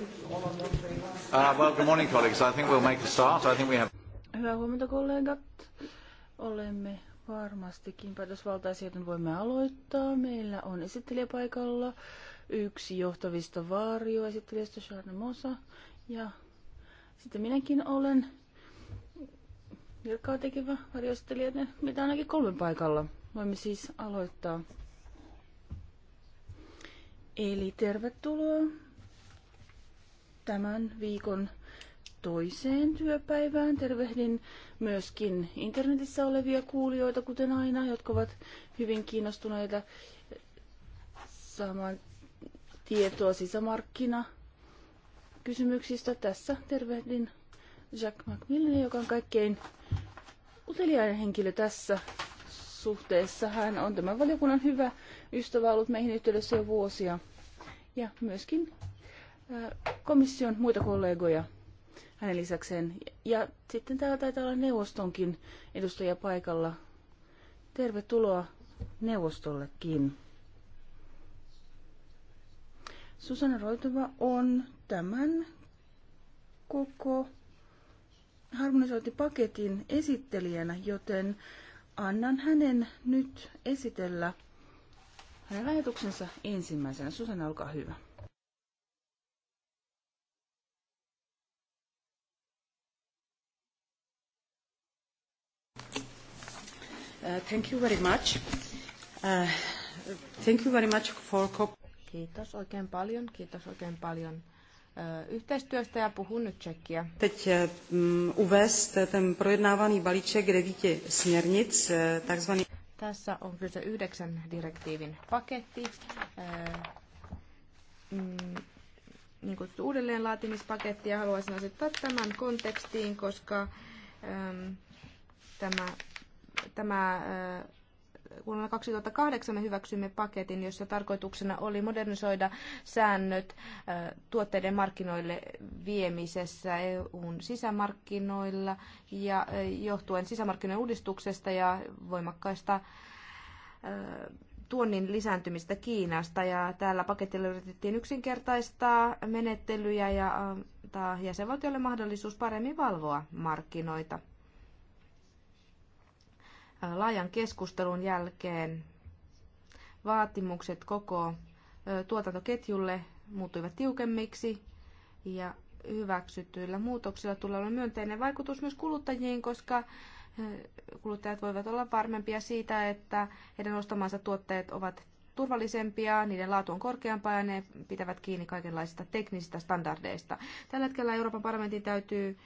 Hyvää huomenta, kollegat. Olemme varmastikin päätösvaltaisia, joten voimme aloittaa. Meillä on esittelijä paikalla yksi johtavista varjoesittelijöistä, Sharna Mosa. Ja sitten minäkin olen virkaa tekevä varjoesittelijä, mitä ainakin kolmen paikalla. Voimme siis aloittaa. Eli tervetuloa tämän viikon toiseen työpäivään. Tervehdin myöskin internetissä olevia kuulijoita, kuten aina, jotka ovat hyvin kiinnostuneita saamaan tietoa sisämarkkina kysymyksistä. Tässä tervehdin Jack McMillan, joka on kaikkein uteliainen henkilö tässä suhteessa. Hän on tämän valiokunnan hyvä ystävä ollut meihin yhteydessä jo vuosia ja myöskin komission muita kollegoja hänen lisäkseen. Ja sitten täällä taitaa olla neuvostonkin edustaja paikalla. Tervetuloa neuvostollekin. Susanna Roitova on tämän koko harmonisointipaketin esittelijänä, joten annan hänen nyt esitellä hänen ajatuksensa ensimmäisenä. Susanna, olkaa hyvä. Uh, thank you very much. Uh, thank you very much for... Kiitos oikein paljon, kiitos oikein paljon uh, yhteistyöstä ja puhun nyt tsekkiä. Teď mm, uvést ten projednávaný balíček devíti směrnic, takzvaný... Tässä on kyse yhdeksän direktiivin paketti, mm, niin kutsuttu uudelleenlaatimispaketti, ja haluaisin asettaa tämän kontekstiin, koska um, tämä tämä äh, vuonna 2008 me hyväksyimme paketin, jossa tarkoituksena oli modernisoida säännöt äh, tuotteiden markkinoille viemisessä EUn sisämarkkinoilla ja äh, johtuen sisämarkkinoiden uudistuksesta ja voimakkaista tuonnin lisääntymistä Kiinasta ja täällä paketilla yritettiin yksinkertaistaa menettelyjä ja antaa jäsenvaltiolle mahdollisuus paremmin valvoa markkinoita laajan keskustelun jälkeen vaatimukset koko tuotantoketjulle muuttuivat tiukemmiksi ja hyväksytyillä muutoksilla tulee olla myönteinen vaikutus myös kuluttajiin, koska kuluttajat voivat olla varmempia siitä, että heidän ostamansa tuotteet ovat turvallisempia, niiden laatu on korkeampaa ja ne pitävät kiinni kaikenlaisista teknisistä standardeista. Tällä hetkellä Euroopan parlamentin täytyy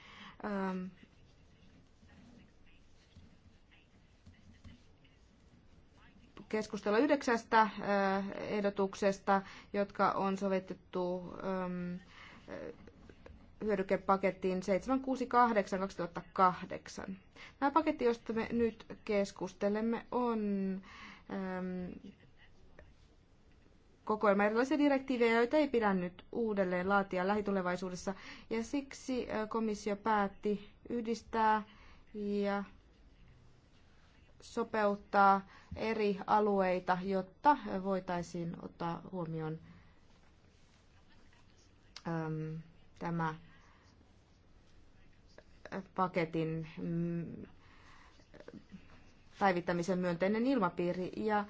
keskustella yhdeksästä ehdotuksesta, jotka on sovitettu hyödykepakettiin 768-2008. Tämä paketti, josta me nyt keskustelemme, on kokoelma erilaisia direktiivejä, joita ei pidä nyt uudelleen laatia lähitulevaisuudessa. Ja siksi komissio päätti yhdistää ja sopeuttaa eri alueita, jotta voitaisiin ottaa huomioon äm, tämä paketin mm, päivittämisen myönteinen ilmapiiri. Ja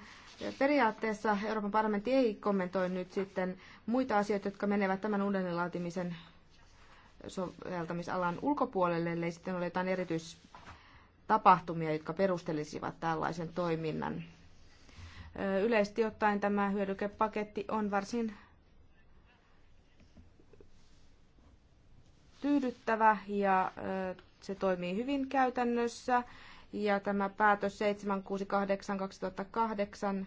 periaatteessa Euroopan parlamentti ei kommentoi nyt sitten muita asioita, jotka menevät tämän uuden laatimisen soveltamisalan ulkopuolelle, ellei sitten ole jotain erityis tapahtumia, jotka perustelisivat tällaisen toiminnan. Yleisesti ottaen tämä hyödykepaketti on varsin tyydyttävä ja se toimii hyvin käytännössä. Ja tämä päätös 768-2008,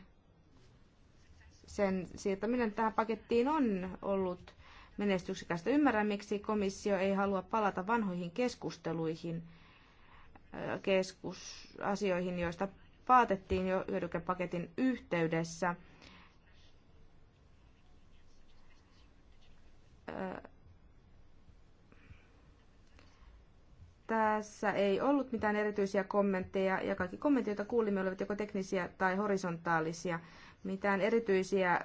sen siirtäminen tähän pakettiin on ollut menestyksekästä. Ymmärrän, miksi komissio ei halua palata vanhoihin keskusteluihin – keskusasioihin, joista päätettiin jo hyödykepaketin yhteydessä. Tässä ei ollut mitään erityisiä kommentteja ja kaikki kommentit, joita kuulimme, olivat joko teknisiä tai horisontaalisia. Mitään erityisiä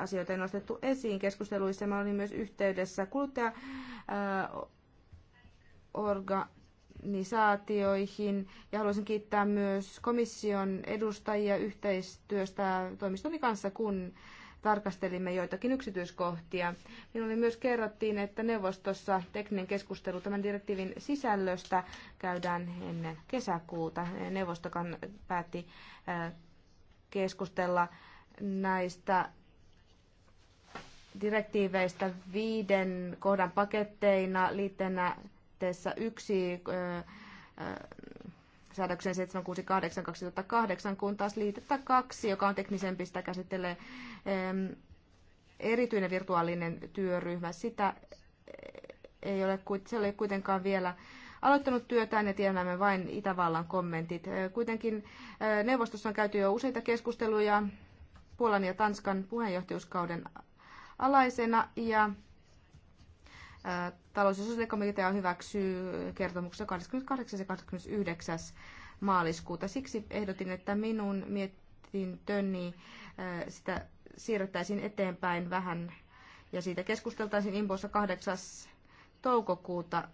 asioita ei nostettu esiin keskusteluissa. Mä olin myös yhteydessä kuluttaja orga, organisaatioihin ja haluaisin kiittää myös komission edustajia yhteistyöstä toimistoni kanssa, kun tarkastelimme joitakin yksityiskohtia. Minulle myös kerrottiin, että neuvostossa tekninen keskustelu tämän direktiivin sisällöstä käydään ennen kesäkuuta. Neuvostokan päätti keskustella näistä direktiiveistä viiden kohdan paketteina liitteenä periaatteessa yksi säädöksen 768-2008, kun taas liitettä kaksi, joka on teknisempi, sitä käsittelee erityinen virtuaalinen työryhmä. Sitä ei ole, se ei kuitenkaan vielä aloittanut työtään ja tiedämme vain Itävallan kommentit. Kuitenkin neuvostossa on käyty jo useita keskusteluja Puolan ja Tanskan puheenjohtajuuskauden alaisena ja talous- ja sosiaalikomitea hyväksyy kertomuksessa 28. ja 29. maaliskuuta. Siksi ehdotin, että minun mietintöni äh, sitä siirrettäisiin eteenpäin vähän ja siitä keskusteltaisiin Impossa 8. toukokuuta.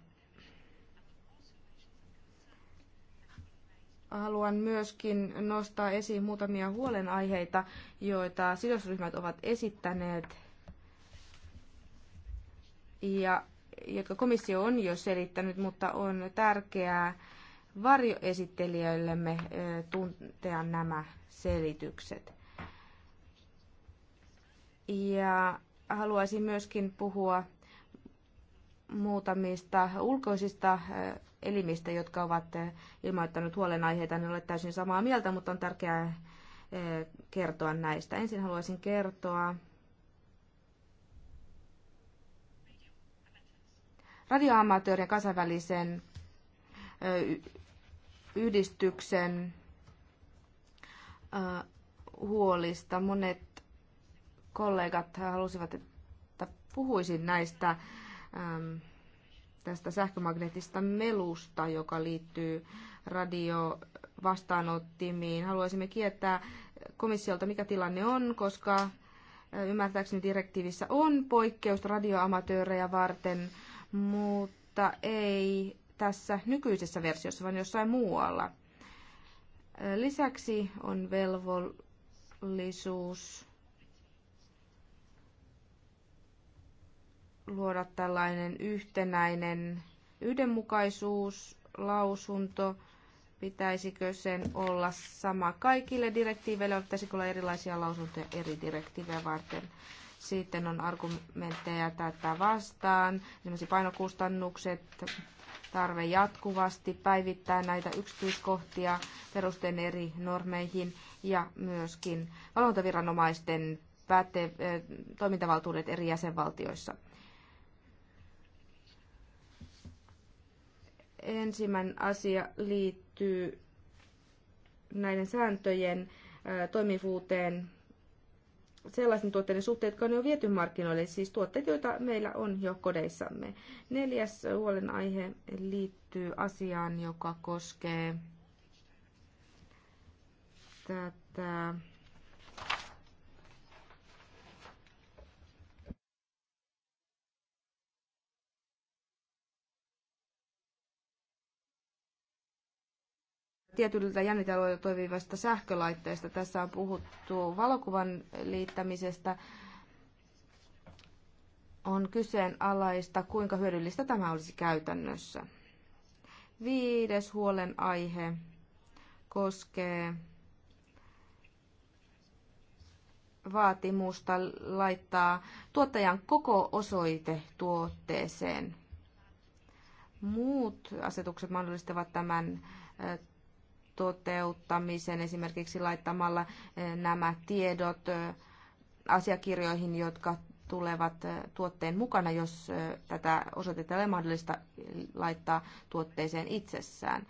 Haluan myöskin nostaa esiin muutamia huolenaiheita, joita sidosryhmät ovat esittäneet. Ja jotka komissio on jo selittänyt, mutta on tärkeää varjoesittelijöillemme tuntea nämä selitykset. Ja haluaisin myöskin puhua muutamista ulkoisista elimistä, jotka ovat ilmoittaneet huolenaiheita, Ne olet täysin samaa mieltä, mutta on tärkeää kertoa näistä. Ensin haluaisin kertoa ja kansainvälisen yhdistyksen huolista. Monet kollegat halusivat, että puhuisin näistä tästä sähkömagneettista melusta, joka liittyy radiovastaanottimiin. Haluaisimme kiertää komissiolta, mikä tilanne on, koska ymmärtääkseni direktiivissä on poikkeus radioamatöörejä varten – mutta ei tässä nykyisessä versiossa, vaan jossain muualla. Lisäksi on velvollisuus luoda tällainen yhtenäinen yhdenmukaisuuslausunto. Pitäisikö sen olla sama kaikille direktiiveille vai pitäisikö olla erilaisia lausuntoja eri direktiivejä varten? Sitten on argumentteja tätä vastaan, esimerkiksi painokustannukset, tarve jatkuvasti päivittää näitä yksityiskohtia perusteen eri normeihin ja myöskin valvontaviranomaisten päätte- toimintavaltuudet eri jäsenvaltioissa. Ensimmäinen asia liittyy näiden sääntöjen toimivuuteen sellaisten tuotteiden suhteen, jotka on jo viety markkinoille, siis tuotteet, joita meillä on jo kodeissamme. Neljäs huolenaihe liittyy asiaan, joka koskee tätä tietyiltä jännitealueilta toimivasta sähkölaitteesta. Tässä on puhuttu valokuvan liittämisestä. On kyseenalaista, kuinka hyödyllistä tämä olisi käytännössä. Viides huolenaihe koskee vaatimusta laittaa tuottajan koko osoite tuotteeseen. Muut asetukset mahdollistavat tämän toteuttamisen esimerkiksi laittamalla eh, nämä tiedot eh, asiakirjoihin, jotka tulevat eh, tuotteen mukana, jos tätä osoitetta ei ole mahdollista laittaa tuotteeseen itsessään.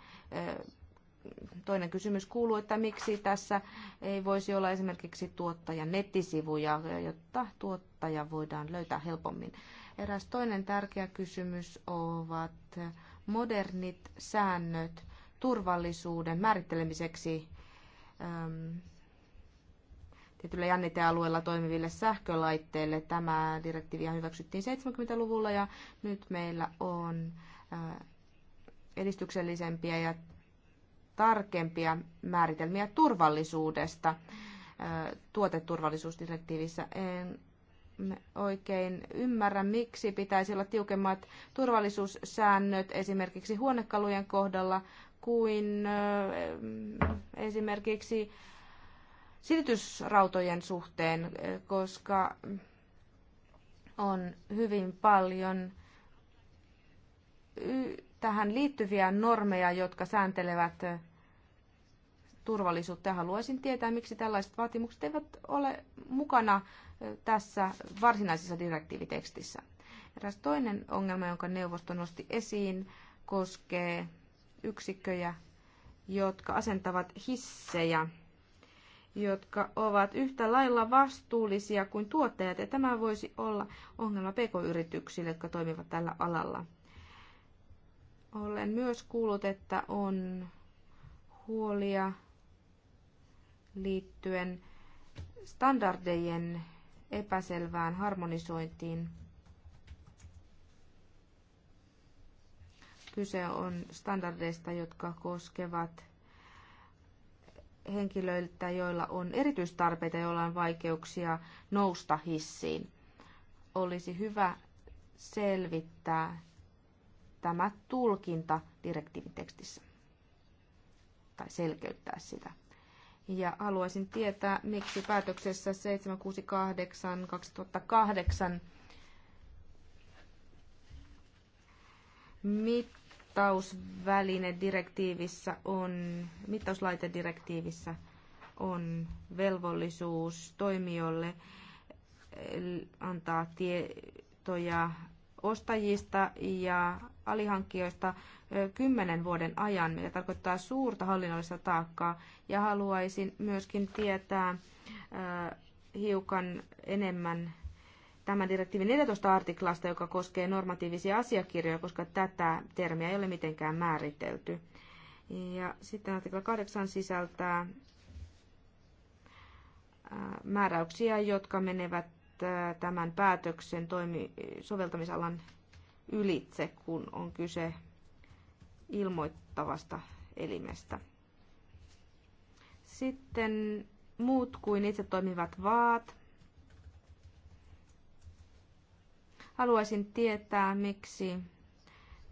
Toinen kysymys kuuluu, että miksi tässä ei voisi olla esimerkiksi tuottajan nettisivuja, jotta tuottaja voidaan löytää helpommin. Eräs toinen tärkeä kysymys ovat modernit säännöt turvallisuuden määrittelemiseksi ähm, tietyillä jännitealueella toimiville sähkölaitteille. Tämä direktiivi hyväksyttiin 70-luvulla ja nyt meillä on äh, edistyksellisempiä ja tarkempia määritelmiä turvallisuudesta äh, tuoteturvallisuusdirektiivissä. En oikein ymmärrä, miksi pitäisi olla tiukemmat turvallisuussäännöt esimerkiksi huonekalujen kohdalla, kuin esimerkiksi silitysrautojen suhteen, koska on hyvin paljon tähän liittyviä normeja, jotka sääntelevät turvallisuutta. Ja haluaisin tietää, miksi tällaiset vaatimukset eivät ole mukana tässä varsinaisessa direktiivitekstissä. Eräs toinen ongelma, jonka neuvosto nosti esiin, koskee yksikköjä, jotka asentavat hissejä, jotka ovat yhtä lailla vastuullisia kuin tuottajat, ja tämä voisi olla ongelma pk-yrityksille, jotka toimivat tällä alalla. Olen myös kuullut, että on huolia liittyen standardejen epäselvään harmonisointiin Kyse on standardeista, jotka koskevat henkilöiltä, joilla on erityistarpeita, joilla on vaikeuksia nousta hissiin. Olisi hyvä selvittää tämä tulkinta direktiivitekstissä tai selkeyttää sitä. Ja haluaisin tietää, miksi päätöksessä 768 2008 mit, mittausväline direktiivissä on, mittauslaitedirektiivissä on velvollisuus toimijoille eh, antaa tietoja ostajista ja alihankkijoista eh, kymmenen vuoden ajan, mikä tarkoittaa suurta hallinnollista taakkaa. Ja haluaisin myöskin tietää eh, hiukan enemmän tämän direktiivin 14 artiklasta, joka koskee normatiivisia asiakirjoja, koska tätä termiä ei ole mitenkään määritelty. Ja sitten artikla 8 sisältää määräyksiä, jotka menevät tämän päätöksen toimi- soveltamisalan ylitse, kun on kyse ilmoittavasta elimestä. Sitten muut kuin itse toimivat vaat Haluaisin tietää, miksi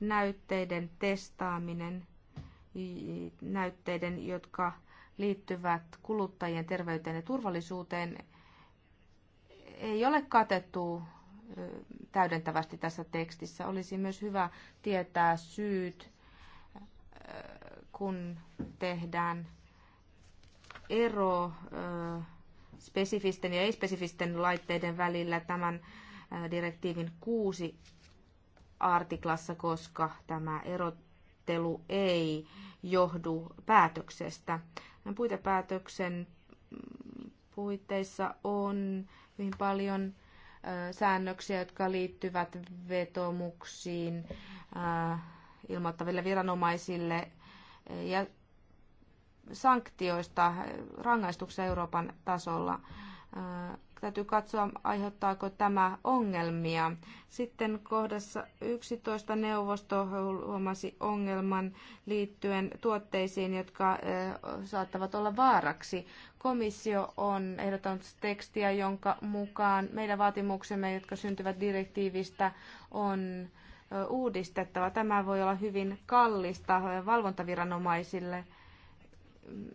näytteiden testaaminen, näytteiden, jotka liittyvät kuluttajien terveyteen ja turvallisuuteen, ei ole katettu täydentävästi tässä tekstissä. Olisi myös hyvä tietää syyt, kun tehdään ero spesifisten ja ei-spesifisten laitteiden välillä tämän direktiivin kuusi artiklassa, koska tämä erottelu ei johdu päätöksestä. Puitepäätöksen mm, puitteissa on hyvin paljon säännöksiä, jotka liittyvät vetomuksiin ilmoittaville viranomaisille ja sanktioista rangaistuksia Euroopan tasolla täytyy katsoa, aiheuttaako tämä ongelmia. Sitten kohdassa 11 neuvosto huomasi ongelman liittyen tuotteisiin, jotka eh, saattavat olla vaaraksi. Komissio on ehdottanut tekstiä, jonka mukaan meidän vaatimuksemme, jotka syntyvät direktiivistä, on eh, uudistettava. Tämä voi olla hyvin kallista eh, valvontaviranomaisille,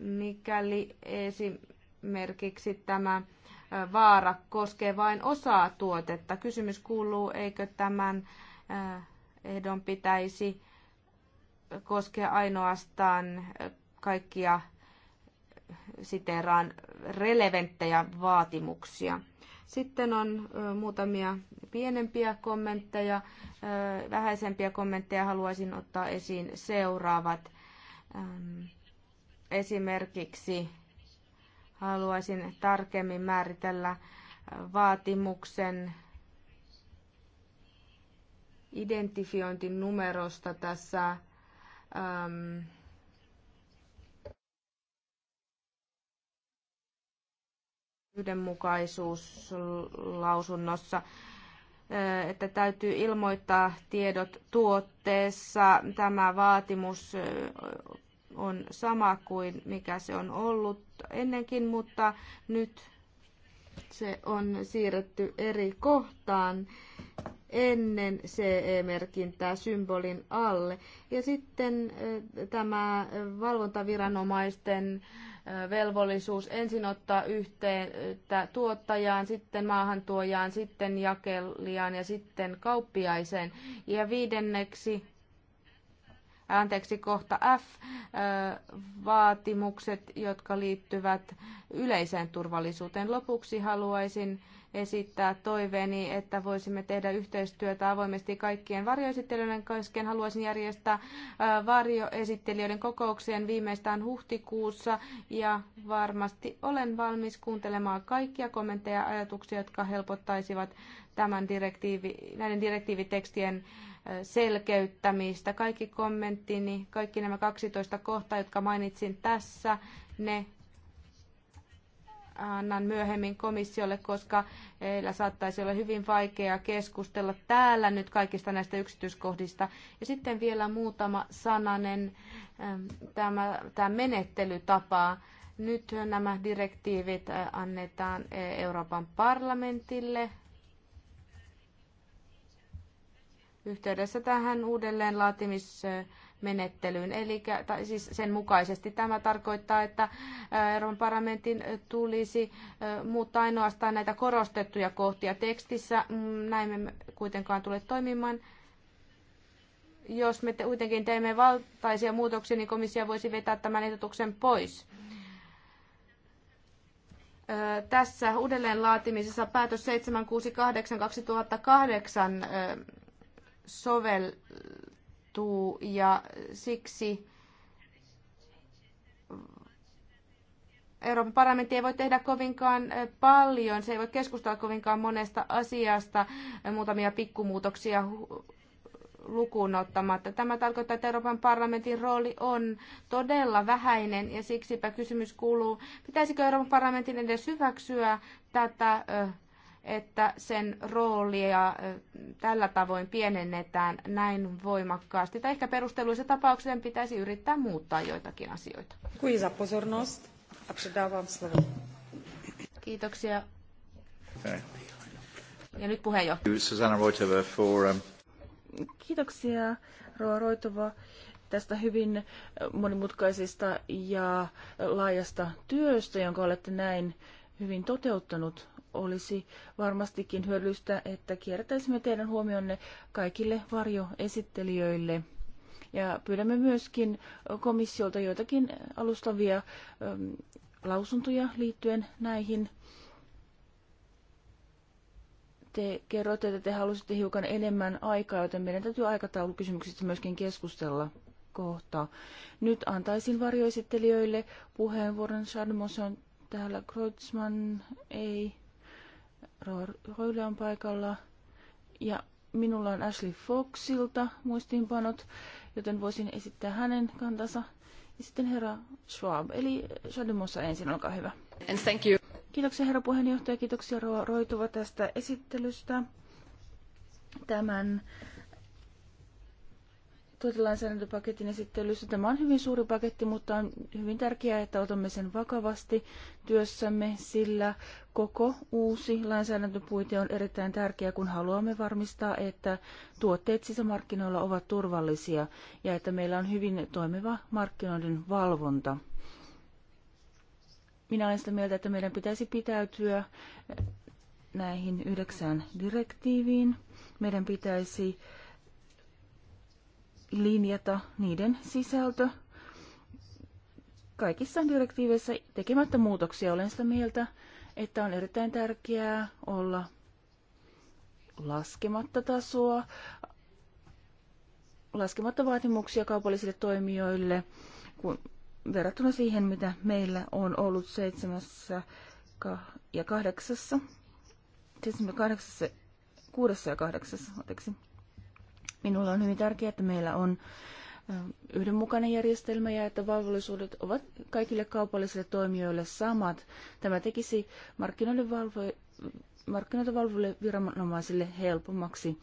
mikäli esimerkiksi tämä vaara koskee vain osaa tuotetta. Kysymys kuuluu, eikö tämän ehdon pitäisi koskea ainoastaan kaikkia siteraan releventtejä vaatimuksia. Sitten on muutamia pienempiä kommentteja, vähäisempiä kommentteja haluaisin ottaa esiin seuraavat. Esimerkiksi Haluaisin tarkemmin määritellä äh, vaatimuksen identifiointinumerosta tässä ähm, yhdenmukaisuuslausunnossa, äh, että täytyy ilmoittaa tiedot tuotteessa. Tämä vaatimus äh, on sama kuin mikä se on ollut ennenkin, mutta nyt se on siirretty eri kohtaan ennen CE-merkintää symbolin alle. Ja sitten eh, tämä valvontaviranomaisten eh, velvollisuus ensin ottaa yhteyttä tuottajaan, sitten maahantuojaan, sitten jakelijaan ja sitten kauppiaiseen. Ja viidenneksi anteeksi, kohta F, vaatimukset, jotka liittyvät yleiseen turvallisuuteen. Lopuksi haluaisin esittää toiveeni, että voisimme tehdä yhteistyötä avoimesti kaikkien varjoesittelijöiden kesken. Haluaisin järjestää varjoesittelijöiden kokoukseen viimeistään huhtikuussa ja varmasti olen valmis kuuntelemaan kaikkia kommentteja ja ajatuksia, jotka helpottaisivat tämän direktiivi, näiden direktiivitekstien selkeyttämistä. Kaikki kommenttini, kaikki nämä 12 kohtaa, jotka mainitsin tässä, ne annan myöhemmin komissiolle, koska heillä saattaisi olla hyvin vaikeaa keskustella täällä nyt kaikista näistä yksityiskohdista. Ja sitten vielä muutama sananen ähm, tämä, tämä menettelytapa. Nyt nämä direktiivit äh, annetaan äh, Euroopan parlamentille yhteydessä tähän uudelleen laatimismenettelyyn. Eli siis sen mukaisesti tämä tarkoittaa, että Euroopan parlamentin tulisi muuttaa ainoastaan näitä korostettuja kohtia tekstissä. Mm, näin me kuitenkaan tule toimimaan. Jos me kuitenkin teemme valtaisia muutoksia, niin komissio voisi vetää tämän ehdotuksen pois tässä uudelleen laatimisessa päätös 768 2008 soveltuu ja siksi Euroopan parlamentti ei voi tehdä kovinkaan paljon, se ei voi keskustella kovinkaan monesta asiasta, muutamia pikkumuutoksia lukuun ottamatta. Tämä tarkoittaa, että Euroopan parlamentin rooli on todella vähäinen ja siksipä kysymys kuuluu, pitäisikö Euroopan parlamentin edes hyväksyä tätä että sen roolia tällä tavoin pienennetään näin voimakkaasti. Tai ehkä perusteluissa tapauksessa pitäisi yrittää muuttaa joitakin asioita. Kuisa pozornost. Kiitoksia. Ja nyt puheenjohtaja. Roitova um, Kiitoksia Roa Roitova tästä hyvin monimutkaisesta ja laajasta työstä, jonka olette näin hyvin toteuttanut olisi varmastikin hyödyllistä, että kiertäisimme teidän huomionne kaikille varjoesittelijöille. Ja pyydämme myöskin komissiolta joitakin alustavia ähm, lausuntoja liittyen näihin. Te kerroitte, että te halusitte hiukan enemmän aikaa, joten meidän täytyy aikataulukysymyksistä myöskin keskustella kohta. Nyt antaisin varjoesittelijöille puheenvuoron. Charles täällä, Kreutzmann ei. Hoyle on paikalla ja minulla on Ashley Foxilta muistiinpanot, joten voisin esittää hänen kantansa. Ja sitten herra Schwab, eli Shademossa ensin, olkaa hyvä. And thank you. Kiitoksia herra puheenjohtaja, kiitoksia Roituva tästä esittelystä. Tämän tuotelainsäädäntöpaketin esittelyssä. Tämä on hyvin suuri paketti, mutta on hyvin tärkeää, että otamme sen vakavasti työssämme, sillä koko uusi lainsäädäntöpuite on erittäin tärkeä, kun haluamme varmistaa, että tuotteet sisämarkkinoilla ovat turvallisia ja että meillä on hyvin toimiva markkinoiden valvonta. Minä olen sitä mieltä, että meidän pitäisi pitäytyä näihin yhdeksään direktiiviin. Meidän pitäisi linjata niiden sisältö. Kaikissa direktiiveissä tekemättä muutoksia olen sitä mieltä, että on erittäin tärkeää olla laskematta tasoa, laskematta vaatimuksia kaupallisille toimijoille, kun verrattuna siihen, mitä meillä on ollut seitsemässä ja kahdeksassa, seitsemässä, kahdeksassa, kuudessa ja kahdeksassa, anteeksi, Minulla on hyvin tärkeää, että meillä on yhdenmukainen järjestelmä ja että valvollisuudet ovat kaikille kaupallisille toimijoille samat. Tämä tekisi markkinoiden valvo, markkinoita valvoille viranomaisille helpommaksi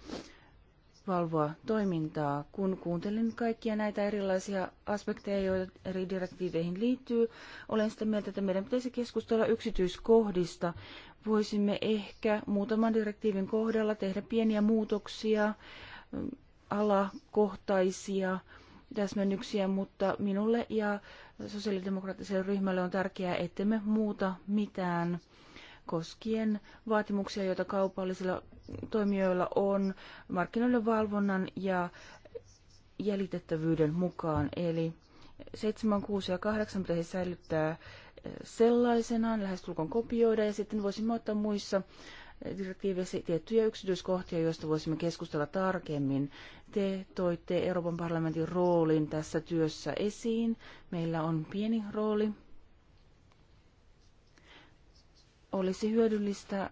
valvoa toimintaa. Kun kuuntelin kaikkia näitä erilaisia aspekteja, joita eri direktiiveihin liittyy, olen sitä mieltä, että meidän pitäisi keskustella yksityiskohdista. Voisimme ehkä muutaman direktiivin kohdalla tehdä pieniä muutoksia alakohtaisia täsmennyksiä, mutta minulle ja sosiaalidemokraattiselle ryhmälle on tärkeää, ettemme muuta mitään koskien vaatimuksia, joita kaupallisilla toimijoilla on markkinoiden valvonnan ja jäljitettävyyden mukaan. Eli 7, 6 ja 8 pitäisi säilyttää sellaisenaan, lähestulkoon kopioida, ja sitten voisimme ottaa muissa direktiivissä tiettyjä yksityiskohtia, joista voisimme keskustella tarkemmin. Te toitte Euroopan parlamentin roolin tässä työssä esiin. Meillä on pieni rooli. Olisi hyödyllistä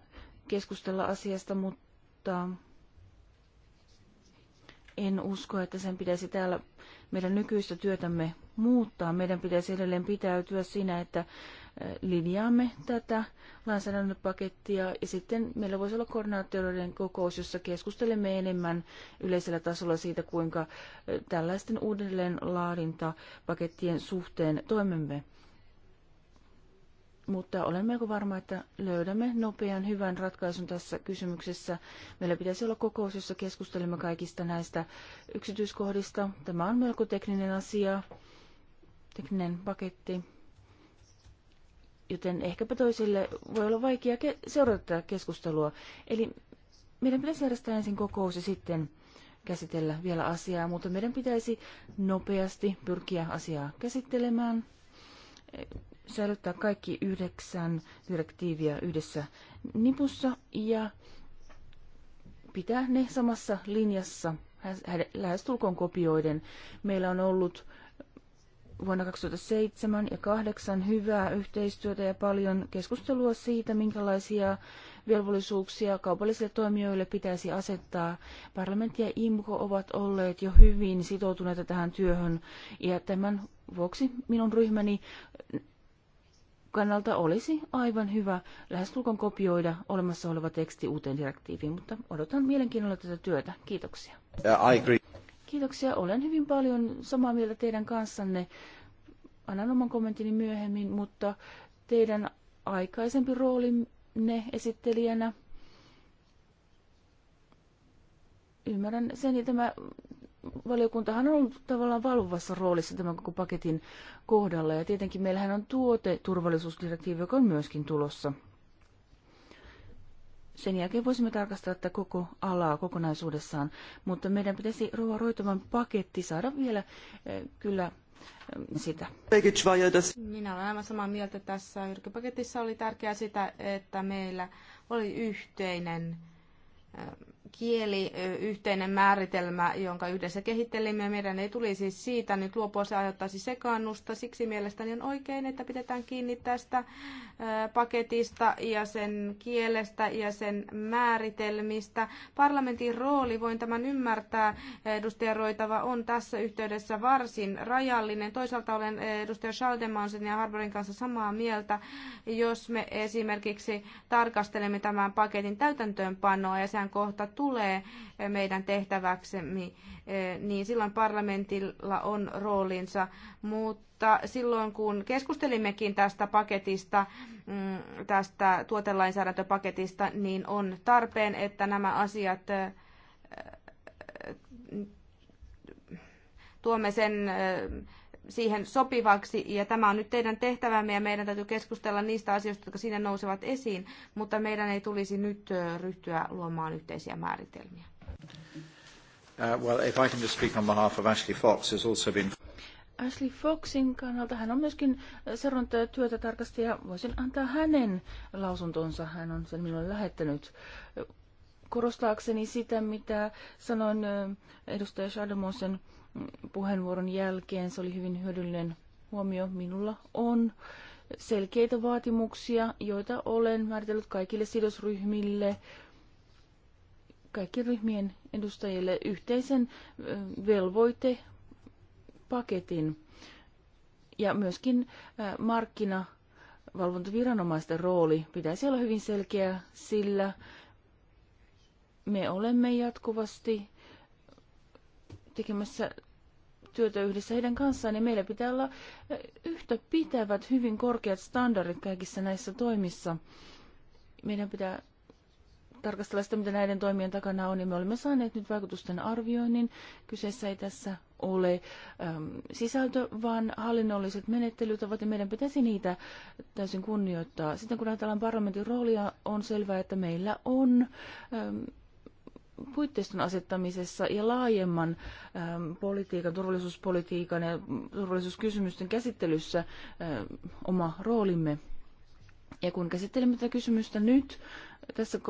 keskustella asiasta, mutta en usko, että sen pitäisi täällä meidän nykyistä työtämme muuttaa. Meidän pitäisi edelleen pitäytyä siinä, että linjaamme tätä lainsäädännön pakettia ja sitten meillä voisi olla koordinaatioiden kokous, jossa keskustelemme enemmän yleisellä tasolla siitä, kuinka tällaisten laadintapakettien suhteen toimimme. Mutta olen melko varma, että löydämme nopean hyvän ratkaisun tässä kysymyksessä. Meillä pitäisi olla kokous, jossa keskustelemme kaikista näistä yksityiskohdista. Tämä on melko tekninen asia, tekninen paketti joten ehkäpä toisille voi olla vaikea seurata tätä keskustelua. Eli meidän pitäisi järjestää ensin kokous ja sitten käsitellä vielä asiaa, mutta meidän pitäisi nopeasti pyrkiä asiaa käsittelemään, eh, säilyttää kaikki yhdeksän direktiiviä yhdessä nipussa ja pitää ne samassa linjassa lähestulkoon kopioiden. Meillä on ollut vuonna 2007 ja 2008 hyvää yhteistyötä ja paljon keskustelua siitä, minkälaisia velvollisuuksia kaupallisille toimijoille pitäisi asettaa. Parlamentti ja IMCO ovat olleet jo hyvin sitoutuneita tähän työhön ja tämän vuoksi minun ryhmäni kannalta olisi aivan hyvä lähestulkoon kopioida olemassa oleva teksti uuteen direktiiviin, mutta odotan mielenkiinnolla tätä työtä. Kiitoksia. Yeah, uh, I agree. Kiitoksia. Olen hyvin paljon samaa mieltä teidän kanssanne. Annan oman kommenttini myöhemmin, mutta teidän aikaisempi roolinne esittelijänä ymmärrän sen, että tämä valiokuntahan on ollut tavallaan valuvassa roolissa tämän koko paketin kohdalla. Ja tietenkin meillähän on tuoteturvallisuusdirektiivi, joka on myöskin tulossa sen jälkeen voisimme tarkastella tätä koko alaa kokonaisuudessaan, mutta meidän pitäisi Rova Roitoman paketti saada vielä eh, kyllä eh, sitä. Minä olen aivan samaa mieltä tässä. paketissa oli tärkeää sitä, että meillä oli yhteinen eh, kieli yhteinen määritelmä, jonka yhdessä kehittelimme. Meidän ei tulisi siis siitä nyt luopua, se aiheuttaisi sekaannusta. Siksi mielestäni on oikein, että pidetään kiinni tästä paketista ja sen kielestä ja sen määritelmistä. Parlamentin rooli, voin tämän ymmärtää, edustaja Roitava, on tässä yhteydessä varsin rajallinen. Toisaalta olen edustaja Schaldemansen ja Harborin kanssa samaa mieltä, jos me esimerkiksi tarkastelemme tämän paketin täytäntöönpanoa ja sen kohta tulee meidän tehtäväksemme, niin silloin parlamentilla on roolinsa. Mutta silloin kun keskustelimmekin tästä paketista, mm, tästä tuotelainsäädäntöpaketista, niin on tarpeen, että nämä asiat tuomme sen siihen sopivaksi, ja tämä on nyt teidän tehtävämme, ja meidän täytyy keskustella niistä asioista, jotka siinä nousevat esiin, mutta meidän ei tulisi nyt ryhtyä luomaan yhteisiä määritelmiä. Uh, well, if I can just speak on behalf of Ashley Fox, also been... Ashley Foxin kannalta hän on myöskin seurannut työtä tarkasti ja voisin antaa hänen lausuntonsa. Hän on sen minulle lähettänyt korostaakseni sitä, mitä sanoin edustaja Shademosen puheenvuoron jälkeen. Se oli hyvin hyödyllinen huomio. Minulla on selkeitä vaatimuksia, joita olen määritellyt kaikille sidosryhmille, kaikkien ryhmien edustajille yhteisen velvoitepaketin ja myöskin markkina valvontaviranomaisten rooli pitäisi olla hyvin selkeä, sillä me olemme jatkuvasti tekemässä työtä yhdessä heidän kanssaan, niin meillä pitää olla yhtä pitävät, hyvin korkeat standardit kaikissa näissä toimissa. Meidän pitää tarkastella sitä, mitä näiden toimien takana on, ja me olemme saaneet nyt vaikutusten arvioinnin. Kyseessä ei tässä ole äm, sisältö, vaan hallinnolliset menettelytavat, ja meidän pitäisi niitä täysin kunnioittaa. Sitten kun ajatellaan parlamentin roolia, on selvää, että meillä on äm, puitteiston asettamisessa ja laajemman äm, politiikan, turvallisuuspolitiikan ja turvallisuuskysymysten käsittelyssä ähm, oma roolimme. Ja kun käsittelemme tätä kysymystä nyt tässä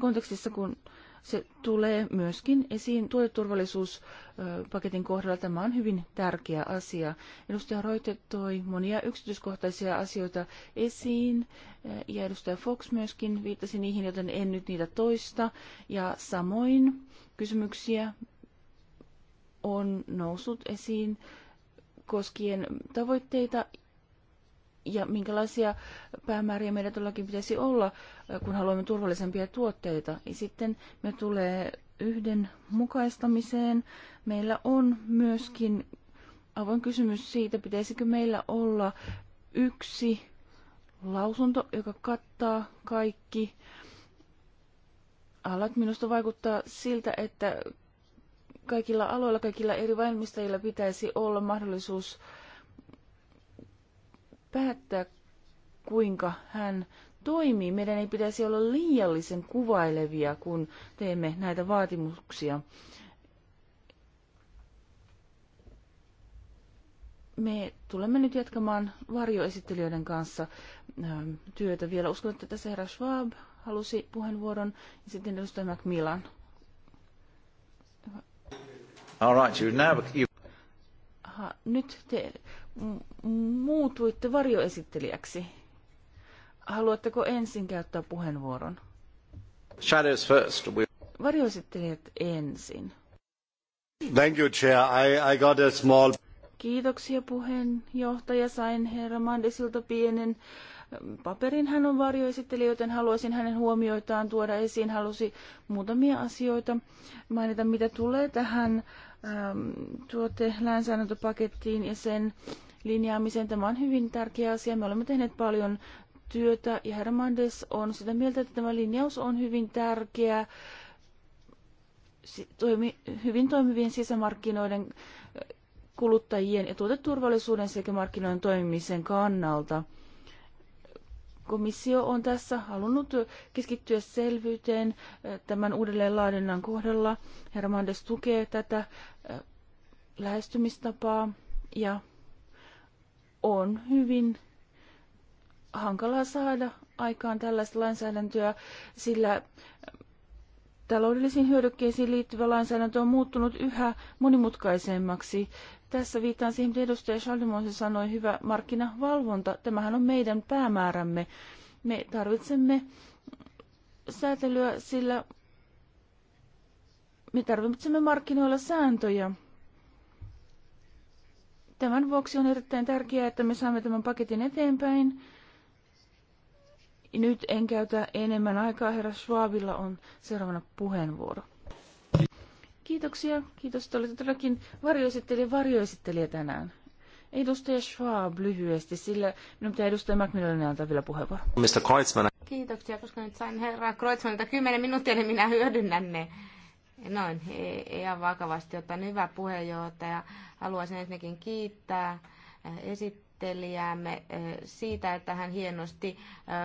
kontekstissa, kun se tulee myöskin esiin tuoteturvallisuuspaketin kohdalla. Tämä on hyvin tärkeä asia. Edustaja Roite toi monia yksityiskohtaisia asioita esiin eh, ja edustaja Fox myöskin viittasi niihin, joten en nyt niitä toista. Ja samoin kysymyksiä on noussut esiin koskien tavoitteita ja minkälaisia päämääriä meidän todellakin pitäisi olla, kun haluamme turvallisempia tuotteita. Ja sitten me tulee yhdenmukaistamiseen. Meillä on myöskin avoin kysymys siitä, pitäisikö meillä olla yksi lausunto, joka kattaa kaikki alat. Minusta vaikuttaa siltä, että kaikilla aloilla, kaikilla eri valmistajilla pitäisi olla mahdollisuus äh, päättää, kuinka hän toimii. Meidän ei pitäisi olla liiallisen kuvailevia, kun teemme näitä vaatimuksia. Me tulemme nyt jatkamaan varjoesittelijöiden kanssa ähm, työtä vielä. Uskon, että tässä herra Schwab halusi puheenvuoron ja sitten edustaja Macmillan. All right, you now... Aha, nyt te muutuitte varjoesittelijäksi. Haluatteko ensin käyttää puheenvuoron? Shadows first. Varjoesittelijät ensin. Thank you, Chair. I, I got a small... Kiitoksia puheenjohtaja. Sain herra Mandesilta pienen ähm, paperin. Hän on varjoesittelijä, joten haluaisin hänen huomioitaan tuoda esiin. Halusi muutamia asioita mainita, mitä tulee tähän Ähm, tuotelainsäädäntöpakettiin ja sen linjaamiseen. Tämä on hyvin tärkeä asia. Me olemme tehneet paljon työtä ja herra Mandes on sitä mieltä, että tämä linjaus on hyvin tärkeä toimi, hyvin toimivien sisämarkkinoiden äh, kuluttajien ja tuoteturvallisuuden sekä markkinoiden toimimisen kannalta. Komissio on tässä halunnut keskittyä selvyyteen eh, tämän uudelleenlaadinnan kohdalla. Hermandes tukee tätä eh, lähestymistapaa ja on hyvin hankalaa saada aikaan tällaista lainsäädäntöä, sillä eh, taloudellisiin hyödykkeisiin liittyvä lainsäädäntö on muuttunut yhä monimutkaisemmaksi. Tässä viittaan siihen, mitä edustaja Schaldemose sanoi, hyvä markkinavalvonta. Tämähän on meidän päämäärämme. Me tarvitsemme säätelyä, sillä me tarvitsemme markkinoilla sääntöjä. Tämän vuoksi on erittäin tärkeää, että me saamme tämän paketin eteenpäin. Nyt en käytä enemmän aikaa, herra Schwabilla on seuraavana puheenvuoro. Kiitoksia. Kiitos, että olette todellakin varjoesittelijä, varjoesittelijä tänään. Edustaja Schwab lyhyesti, sillä minun pitää edustaja Macmillanin antaa vielä puheenvuoro. Mr. Kreutzmann. Kiitoksia, koska nyt sain herra Kreutzmannilta 10 minuuttia, niin minä hyödynnän ne. Noin, e, ihan vakavasti ottaen hyvä puheenjohtaja. Haluaisin ensinnäkin kiittää esittää esittelijäämme siitä, että hän hienosti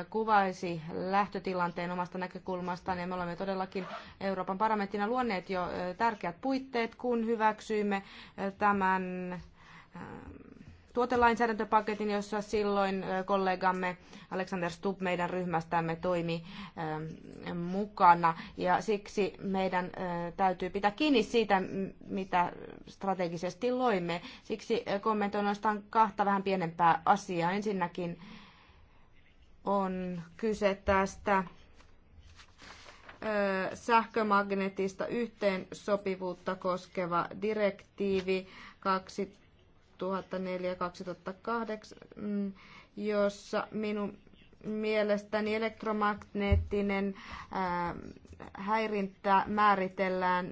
kuvaisi lähtötilanteen omasta näkökulmastaan. Ja me olemme todellakin Euroopan parlamenttina luonneet jo tärkeät puitteet, kun hyväksyimme tämän tuotelainsäädäntöpaketin, jossa silloin kollegamme Alexander Stubb meidän ryhmästämme toimi mukana. Ja siksi meidän täytyy pitää kiinni siitä, mitä strategisesti loimme. Siksi kommentoin noistaan kahta vähän pienempää asiaa. Ensinnäkin on kyse tästä sähkömagneettista yhteensopivuutta koskeva direktiivi 2000 2004-2008, jossa minun mielestäni elektromagneettinen häirintä määritellään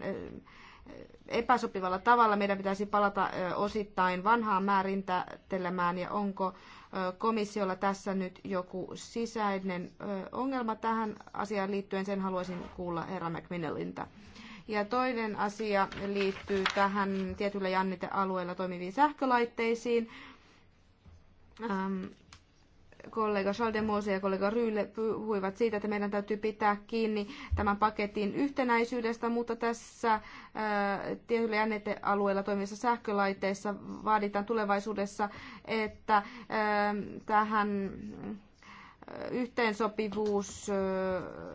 epäsopivalla tavalla. Meidän pitäisi palata osittain vanhaan määrintätelemään ja onko komissiolla tässä nyt joku sisäinen ongelma tähän asiaan liittyen. Sen haluaisin kuulla herra McMinneliltä. Ja toinen asia liittyy tähän tietyllä jännitealueella toimiviin sähkölaitteisiin. Ähm, kollega Schaldemose ja kollega Ryyle puhuivat siitä, että meidän täytyy pitää kiinni tämän paketin yhtenäisyydestä, mutta tässä äh, tietyllä jännitealueella toimivissa sähkölaitteissa vaaditaan tulevaisuudessa, että äh, tähän äh, yhteensopivuus äh,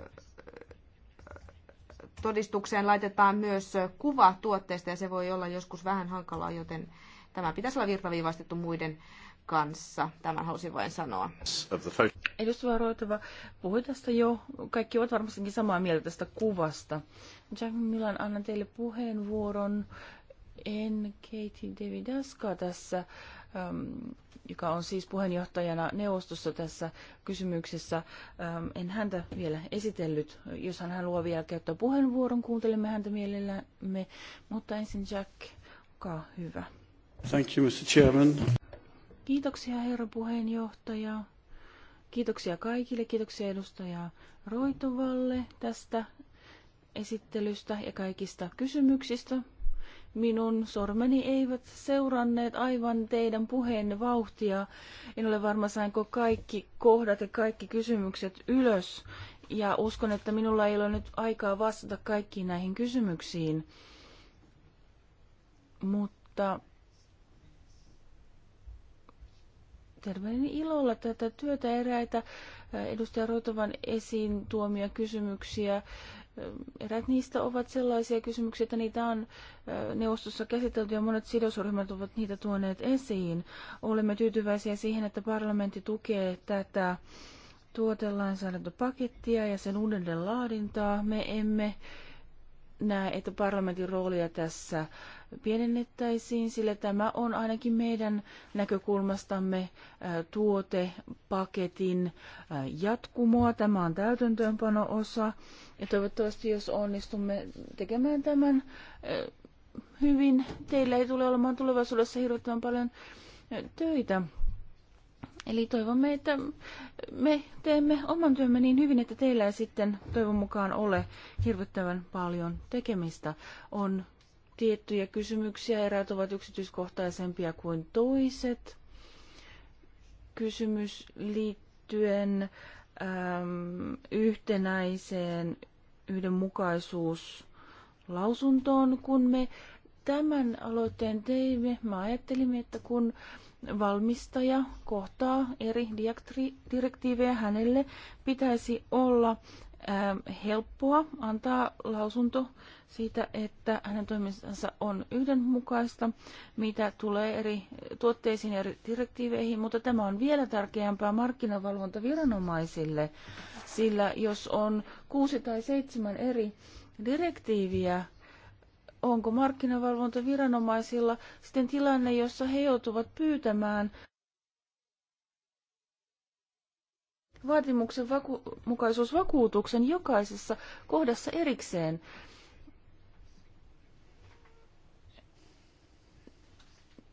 todistukseen laitetaan myös kuva tuotteesta ja se voi olla joskus vähän hankalaa, joten tämä pitäisi olla virtaviivaistettu muiden kanssa. Tämän halusin vain sanoa. Edustava Roitava, puhui tästä jo. Kaikki ovat varmastikin samaa mieltä tästä kuvasta. Jack Millan, annan teille puheenvuoron. En Katie Davidaska tässä Ähm, joka on siis puheenjohtajana neuvostossa tässä kysymyksessä. Ähm, en häntä vielä esitellyt. Jos hän haluaa vielä käyttää puheenvuoron, kuuntelemme häntä mielellämme. Mutta ensin Jack, olkaa hyvä. Thank you, Mr. Chairman. Kiitoksia, herra puheenjohtaja. Kiitoksia kaikille. Kiitoksia edustaja Roitovalle tästä esittelystä ja kaikista kysymyksistä minun sormeni eivät seuranneet aivan teidän puheenne vauhtia. En ole varma, sainko kaikki kohdat ja kaikki kysymykset ylös. Ja uskon, että minulla ei ole nyt aikaa vastata kaikkiin näihin kysymyksiin. Mutta tervehdin ilolla tätä työtä eräitä edustaja Roitovan esiin tuomia kysymyksiä Erät niistä ovat sellaisia kysymyksiä, että niitä on neuvostossa käsitelty ja monet sidosryhmät ovat niitä tuoneet esiin. Olemme tyytyväisiä siihen, että parlamentti tukee tätä tuotelainsäädäntöpakettia ja sen uudelleen laadintaa. Me emme äh, näe, että parlamentin roolia tässä pienennettäisiin, sillä tämä on ainakin meidän näkökulmastamme tuotepaketin jatkumoa. Tämä on täytäntöönpano-osa ja toivottavasti jos onnistumme tekemään tämän hyvin, teillä ei tule olemaan tulevaisuudessa hirveän paljon töitä Eli toivomme, että me teemme oman työmme niin hyvin, että teillä ei sitten toivon mukaan ole hirvittävän paljon tekemistä. On tiettyjä kysymyksiä, eräät ovat yksityiskohtaisempia kuin toiset. Kysymys liittyen äm, yhtenäiseen yhdenmukaisuuslausuntoon, kun me tämän aloitteen teimme, me ajattelimme, että kun valmistaja kohtaa eri direktiivejä, hänelle pitäisi olla ähm, helppoa antaa lausunto siitä, että hänen toimintansa on yhdenmukaista, mitä tulee eri tuotteisiin ja eri direktiiveihin, mutta tämä on vielä tärkeämpää markkinavalvontaviranomaisille, sillä jos on kuusi tai seitsemän eri direktiiviä onko markkinavalvontaviranomaisilla sitten tilanne, jossa he joutuvat pyytämään vaatimuksen vaku- mukaisuusvakuutuksen jokaisessa kohdassa erikseen.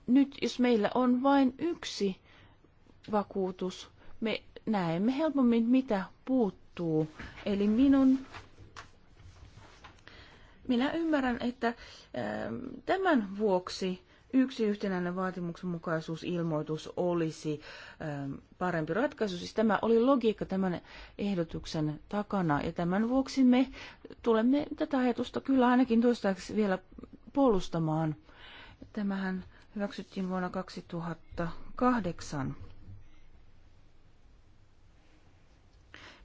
Nyt jos meillä on vain yksi vakuutus, me näemme helpommin mitä puuttuu. Eli minun minä ymmärrän, että ähm, tämän vuoksi yksi yhtenäinen vaatimuksenmukaisuusilmoitus olisi ähm, parempi ratkaisu. Siis tämä oli logiikka tämän ehdotuksen takana ja tämän vuoksi me tulemme tätä ajatusta kyllä ainakin toistaiseksi vielä puolustamaan. Tämähän hyväksyttiin vuonna 2008.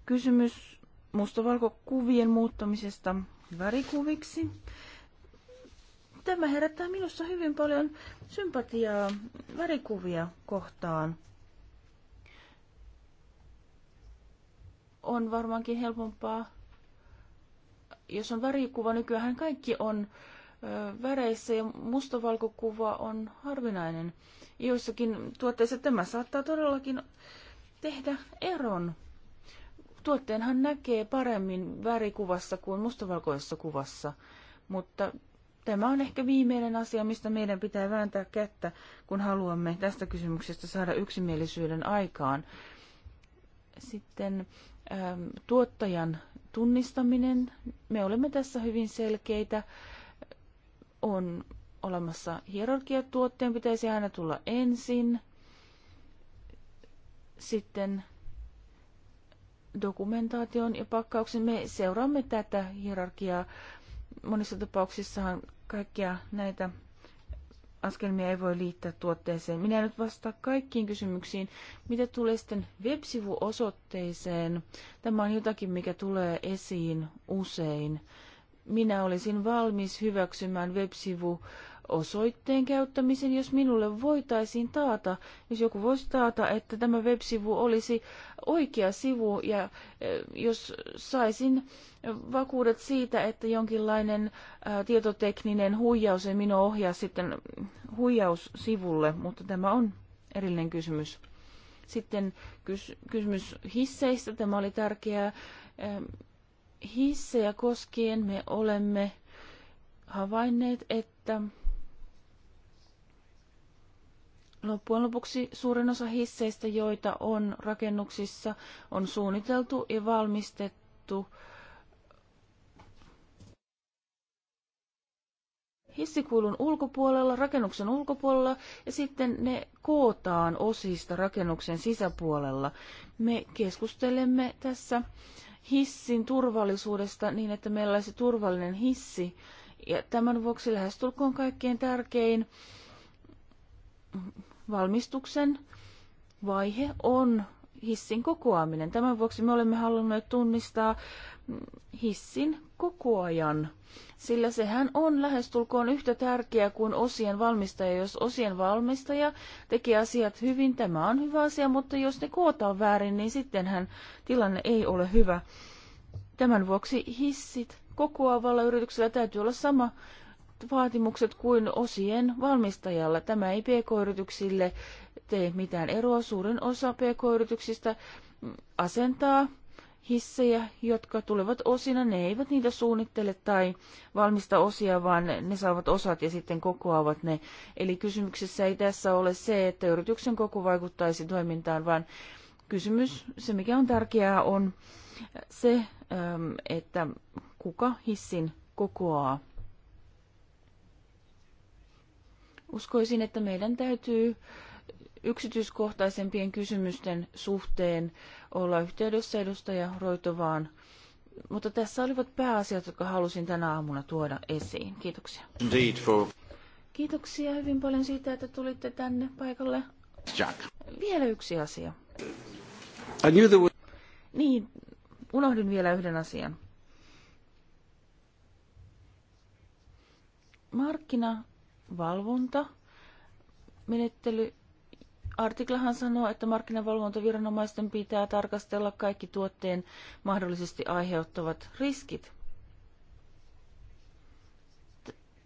Kysymys mustavalkokuvien muuttamisesta värikuviksi. Tämä herättää minussa hyvin paljon sympatiaa värikuvia kohtaan. On varmaankin helpompaa, jos on värikuva, nykyään kaikki on väreissä ja mustavalkokuva on harvinainen. Joissakin tuotteissa tämä saattaa todellakin tehdä eron tuotteenhan näkee paremmin värikuvassa kuin mustavalkoisessa kuvassa, mutta tämä on ehkä viimeinen asia, mistä meidän pitää vääntää kättä, kun haluamme tästä kysymyksestä saada yksimielisyyden aikaan. Sitten ähm, tuottajan tunnistaminen. Me olemme tässä hyvin selkeitä. On olemassa hierarkia, tuotteen pitäisi aina tulla ensin. Sitten dokumentaation ja pakkauksen. Me seuraamme tätä hierarkiaa. Monissa tapauksissahan kaikkia näitä askelmia ei voi liittää tuotteeseen. Minä nyt vastaan kaikkiin kysymyksiin. Mitä tulee sitten websivuosoitteeseen? Tämä on jotakin, mikä tulee esiin usein. Minä olisin valmis hyväksymään websivu osoitteen käyttämisen, jos minulle voitaisiin taata, jos joku voisi taata, että tämä web-sivu olisi oikea sivu ja eh, jos saisin vakuudet siitä, että jonkinlainen eh, tietotekninen huijaus ei minua ohjaa sitten huijaussivulle, mutta tämä on erillinen kysymys. Sitten kysymys hisseistä, tämä oli tärkeää. Eh, Hissejä koskien me olemme havainneet, että Loppujen lopuksi suurin osa hisseistä, joita on rakennuksissa, on suunniteltu ja valmistettu hissikuulun ulkopuolella, rakennuksen ulkopuolella ja sitten ne kootaan osista rakennuksen sisäpuolella. Me keskustelemme tässä hissin turvallisuudesta niin, että meillä olisi turvallinen hissi. Ja tämän vuoksi lähestulkoon kaikkein tärkein valmistuksen vaihe on hissin kokoaminen. Tämän vuoksi me olemme halunneet tunnistaa hissin kokoajan, sillä sehän on lähestulkoon yhtä tärkeä kuin osien valmistaja. Jos osien valmistaja tekee asiat hyvin, tämä on hyvä asia, mutta jos ne kootaan väärin, niin sittenhän tilanne ei ole hyvä. Tämän vuoksi hissit kokoavalla yrityksellä täytyy olla sama vaatimukset kuin osien valmistajalla. Tämä ei pk-yrityksille tee mitään eroa. Suurin osa pk-yrityksistä asentaa hissejä, jotka tulevat osina. Ne eivät niitä suunnittele tai valmista osia, vaan ne saavat osat ja sitten kokoavat ne. Eli kysymyksessä ei tässä ole se, että yrityksen koko vaikuttaisi toimintaan, vaan kysymys, se mikä on tärkeää, on se, että kuka hissin kokoaa. Uskoisin, että meidän täytyy yksityiskohtaisempien kysymysten suhteen olla yhteydessä edustaja Roitovaan. Mutta tässä olivat pääasiat, jotka halusin tänä aamuna tuoda esiin. Kiitoksia. For... Kiitoksia hyvin paljon siitä, että tulitte tänne paikalle. Jack. Vielä yksi asia. I knew there was... Niin, unohdin vielä yhden asian. Markkina markkinavalvonta. Menettely Artiklahan sanoo, että markkinavalvontaviranomaisten pitää tarkastella kaikki tuotteen mahdollisesti aiheuttavat riskit.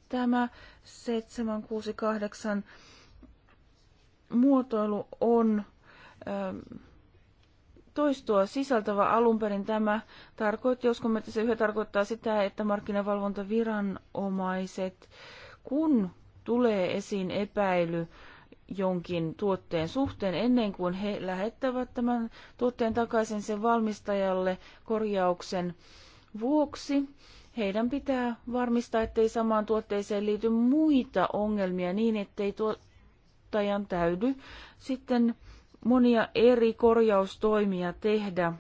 Tämä 768 muotoilu on ähm, toistua toistoa sisältävä alun perin tämä tarkoitti, kommentti se yhä tarkoittaa sitä, että markkinavalvontaviranomaiset, kun tulee esiin epäily jonkin tuotteen suhteen ennen kuin he lähettävät tämän tuotteen takaisin sen valmistajalle korjauksen vuoksi, heidän pitää varmistaa, ettei samaan tuotteeseen liity muita ongelmia niin, ettei tuottajan täydy sitten monia eri korjaustoimia tehdä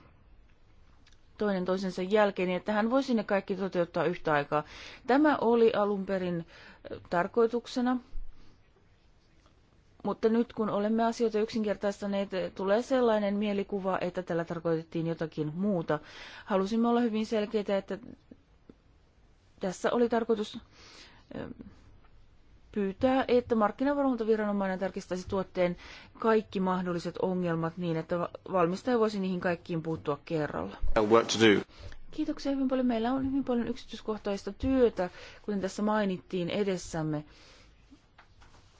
toinen toisensa jälkeen, niin että hän voisi ne kaikki toteuttaa yhtä aikaa. Tämä oli alun perin tarkoituksena. Mutta nyt kun olemme asioita yksinkertaistaneet, tulee sellainen mielikuva, että tällä tarkoitettiin jotakin muuta. Halusimme olla hyvin selkeitä, että tässä oli tarkoitus ähm, pyytää, että markkinavalvontaviranomainen tarkistaisi tuotteen kaikki mahdolliset ongelmat niin, että valmistaja voisi niihin kaikkiin puuttua kerralla. Kiitoksia hyvin paljon. Meillä on hyvin paljon yksityiskohtaista työtä, kuten tässä mainittiin edessämme.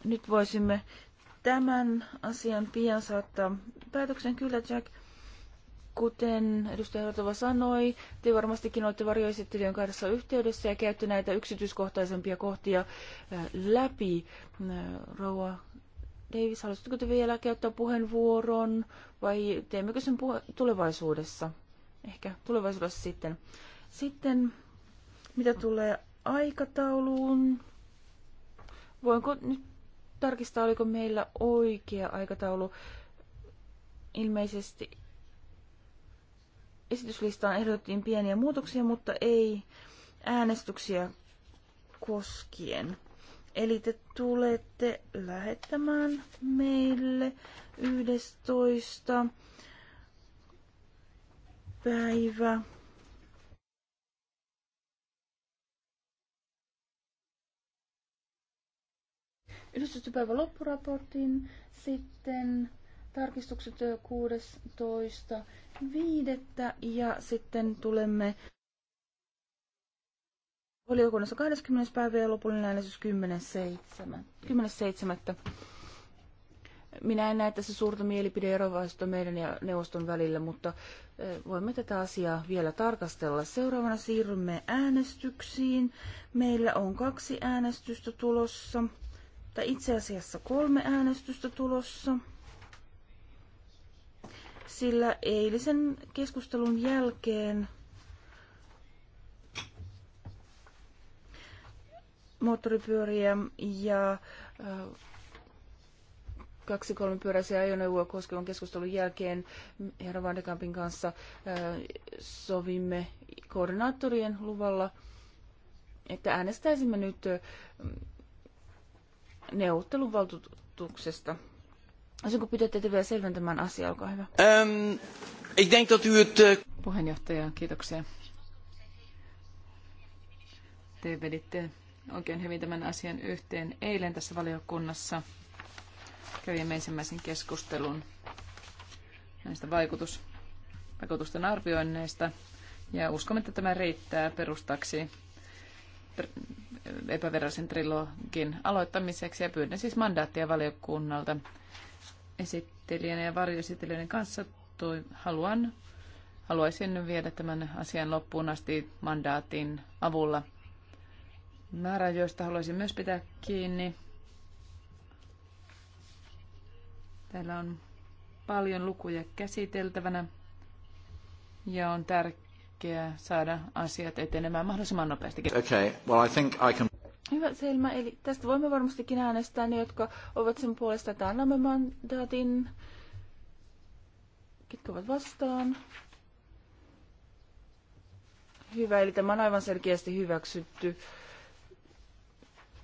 Nyt voisimme tämän asian pian saattaa päätöksen. Kyllä, Jack, kuten edustaja Rotova sanoi, te varmastikin olette varjoesittelijän kanssa yhteydessä ja käytte näitä yksityiskohtaisempia kohtia läpi. Rouva Davis, haluaisitteko te vielä käyttää puheenvuoron vai teemmekö sen puhe- tulevaisuudessa? ehkä tulevaisuudessa sitten. Sitten mitä tulee aikatauluun, voinko nyt tarkistaa, oliko meillä oikea aikataulu? Ilmeisesti esityslistaan ehdotettiin pieniä muutoksia, mutta ei äänestyksiä koskien. Eli te tulette lähettämään meille 11 päivä. Yhdistyspäivä loppuraportin, sitten tarkistukset 16. viidettä ja sitten tulemme valiokunnassa 20. päivä ja lopullinen äänestys 10.7. 10.7. Minä en näe tässä suurta mielipideerovaista meidän ja neuvoston välillä, mutta voimme tätä asiaa vielä tarkastella. Seuraavana siirrymme äänestyksiin. Meillä on kaksi äänestystä tulossa, tai itse asiassa kolme äänestystä tulossa. Sillä eilisen keskustelun jälkeen moottoripyöriä ja kaksi kolmipyöräisiä ajoneuvoa koskevan keskustelun jälkeen herra Vandekampin kanssa sovimme koordinaattorien luvalla, että äänestäisimme nyt neuvotteluvaltuutuksesta. Olisinko pidätte te vielä tämän asian, olkaa hyvä. Ähm, eh, Puheenjohtaja, kiitoksia. Te veditte oikein hyvin tämän asian yhteen eilen tässä valiokunnassa kävimme ensimmäisen keskustelun näistä vaikutus, vaikutusten arvioinneista. Ja uskomme, että tämä riittää perustaksi epävirallisen trilogin aloittamiseksi ja pyydän siis mandaattia valiokunnalta esittelijän ja varjoesittelijän kanssa. Toi, haluan, haluaisin viedä tämän asian loppuun asti mandaatin avulla. Määrä, joista haluaisin myös pitää kiinni, Täällä on paljon lukuja käsiteltävänä ja on tärkeää saada asiat etenemään mahdollisimman nopeasti. Okay, well I think I can... Hyvä Selma, eli tästä voimme varmastikin äänestää ne, jotka ovat sen puolesta, että annamme mandaatin, ketkä ovat vastaan. Hyvä, eli tämä on aivan selkeästi hyväksytty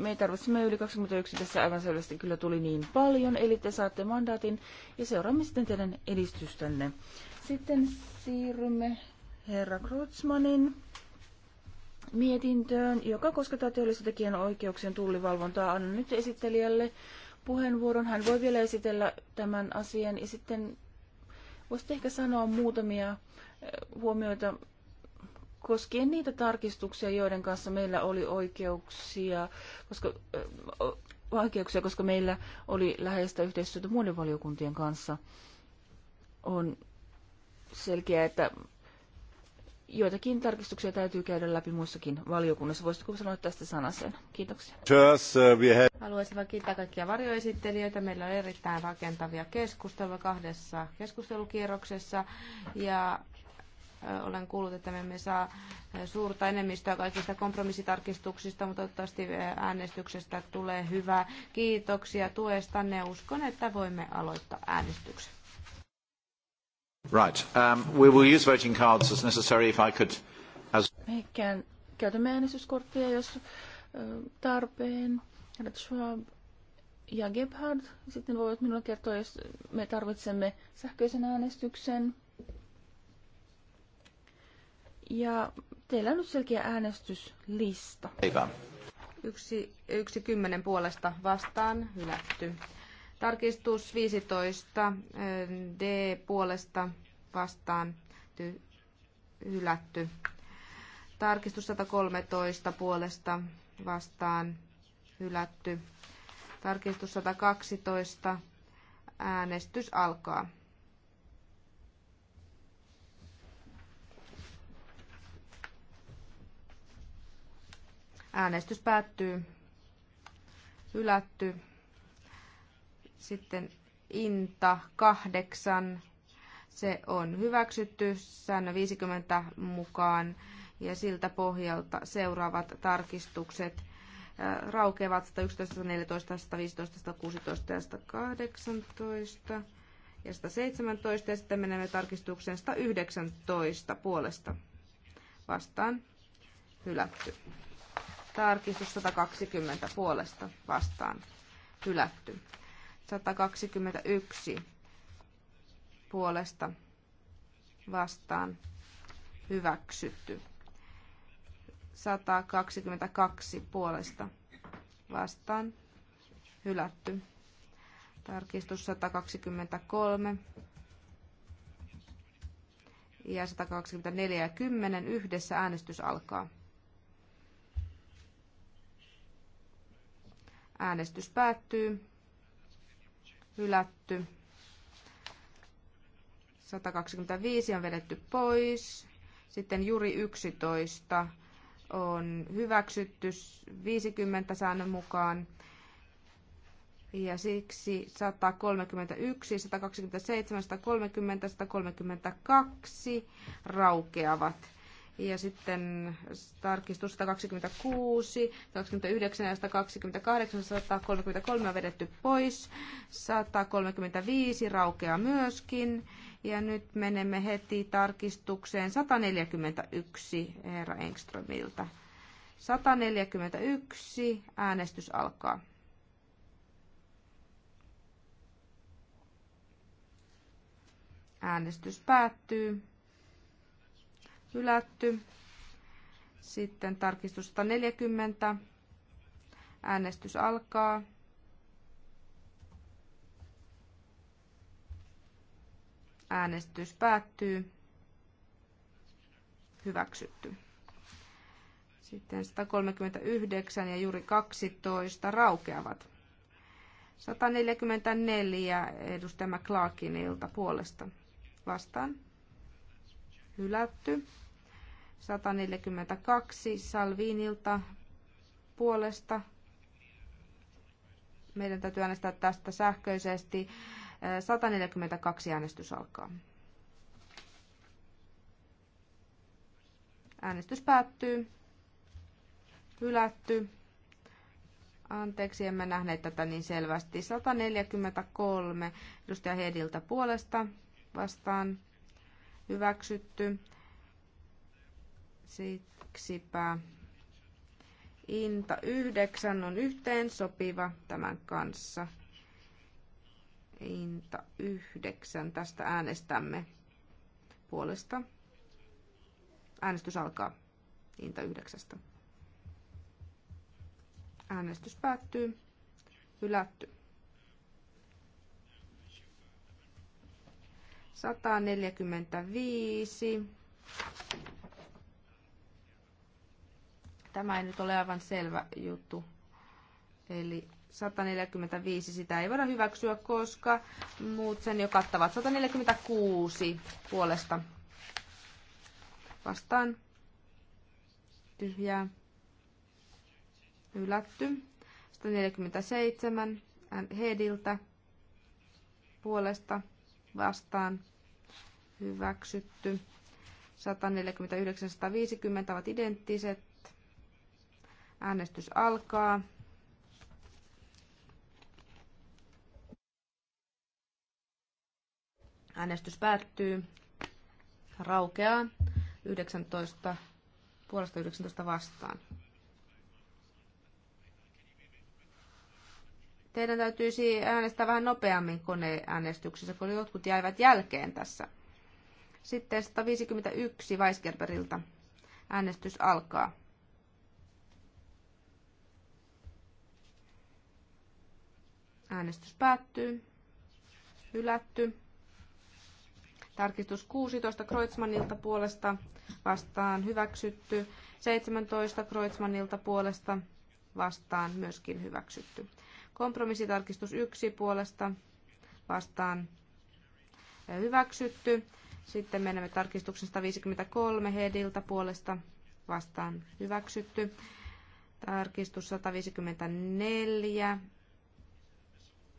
me tarvitsemme yli 21, tässä aivan selvästi kyllä tuli niin paljon, eli te saatte mandaatin ja seuraamme sitten teidän edistystänne. Sitten siirrymme herra Krutsmanin mietintöön, joka koskettaa teollisten tekijän oikeuksien tullivalvontaa. Annan nyt esittelijälle puheenvuoron. Hän voi vielä esitellä tämän asian ja sitten voisitte ehkä sanoa muutamia eh, huomioita koskien niitä tarkistuksia, joiden kanssa meillä oli oikeuksia, koska, äh, vaikeuksia, koska meillä oli läheistä yhteistyötä muiden valiokuntien kanssa, on selkeää, että joitakin tarkistuksia täytyy käydä läpi muissakin valiokunnissa. Voisitko sanoa tästä sanasen? Kiitoksia. Uh, Haluaisin vain kiittää kaikkia varjoesittelijöitä. Meillä on erittäin rakentavia keskusteluja kahdessa keskustelukierroksessa ja olen kuullut, että me emme saa suurta enemmistöä kaikista kompromissitarkistuksista, mutta toivottavasti äänestyksestä tulee hyvä. Kiitoksia tuestanne. Uskon, että voimme aloittaa äänestyksen. Right. Um, we will use voting cards as necessary if I could... As... Mekään käytämme äänestyskorttia, jos tarpeen. Herrat Schwab ja Gebhard sitten voivat minulle kertoa, jos me tarvitsemme sähköisen äänestyksen. Ja teillä on nyt selkeä äänestyslista. Eikä. Yksi, yksi kymmenen puolesta vastaan hylätty. Tarkistus 15 D puolesta vastaan ty, hylätty. Tarkistus 113 puolesta vastaan hylätty. Tarkistus 112. Äänestys alkaa. Äänestys päättyy. Hylätty. Sitten Inta 8. Se on hyväksytty säännön 50 mukaan ja siltä pohjalta seuraavat tarkistukset raukeavat 111, 114, 115, 116 ja 118 ja 117 ja sitten menemme tarkistukseen 119 puolesta vastaan hylätty. Tarkistus 120 puolesta vastaan hylätty. 121 puolesta vastaan hyväksytty. 122 puolesta vastaan hylätty. Tarkistus 123 ja 124 ja 10 yhdessä äänestys alkaa. Äänestys päättyy. Hylätty. 125 on vedetty pois. Sitten juuri 11 on hyväksytty 50 säännön mukaan. Ja siksi 131, 127, 130, 132 raukeavat. Ja sitten tarkistus 126, 129 ja 128, 133 on vedetty pois. 135 raukeaa myöskin. Ja nyt menemme heti tarkistukseen 141 herra Engströmiltä. 141, äänestys alkaa. Äänestys päättyy hylätty. Sitten tarkistus 140. Äänestys alkaa. Äänestys päättyy. Hyväksytty. Sitten 139 ja juuri 12 raukeavat. 144 edustaja McClarkinilta puolesta. Vastaan hylätty. 142 Salviinilta puolesta. Meidän täytyy äänestää tästä sähköisesti. 142 äh, äänestys alkaa. Äänestys päättyy. Hylätty. Anteeksi, emme nähneet tätä niin selvästi. 143 edustaja Hediltä puolesta vastaan hyväksytty. Siksipä Inta 9 on yhteen sopiva tämän kanssa. Inta 9. Tästä äänestämme puolesta. Äänestys alkaa Inta 9. Äänestys päättyy. Hylätty. 145. Tämä ei nyt ole aivan selvä juttu. Eli 145 sitä ei voida hyväksyä, koska muut sen jo kattavat. 146 puolesta vastaan tyhjää hylätty. 147 Hediltä puolesta vastaan hyväksytty. 149-150 ovat identtiset. Äänestys alkaa. Äänestys päättyy. Raukeaa 19 puolesta 19 vastaan. Teidän täytyisi äänestää vähän nopeammin koneäänestyksessä, kun jotkut jäivät jälkeen tässä. Sitten 151 Weisgerberilta Äänestys alkaa. Äänestys päättyy. Hylätty. Tarkistus 16 Kreutzmannilta puolesta vastaan hyväksytty. 17 Kreutzmannilta puolesta vastaan myöskin hyväksytty. Kompromissitarkistus 1 puolesta vastaan hyväksytty. Sitten menemme tarkistuksen 153 Hediltä puolesta vastaan hyväksytty. Tarkistus 154.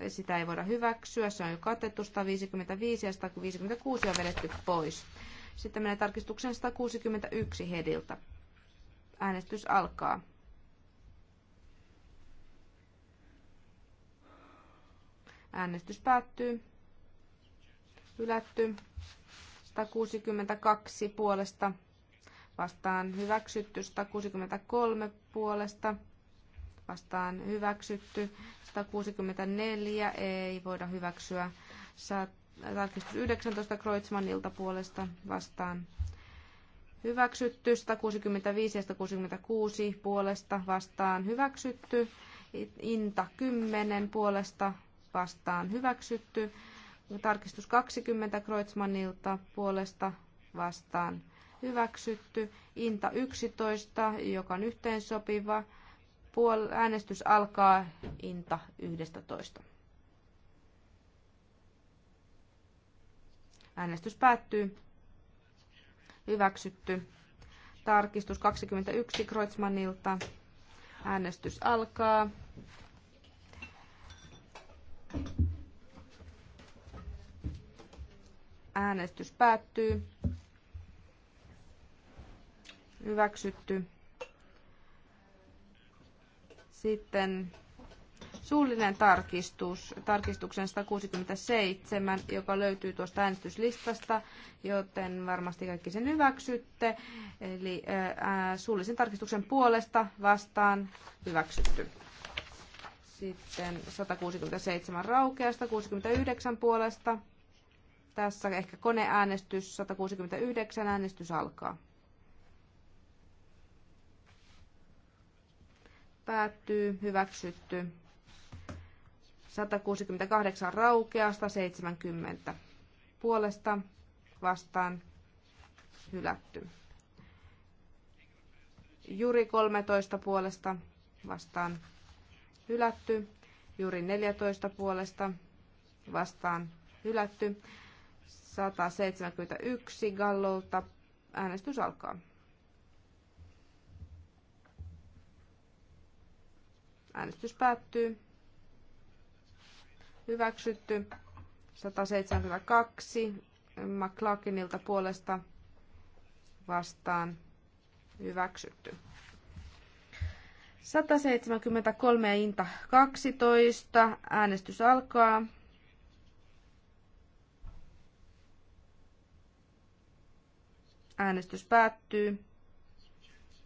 Sitä ei voida hyväksyä. Se on jo katettu. 155 ja 156 on vedetty pois. Sitten menee tarkistuksen 161 Hediltä. Äänestys alkaa. Äänestys päättyy. Hylätty. 162 puolesta vastaan hyväksytty, 163 puolesta vastaan hyväksytty, 164 ei voida hyväksyä, tarkistus 19 Kreutzmannilta puolesta vastaan hyväksytty, 165 ja 166 puolesta vastaan hyväksytty, Inta 10 puolesta vastaan hyväksytty, Tarkistus 20 Kreutzmannilta puolesta vastaan hyväksytty. Inta 11, joka on yhteensopiva. Puol- äänestys alkaa Inta 11. Äänestys päättyy. Hyväksytty. Tarkistus 21 Kreutzmannilta. Äänestys alkaa. Äänestys päättyy. Hyväksytty. Sitten suullinen tarkistus, tarkistuksen 167, joka löytyy tuosta äänestyslistasta, joten varmasti kaikki sen hyväksytte. Eli ää, suullisen tarkistuksen puolesta vastaan hyväksytty. Sitten 167 raukeasta, 69 puolesta tässä ehkä koneäänestys 169 äänestys alkaa. Päättyy, hyväksytty. 168 raukeasta 70 puolesta vastaan hylätty. Juri 13 puolesta vastaan hylätty. Juri 14 puolesta vastaan hylätty. 171 Gallolta. Äänestys alkaa. Äänestys päättyy. Hyväksytty. 172 McLaughlinilta puolesta vastaan hyväksytty. 173 Inta 12. Äänestys alkaa. Äänestys päättyy.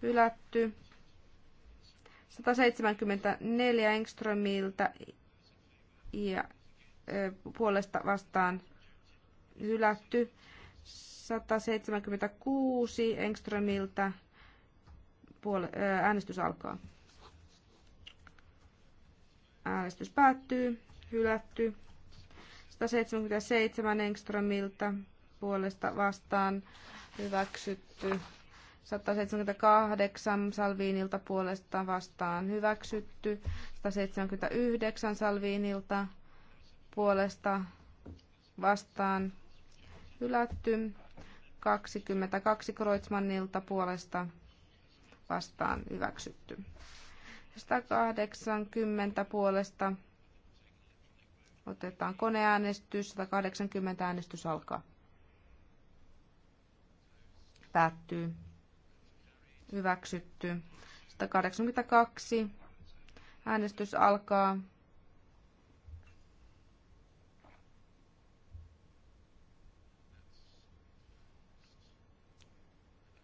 Hylätty. 174 Engströmiltä ja puolesta vastaan hylätty. 176 Engströmiltä puole- äänestys alkaa. Äänestys päättyy. Hylätty. 177 Engströmiltä puolesta vastaan hyväksytty. 178 Salviinilta puolesta vastaan hyväksytty. 179 Salviinilta puolesta vastaan hylätty. 22 Kreutzmannilta puolesta vastaan hyväksytty. 180 puolesta otetaan koneäänestys, 180 äänestys alkaa. Päättyy. Hyväksytty. 182. Äänestys alkaa.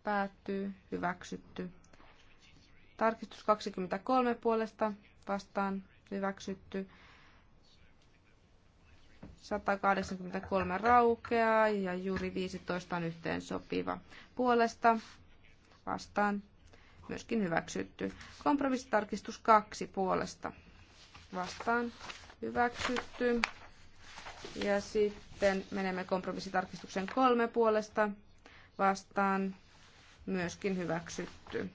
Päättyy. Hyväksytty. Tarkistus 23 puolesta vastaan. Hyväksytty. 183 raukeaa ja juuri 15 on yhteen sopiva. Puolesta vastaan myöskin hyväksytty. Kompromissitarkistus 2 puolesta vastaan hyväksytty. Ja sitten menemme kompromissitarkistuksen 3 puolesta vastaan myöskin hyväksytty.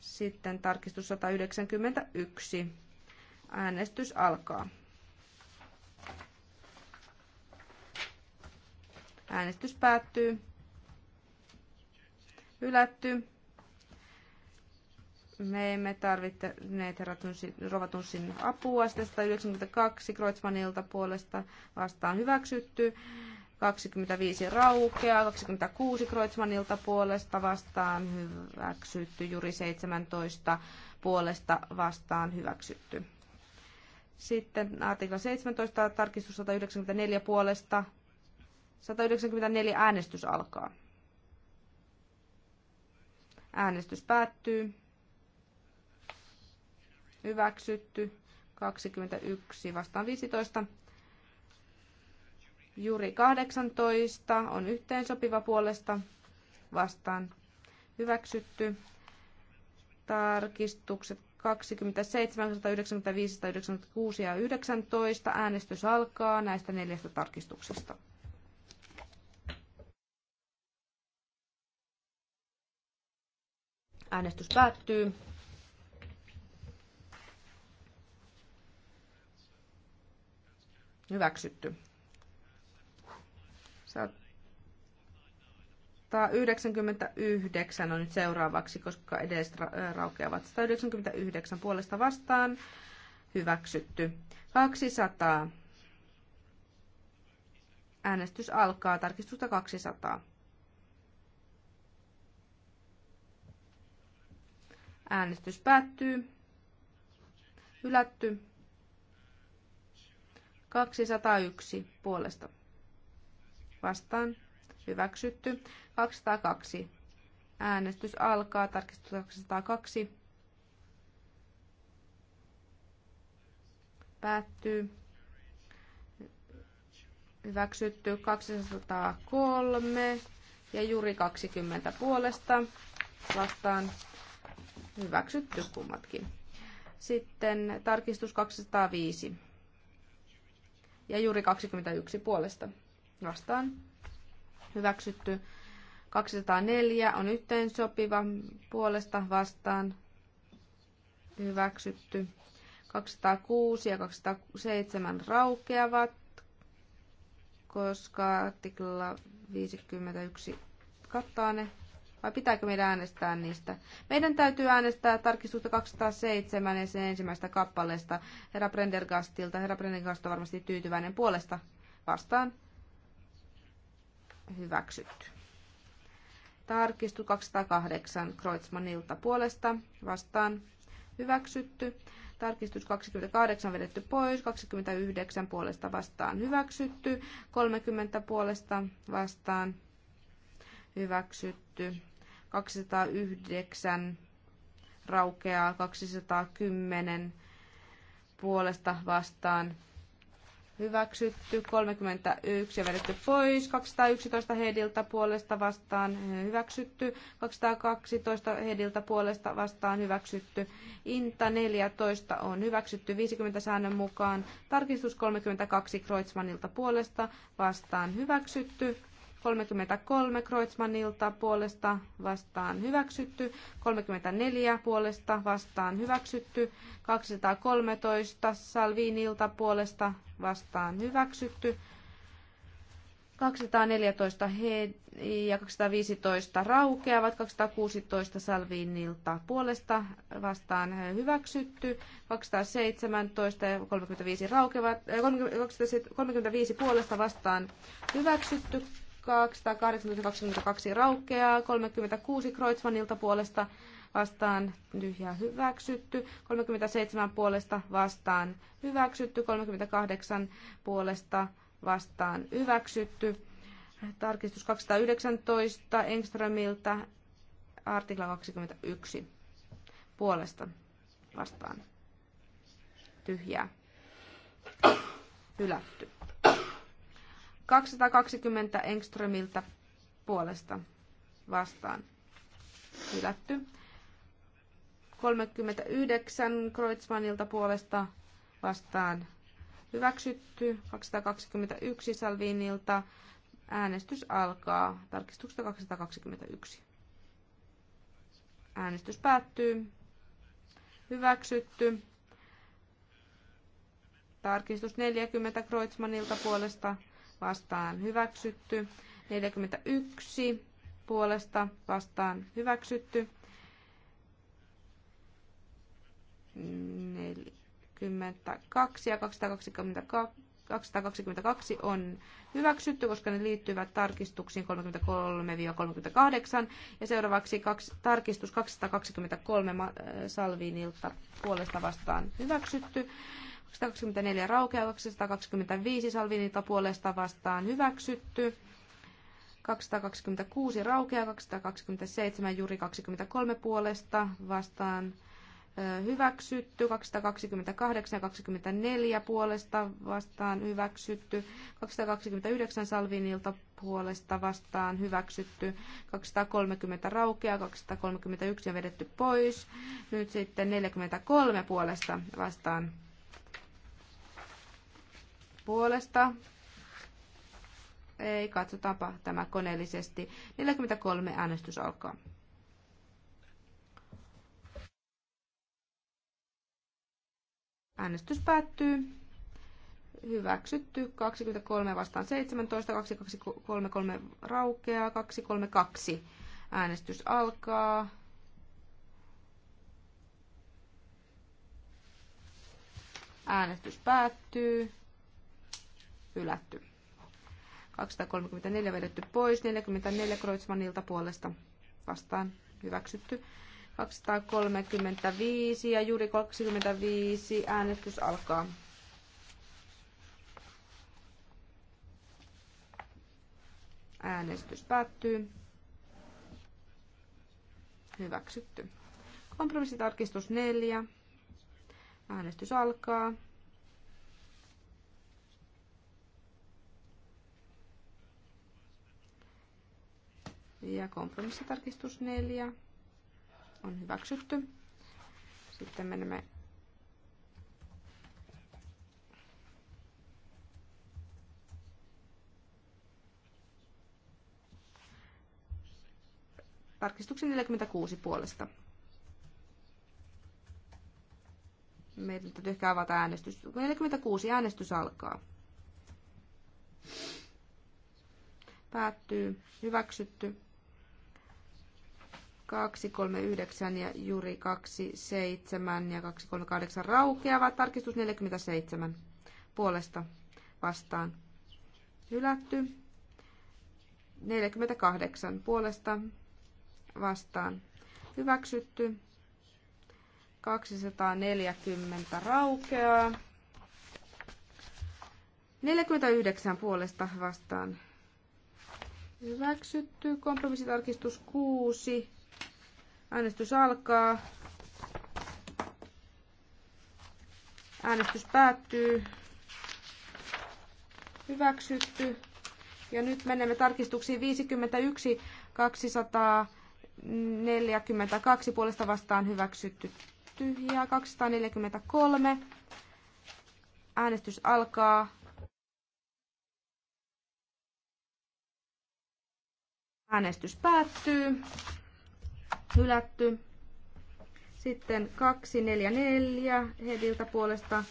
Sitten tarkistus 191. Äänestys alkaa. Äänestys päättyy. Hylätty. Me emme tarvitse herra Tunsin, Rova apua. Sitä 192 Kreutzmannilta puolesta vastaan hyväksytty. 25 raukeaa, 26 Kreutzmannilta puolesta vastaan hyväksytty, Juri 17 puolesta vastaan hyväksytty. Sitten artikla 17, tarkistus 194 puolesta 194 äänestys alkaa. Äänestys päättyy. Hyväksytty. 21 vastaan 15. Juri 18 on yhteensopiva puolesta vastaan hyväksytty. Tarkistukset 27, 195, 196 ja 19. Äänestys alkaa näistä neljästä tarkistuksesta. Äänestys päättyy. Hyväksytty. 199 on nyt seuraavaksi, koska edelliset raukeavat 199 puolesta vastaan. Hyväksytty. 200. Äänestys alkaa. Tarkistusta 200. Äänestys päättyy. Hylätty. 201 puolesta. Vastaan. Hyväksytty. 202. Äänestys alkaa. Tarkistus 202. Päättyy. Hyväksytty 203 ja juuri 20 puolesta. Vastaan Hyväksytty kummatkin. Sitten tarkistus 205. Ja juuri 21 puolesta. Vastaan. Hyväksytty. 204 on yhteen sopiva puolesta vastaan. Hyväksytty. 206 ja 207 raukeavat, koska artikla 51 kattaa ne vai pitääkö meidän äänestää niistä? Meidän täytyy äänestää tarkistusta 207 ja sen ensimmäistä kappaleesta herra Prendergastilta. Herra Prendergast on varmasti tyytyväinen puolesta vastaan. Hyväksytty. Tarkistus 208 Kreutzmannilta puolesta vastaan. Hyväksytty. Tarkistus 28 vedetty pois, 29 puolesta vastaan hyväksytty, 30 puolesta vastaan hyväksytty. 209 raukeaa 210 puolesta vastaan hyväksytty, 31 ja vedetty pois, 211 hediltä puolesta vastaan hyväksytty, 212 hediltä puolesta vastaan hyväksytty, Inta 14 on hyväksytty 50 säännön mukaan, tarkistus 32 Kreutzmannilta puolesta vastaan hyväksytty, 33 Kreutzmannilta puolesta vastaan hyväksytty, 34 puolesta vastaan hyväksytty, 213 Salviinilta puolesta vastaan hyväksytty, 214 he ja 215 raukeavat, 216 Salviinilta puolesta vastaan hyväksytty, 217 ja 35 raukeavat, 35 äh, puolesta vastaan hyväksytty, 280-22 raukeaa, 36 Kreutzmannilta puolesta vastaan tyhjää hyväksytty, 37 puolesta vastaan hyväksytty, 38 puolesta vastaan hyväksytty. Tarkistus 219 Engströmiltä, artikla 21 puolesta vastaan tyhjää hylätty. 220 Engströmiltä puolesta vastaan hylätty. 39 Kreutzmannilta puolesta vastaan hyväksytty. 221 Salvinilta äänestys alkaa tarkistuksesta 221. Äänestys päättyy. Hyväksytty. Tarkistus 40 Kreutzmannilta puolesta vastaan hyväksytty. 41 puolesta vastaan hyväksytty. 42 ja 222 on hyväksytty, koska ne liittyvät tarkistuksiin 33-38. Ja seuraavaksi kaksi, tarkistus 223 Salviinilta puolesta vastaan hyväksytty. 224 raukeaa, 225 salviinita puolesta vastaan hyväksytty. 226 raukeaa, 227 juuri 23 puolesta vastaan hyväksytty, 228 ja 24 puolesta vastaan hyväksytty, 229 Salvinilta puolesta vastaan hyväksytty, 230 raukea, 231 on vedetty pois, nyt sitten 43 puolesta vastaan puolesta. Ei, katsotaanpa tämä koneellisesti. 43 äänestys alkaa. Äänestys päättyy. Hyväksytty 23 vastaan 17, 2233 raukeaa, 232 äänestys alkaa. Äänestys päättyy hylätty. 234 vedetty pois, 44 Kreutzmannilta puolesta vastaan hyväksytty. 235 ja juuri 25 äänestys alkaa. Äänestys päättyy. Hyväksytty. Kompromissitarkistus 4. Äänestys alkaa. Ja kompromissitarkistus 4 on hyväksytty. Sitten menemme tarkistuksen 46 puolesta. Meidän täytyy ehkä avata äänestys. 46 äänestys alkaa. Päättyy. Hyväksytty. 239 ja Juri 27 ja 238 raukeavat. Tarkistus 47 puolesta vastaan hylätty. 48 puolesta vastaan hyväksytty. 240 raukeaa. 49 puolesta vastaan hyväksytty. Kompromissitarkistus 6 Äänestys alkaa. Äänestys päättyy. Hyväksytty. Ja nyt menemme tarkistuksiin 51, 242 puolesta vastaan hyväksytty tyhjää, 243. Äänestys alkaa. Äänestys päättyy hylätty. Sitten 244 Hediltä puolesta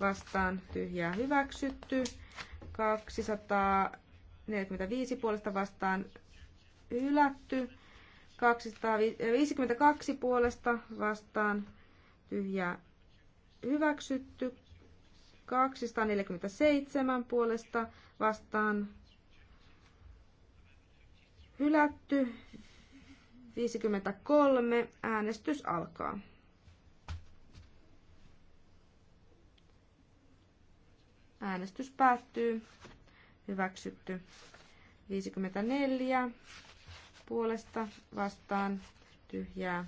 vastaan tyhjää hyväksytty. 245 puolesta vastaan hylätty. 252 puolesta vastaan tyhjää hyväksytty. 247 puolesta vastaan hylätty. 53. Äänestys alkaa. Äänestys päättyy. Hyväksytty. 54. Puolesta vastaan tyhjää.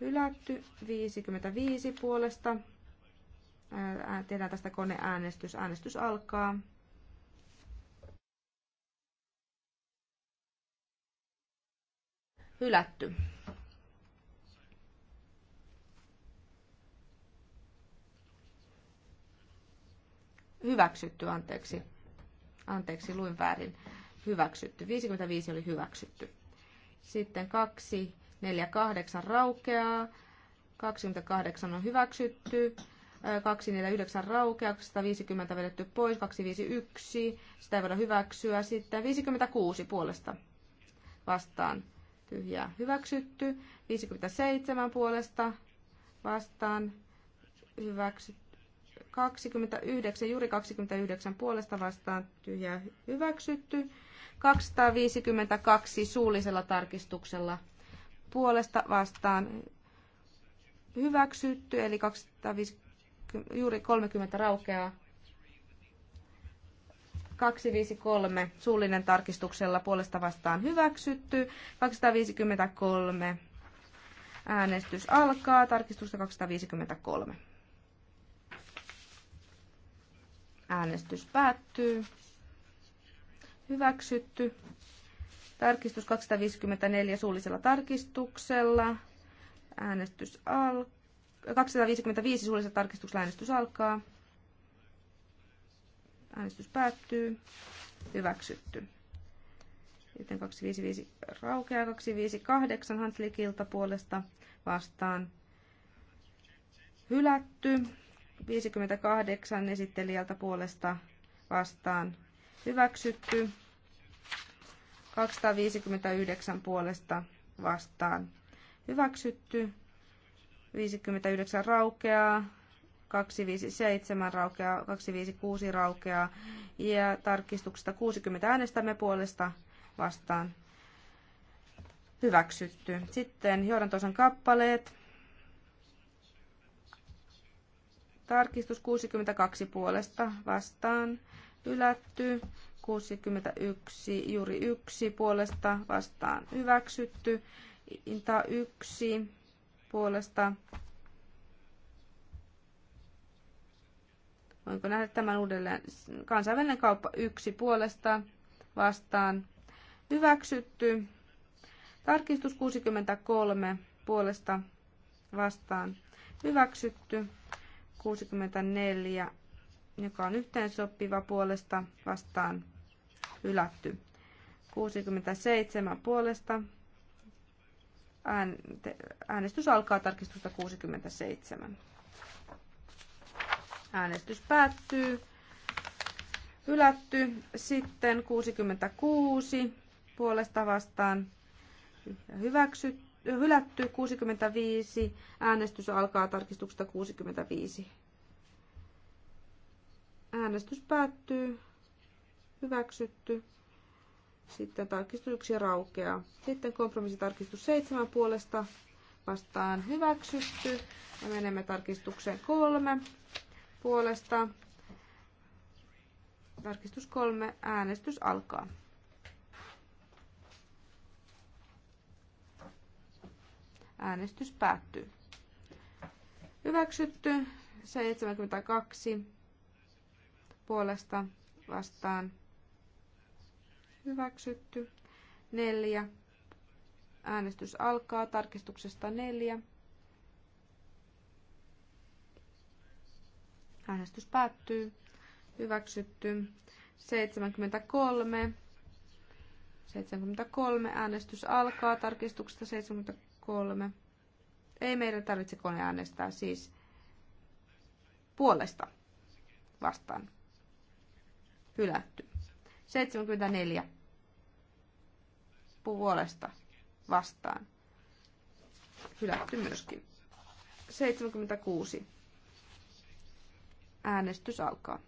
Hylätty. 55 puolesta. Tehdään tästä koneäänestys. Äänestys alkaa. hylätty. Hyväksytty, anteeksi. Anteeksi, luin väärin. Hyväksytty. 55 oli hyväksytty. Sitten 2, 4, 8 raukeaa. 28 on hyväksytty. 249 raukea, 250 vedetty pois, 251, sitä ei voida hyväksyä. Sitten 56 puolesta vastaan tyhjää hyväksytty. 57 puolesta vastaan hyväksytty. 29, juuri 29 puolesta vastaan tyhjää hyväksytty. 252 suullisella tarkistuksella puolesta vastaan hyväksytty, eli 250, juuri 30 raukeaa. 253 suullinen tarkistuksella puolesta vastaan hyväksytty. 253 äänestys alkaa. Tarkistusta 253. Äänestys päättyy. Hyväksytty. Tarkistus 254 suullisella tarkistuksella. Äänestys al- 255 suullisella tarkistuksella äänestys alkaa. Äänestys päättyy. Hyväksytty. Sitten 255 raukeaa 258 Hanslikilta puolesta vastaan. Hylätty. 58 esittelijältä puolesta vastaan. Hyväksytty. 259 puolesta vastaan. Hyväksytty. 59 raukeaa. 257 raukeaa, 256 raukeaa ja tarkistuksesta 60 äänestämme puolesta vastaan hyväksytty. Sitten johdantosan kappaleet. Tarkistus 62 puolesta vastaan hylätty. 61 juuri 1 puolesta vastaan hyväksytty. Inta 1 puolesta Voinko nähdä tämän uudelleen? Kansainvälinen kauppa yksi puolesta vastaan hyväksytty. Tarkistus 63 puolesta vastaan hyväksytty. 64, joka on yhteensopiva puolesta vastaan hylätty. 67 puolesta. Äänestys alkaa tarkistusta 67. Äänestys päättyy. Hylätty. Sitten 66 puolesta vastaan hyväksytty. Hylätty 65. Äänestys alkaa tarkistuksesta 65. Äänestys päättyy. Hyväksytty. Sitten tarkistus 1 raukeaa. Sitten kompromissitarkistus 7 puolesta vastaan hyväksytty. Ja menemme tarkistukseen 3 puolesta. Tarkistus kolme. Äänestys alkaa. Äänestys päättyy. Hyväksytty 72 puolesta vastaan. Hyväksytty 4. Äänestys alkaa tarkistuksesta 4. Äänestys päättyy. Hyväksytty. 73. 73. Äänestys alkaa tarkistuksesta 73. Ei meidän tarvitse kone äänestää siis puolesta vastaan. Hylätty. 74. Puolesta vastaan. Hylätty myöskin. 76 Äänestys alkaa.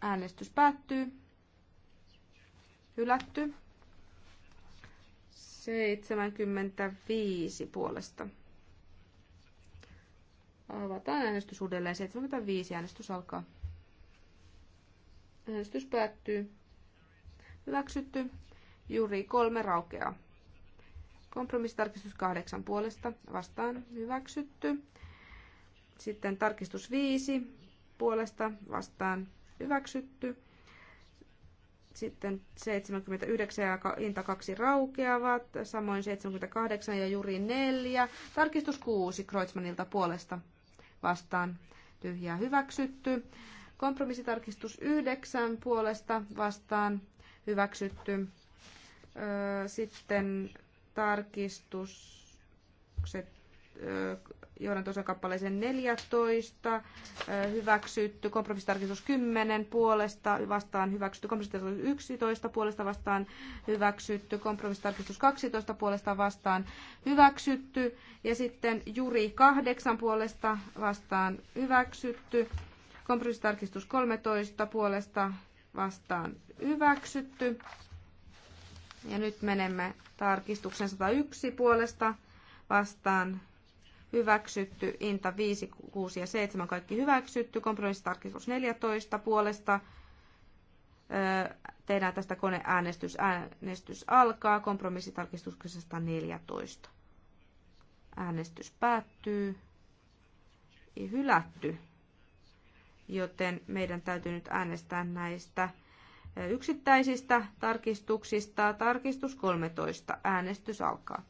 Äänestys päättyy. Hylätty. 75 puolesta. Avataan äänestys uudelleen. 75 äänestys alkaa. Äänestys päättyy. Hyväksytty. Juuri kolme raukeaa. Kompromissitarkistus kahdeksan puolesta vastaan hyväksytty. Sitten tarkistus viisi puolesta vastaan hyväksytty. Sitten 79 ja Inta 2 raukeavat, samoin 78 ja Juri 4. Tarkistus 6 Kreutzmannilta puolesta vastaan tyhjää hyväksytty. Kompromissitarkistus 9 puolesta vastaan hyväksytty. Sitten tarkistukset johdantosakappaleeseen 14, hyväksytty kompromissitarkistus 10 puolesta, vastaan hyväksytty kompromissitarkistus 11 puolesta, vastaan hyväksytty kompromissitarkistus 12 puolesta, vastaan hyväksytty ja sitten juri 8 puolesta, vastaan hyväksytty, kompromissitarkistus 13 puolesta, vastaan hyväksytty. Ja nyt menemme tarkistuksen 101 puolesta vastaan hyväksytty, Inta 5, 6 ja 7 kaikki hyväksytty, kompromissitarkistus 14 puolesta, tehdään tästä koneäänestys, äänestys alkaa, kompromissitarkistus 14. Äänestys päättyy, ei hylätty, joten meidän täytyy nyt äänestää näistä yksittäisistä tarkistuksista. Tarkistus 13. Äänestys alkaa.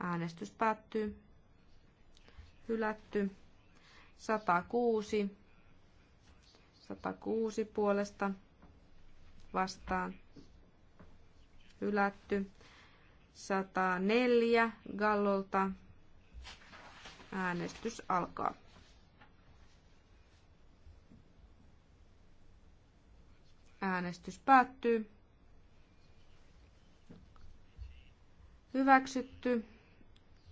Äänestys päättyy. Hylätty. 106. 106 puolesta vastaan. Hylätty. 104 Gallolta. Äänestys alkaa. Äänestys päättyy. Hyväksytty.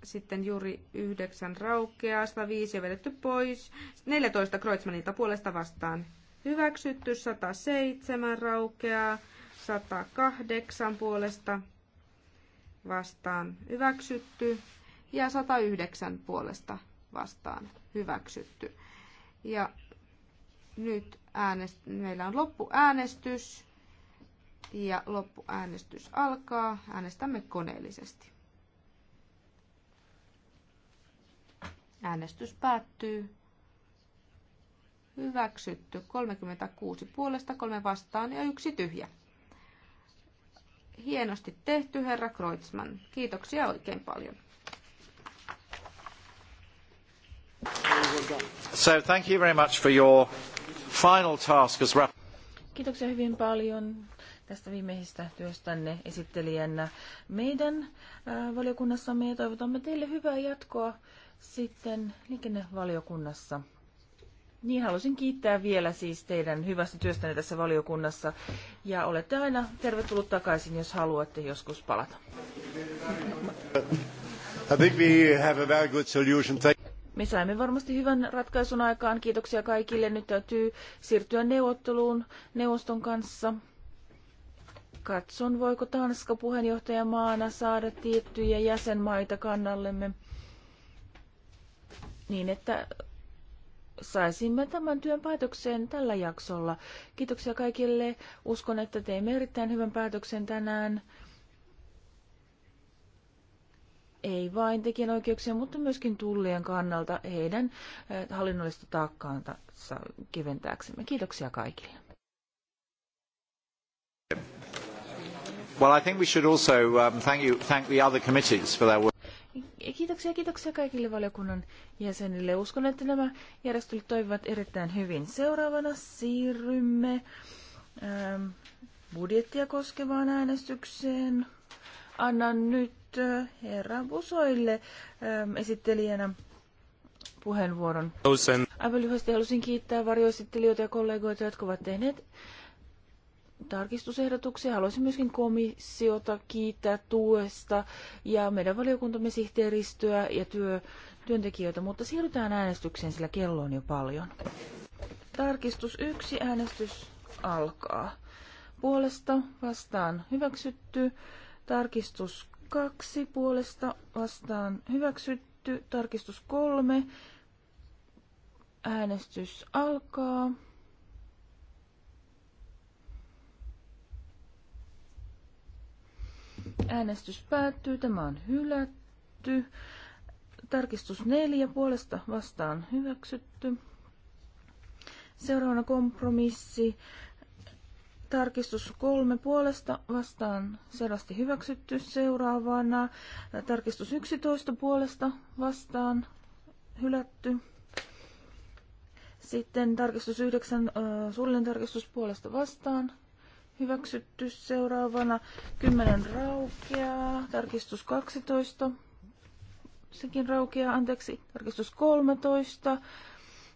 Sitten juuri 9 raukeaa, 105 vedetty pois. 14 Kreutzmanilta puolesta vastaan. Hyväksytty 107 raukeaa, 108 puolesta vastaan hyväksytty ja 109 puolesta vastaan hyväksytty. Ja nyt äänest- meillä on loppuäänestys ja loppuäänestys alkaa. Äänestämme koneellisesti. Äänestys päättyy. Hyväksytty 36 puolesta, 3 vastaan ja yksi tyhjä. Hienosti tehty, herra Kreutzmann. Kiitoksia oikein paljon. So thank you very much for your final task as Kiitoksia hyvin paljon tästä viimeisestä työstänne esittelijänä meidän äh, valiokunnassamme ja toivotamme teille hyvää jatkoa sitten liikennevaliokunnassa. Niin, haluaisin kiittää vielä siis teidän hyvästä työstänne tässä valiokunnassa ja olette aina tervetullut takaisin, jos haluatte joskus palata. I think we have a very good solution. Me saimme varmasti hyvän ratkaisun aikaan. Kiitoksia kaikille. Nyt täytyy siirtyä neuvotteluun neuvoston kanssa. Katson, voiko Tanska puheenjohtajamaana saada tiettyjä jäsenmaita kannallemme niin, että saisimme tämän työn päätökseen tällä jaksolla. Kiitoksia kaikille. Uskon, että teimme erittäin hyvän päätöksen tänään ei vain tekijänoikeuksien, mutta myöskin tullien kannalta heidän eh, hallinnollista taakkaansa keventääksemme. Kiitoksia kaikille. Well, I think we should also um, thank you, thank the other committees for their work. Kiitoksia, kiitoksia kaikille valiokunnan jäsenille. Uskon, että nämä järjestelyt toimivat erittäin hyvin. Seuraavana siirrymme ähm, budjettia koskevaan äänestykseen. Annan nyt Äh, herra Busoille ähm, esittelijänä puheenvuoron. Aivan lyhyesti halusin kiittää varjoesittelijöitä ja kollegoita, jotka ovat tehneet tarkistusehdotuksia. Haluaisin myöskin komissiota kiittää tuesta ja meidän valiokuntamme sihteeristöä ja työ, työntekijöitä, mutta siirrytään äänestykseen, sillä kello on jo paljon. Tarkistus yksi, äänestys alkaa. Puolesta vastaan hyväksytty. Tarkistus kaksi puolesta vastaan hyväksytty. Tarkistus kolme. Äänestys alkaa. Äänestys päättyy. Tämä on hylätty. Tarkistus neljä puolesta vastaan hyväksytty. Seuraavana kompromissi Tarkistus kolme puolesta vastaan selvästi hyväksytty. Seuraavana tarkistus 11 puolesta vastaan hylätty. Sitten tarkistus 9, äh, suullinen tarkistus puolesta vastaan hyväksytty. Seuraavana 10 raukeaa. Tarkistus 12. Sekin raukeaa, anteeksi. Tarkistus 13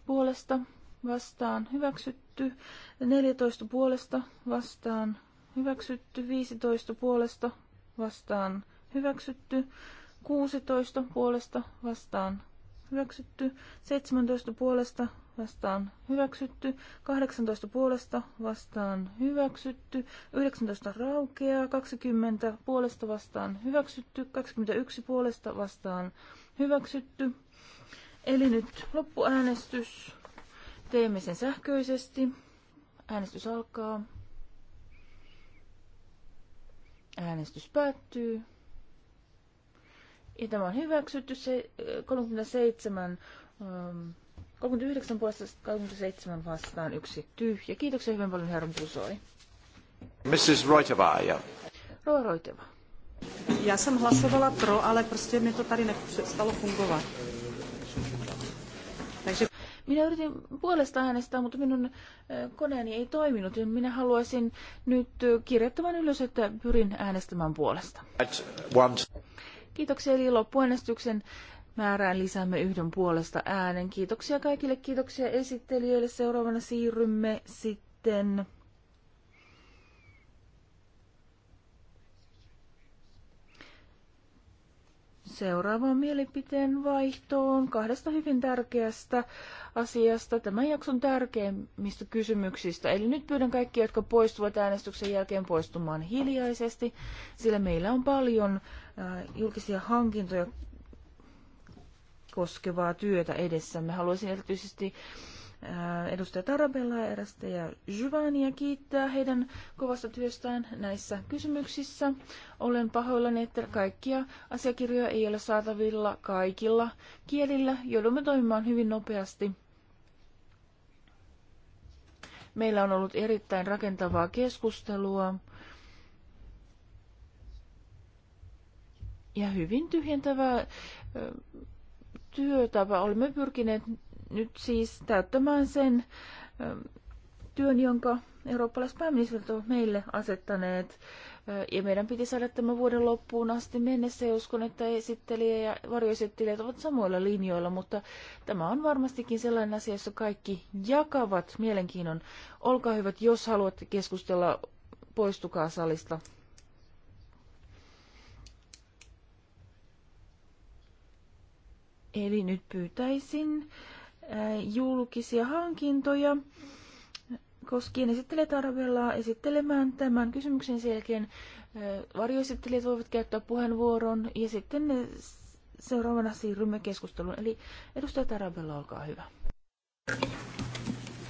puolesta vastaan hyväksytty, 14 puolesta vastaan hyväksytty, 15 puolesta vastaan hyväksytty, 16 puolesta vastaan hyväksytty, 17 puolesta vastaan hyväksytty, 18 puolesta vastaan hyväksytty, 19 raukeaa, 20 puolesta vastaan hyväksytty, 21 puolesta vastaan hyväksytty. Eli nyt loppuäänestys. Teemme sen sähköisesti. Äänestys alkaa. Äänestys päättyy. Ja tämä on hyväksytty se 37, äh, 39 ähm, puolesta 37 vastaan yksi tyhjä. Kiitoksia hyvin paljon herra Busoi. Mrs. Roiteva, ja. Roa Roiteva. Ja jsem hlasovala pro, ale prostě mi to tady nepřestalo fungovat. Minä yritin puolesta äänestää, mutta minun koneeni ei toiminut. Ja minä haluaisin nyt kirjoittamaan ylös, että pyrin äänestämään puolesta. Kiitoksia. Eli loppuäänestyksen määrään lisäämme yhden puolesta äänen. Kiitoksia kaikille. Kiitoksia esittelijöille. Seuraavana siirrymme sitten... seuraavaan mielipiteen vaihtoon kahdesta hyvin tärkeästä asiasta, tämän jakson tärkeimmistä kysymyksistä. Eli nyt pyydän kaikkia, jotka poistuvat äänestyksen jälkeen poistumaan hiljaisesti, sillä meillä on paljon äh, julkisia hankintoja koskevaa työtä edessämme. Haluaisin erityisesti Äh, edustaja Tarabella, edustaja Jyvania kiittää heidän kovasta työstään näissä kysymyksissä. Olen pahoillani, että kaikkia asiakirjoja ei ole saatavilla kaikilla kielillä. Joudumme toimimaan hyvin nopeasti. Meillä on ollut erittäin rakentavaa keskustelua ja hyvin tyhjentävää äh, työtapa. Olemme pyrkineet nyt siis täyttämään sen ähm, työn, jonka eurooppalaiset pääministerit ovat meille asettaneet. Äh, ja meidän piti saada tämän vuoden loppuun asti mennessä. Ja uskon, että esittelijä ja varjoesittelijät ovat samoilla linjoilla, mutta tämä on varmastikin sellainen asia, jossa kaikki jakavat mielenkiinnon. Olkaa hyvät, jos haluatte keskustella, poistukaa salista. Eli nyt pyytäisin Äh, julkisia hankintoja koskien esittelijät arvellaan esittelemään tämän kysymyksen selkeän. Äh, varjoesittelijät voivat käyttää puheenvuoron ja sitten äh, seuraavana siirrymme keskusteluun. Eli edustaja Tarabella, olkaa hyvä.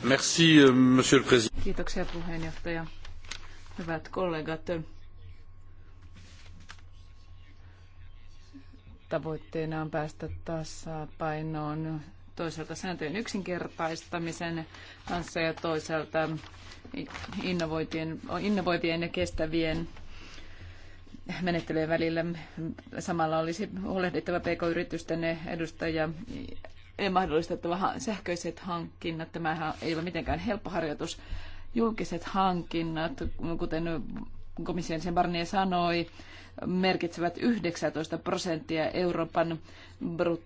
Merci, euh, monsieur le président. Kiitoksia puheenjohtaja. Hyvät kollegat, tavoitteena on päästä tasapainoon toisaalta sääntöjen yksinkertaistamisen kanssa ja toisaalta innovoivien, innovoivien ja kestävien menettelyjen välillä. Samalla olisi huolehdittava pk-yritysten edustaja ja mahdollistettava sähköiset hankinnat. Tämähän ei ole mitenkään helppo harjoitus. Julkiset hankinnat, kuten komission sen Barnier sanoi, merkitsevät 19 prosenttia Euroopan brut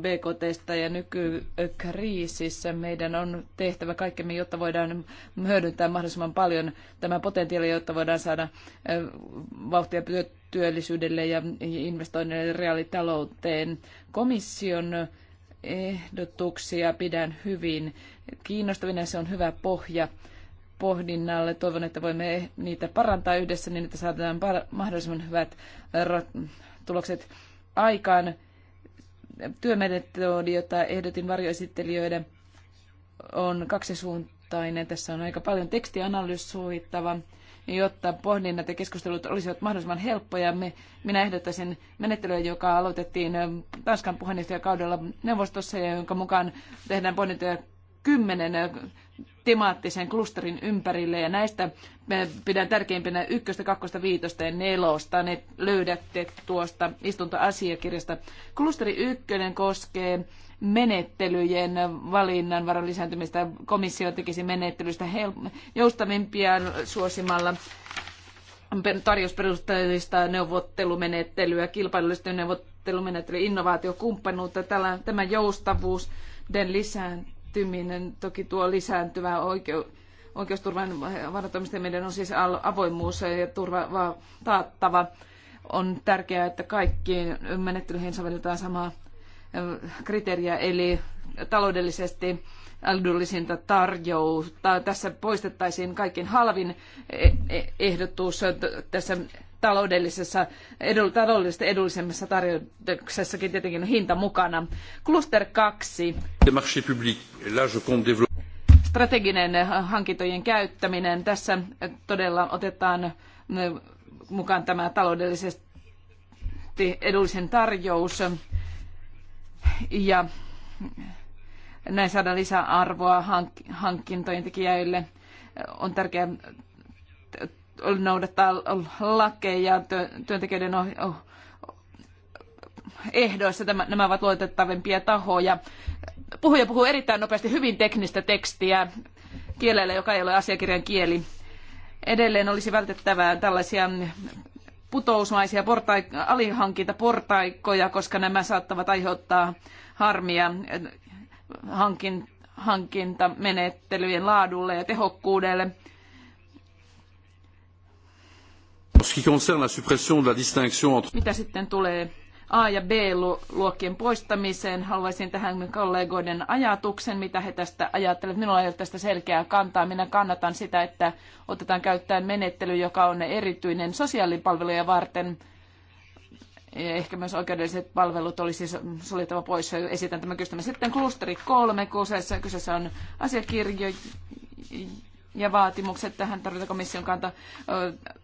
BKTstä ja nykykriisissä meidän on tehtävä kaikkemme, jotta voidaan hyödyntää mahdollisimman paljon tämä potentiaali, jotta voidaan saada vauhtia työllisyydelle ja investoinneille reaalitalouteen. Komission ehdotuksia pidän hyvin kiinnostavina. Se on hyvä pohja pohdinnalle. Toivon, että voimme niitä parantaa yhdessä niin, että saadaan mahdollisimman hyvät tulokset aikaan työmetodi, jota ehdotin varjoesittelijöiden, on kaksisuuntainen. Tässä on aika paljon tekstianalysoitava, jotta pohdinnat ja keskustelut olisivat mahdollisimman helppoja. Me, minä ehdottaisin menettelyä, joka aloitettiin Tanskan puheenjohtajakaudella neuvostossa ja jonka mukaan tehdään pohdintoja kymmenen temaattisen klusterin ympärille ja näistä eh, pidän tärkeimpinä ykköstä, kakkosta, viitosta ja nelosta. Ne löydätte tuosta istuntoasiakirjasta. Klusteri ykkönen koskee menettelyjen valinnan varan lisääntymistä. Komissio tekisi menettelystä joustavimpia suosimalla tarjousperusteista neuvottelumenettelyä, kilpailullisten neuvottelumenettelyä, innovaatiokumppanuutta. Tämä joustavuus lisään kehittyminen toki tuo lisääntyvää oikeu- oikeusturvan varoittamista. Meidän on siis avoimuus ja turva taattava. On tärkeää, että kaikkiin menettelyihin sovelletaan samaa kriteeriä, eli taloudellisesti älyllisintä tarjousta. Tässä poistettaisiin kaikkein halvin e-, e-, ehdotus. Tässä taloudellisessa, edu, taloudellisesti edullisemmassa tarjouksessakin tietenkin on hinta mukana. Cluster 2. Strateginen äh, hankintojen käyttäminen. Tässä äh, todella otetaan äh, mukaan tämä taloudellisesti edullisen tarjous. Ja näin saada lisäarvoa hankintojen tekijöille. On tärkeää noudattaa lakeja työntekijöiden oh, oh, ehdoissa. Nämä ovat luotettavimpia tahoja. Puhuja puhuu erittäin nopeasti hyvin teknistä tekstiä kielellä, joka ei ole asiakirjan kieli. Edelleen olisi vältettävää tällaisia putousmaisia portaik- alihankintaportaikkoja, koska nämä saattavat aiheuttaa harmia hankin- hankintamenettelyjen laadulle ja tehokkuudelle. Mitä sitten tulee A- ja B-luokkien poistamiseen, haluaisin tähän kollegoiden ajatuksen, mitä he tästä ajattelevat. Minulla ei ole tästä selkeää kantaa. Minä kannatan sitä, että otetaan käyttöön menettely, joka on erityinen sosiaalipalveluja varten. Ehkä myös oikeudelliset palvelut olisi suljettava pois. Esitän tämän kysymyksen. Sitten klusteri kolme. Kyseessä, kyseessä on asiakirjoja ja vaatimukset tähän tarvintakomission kanta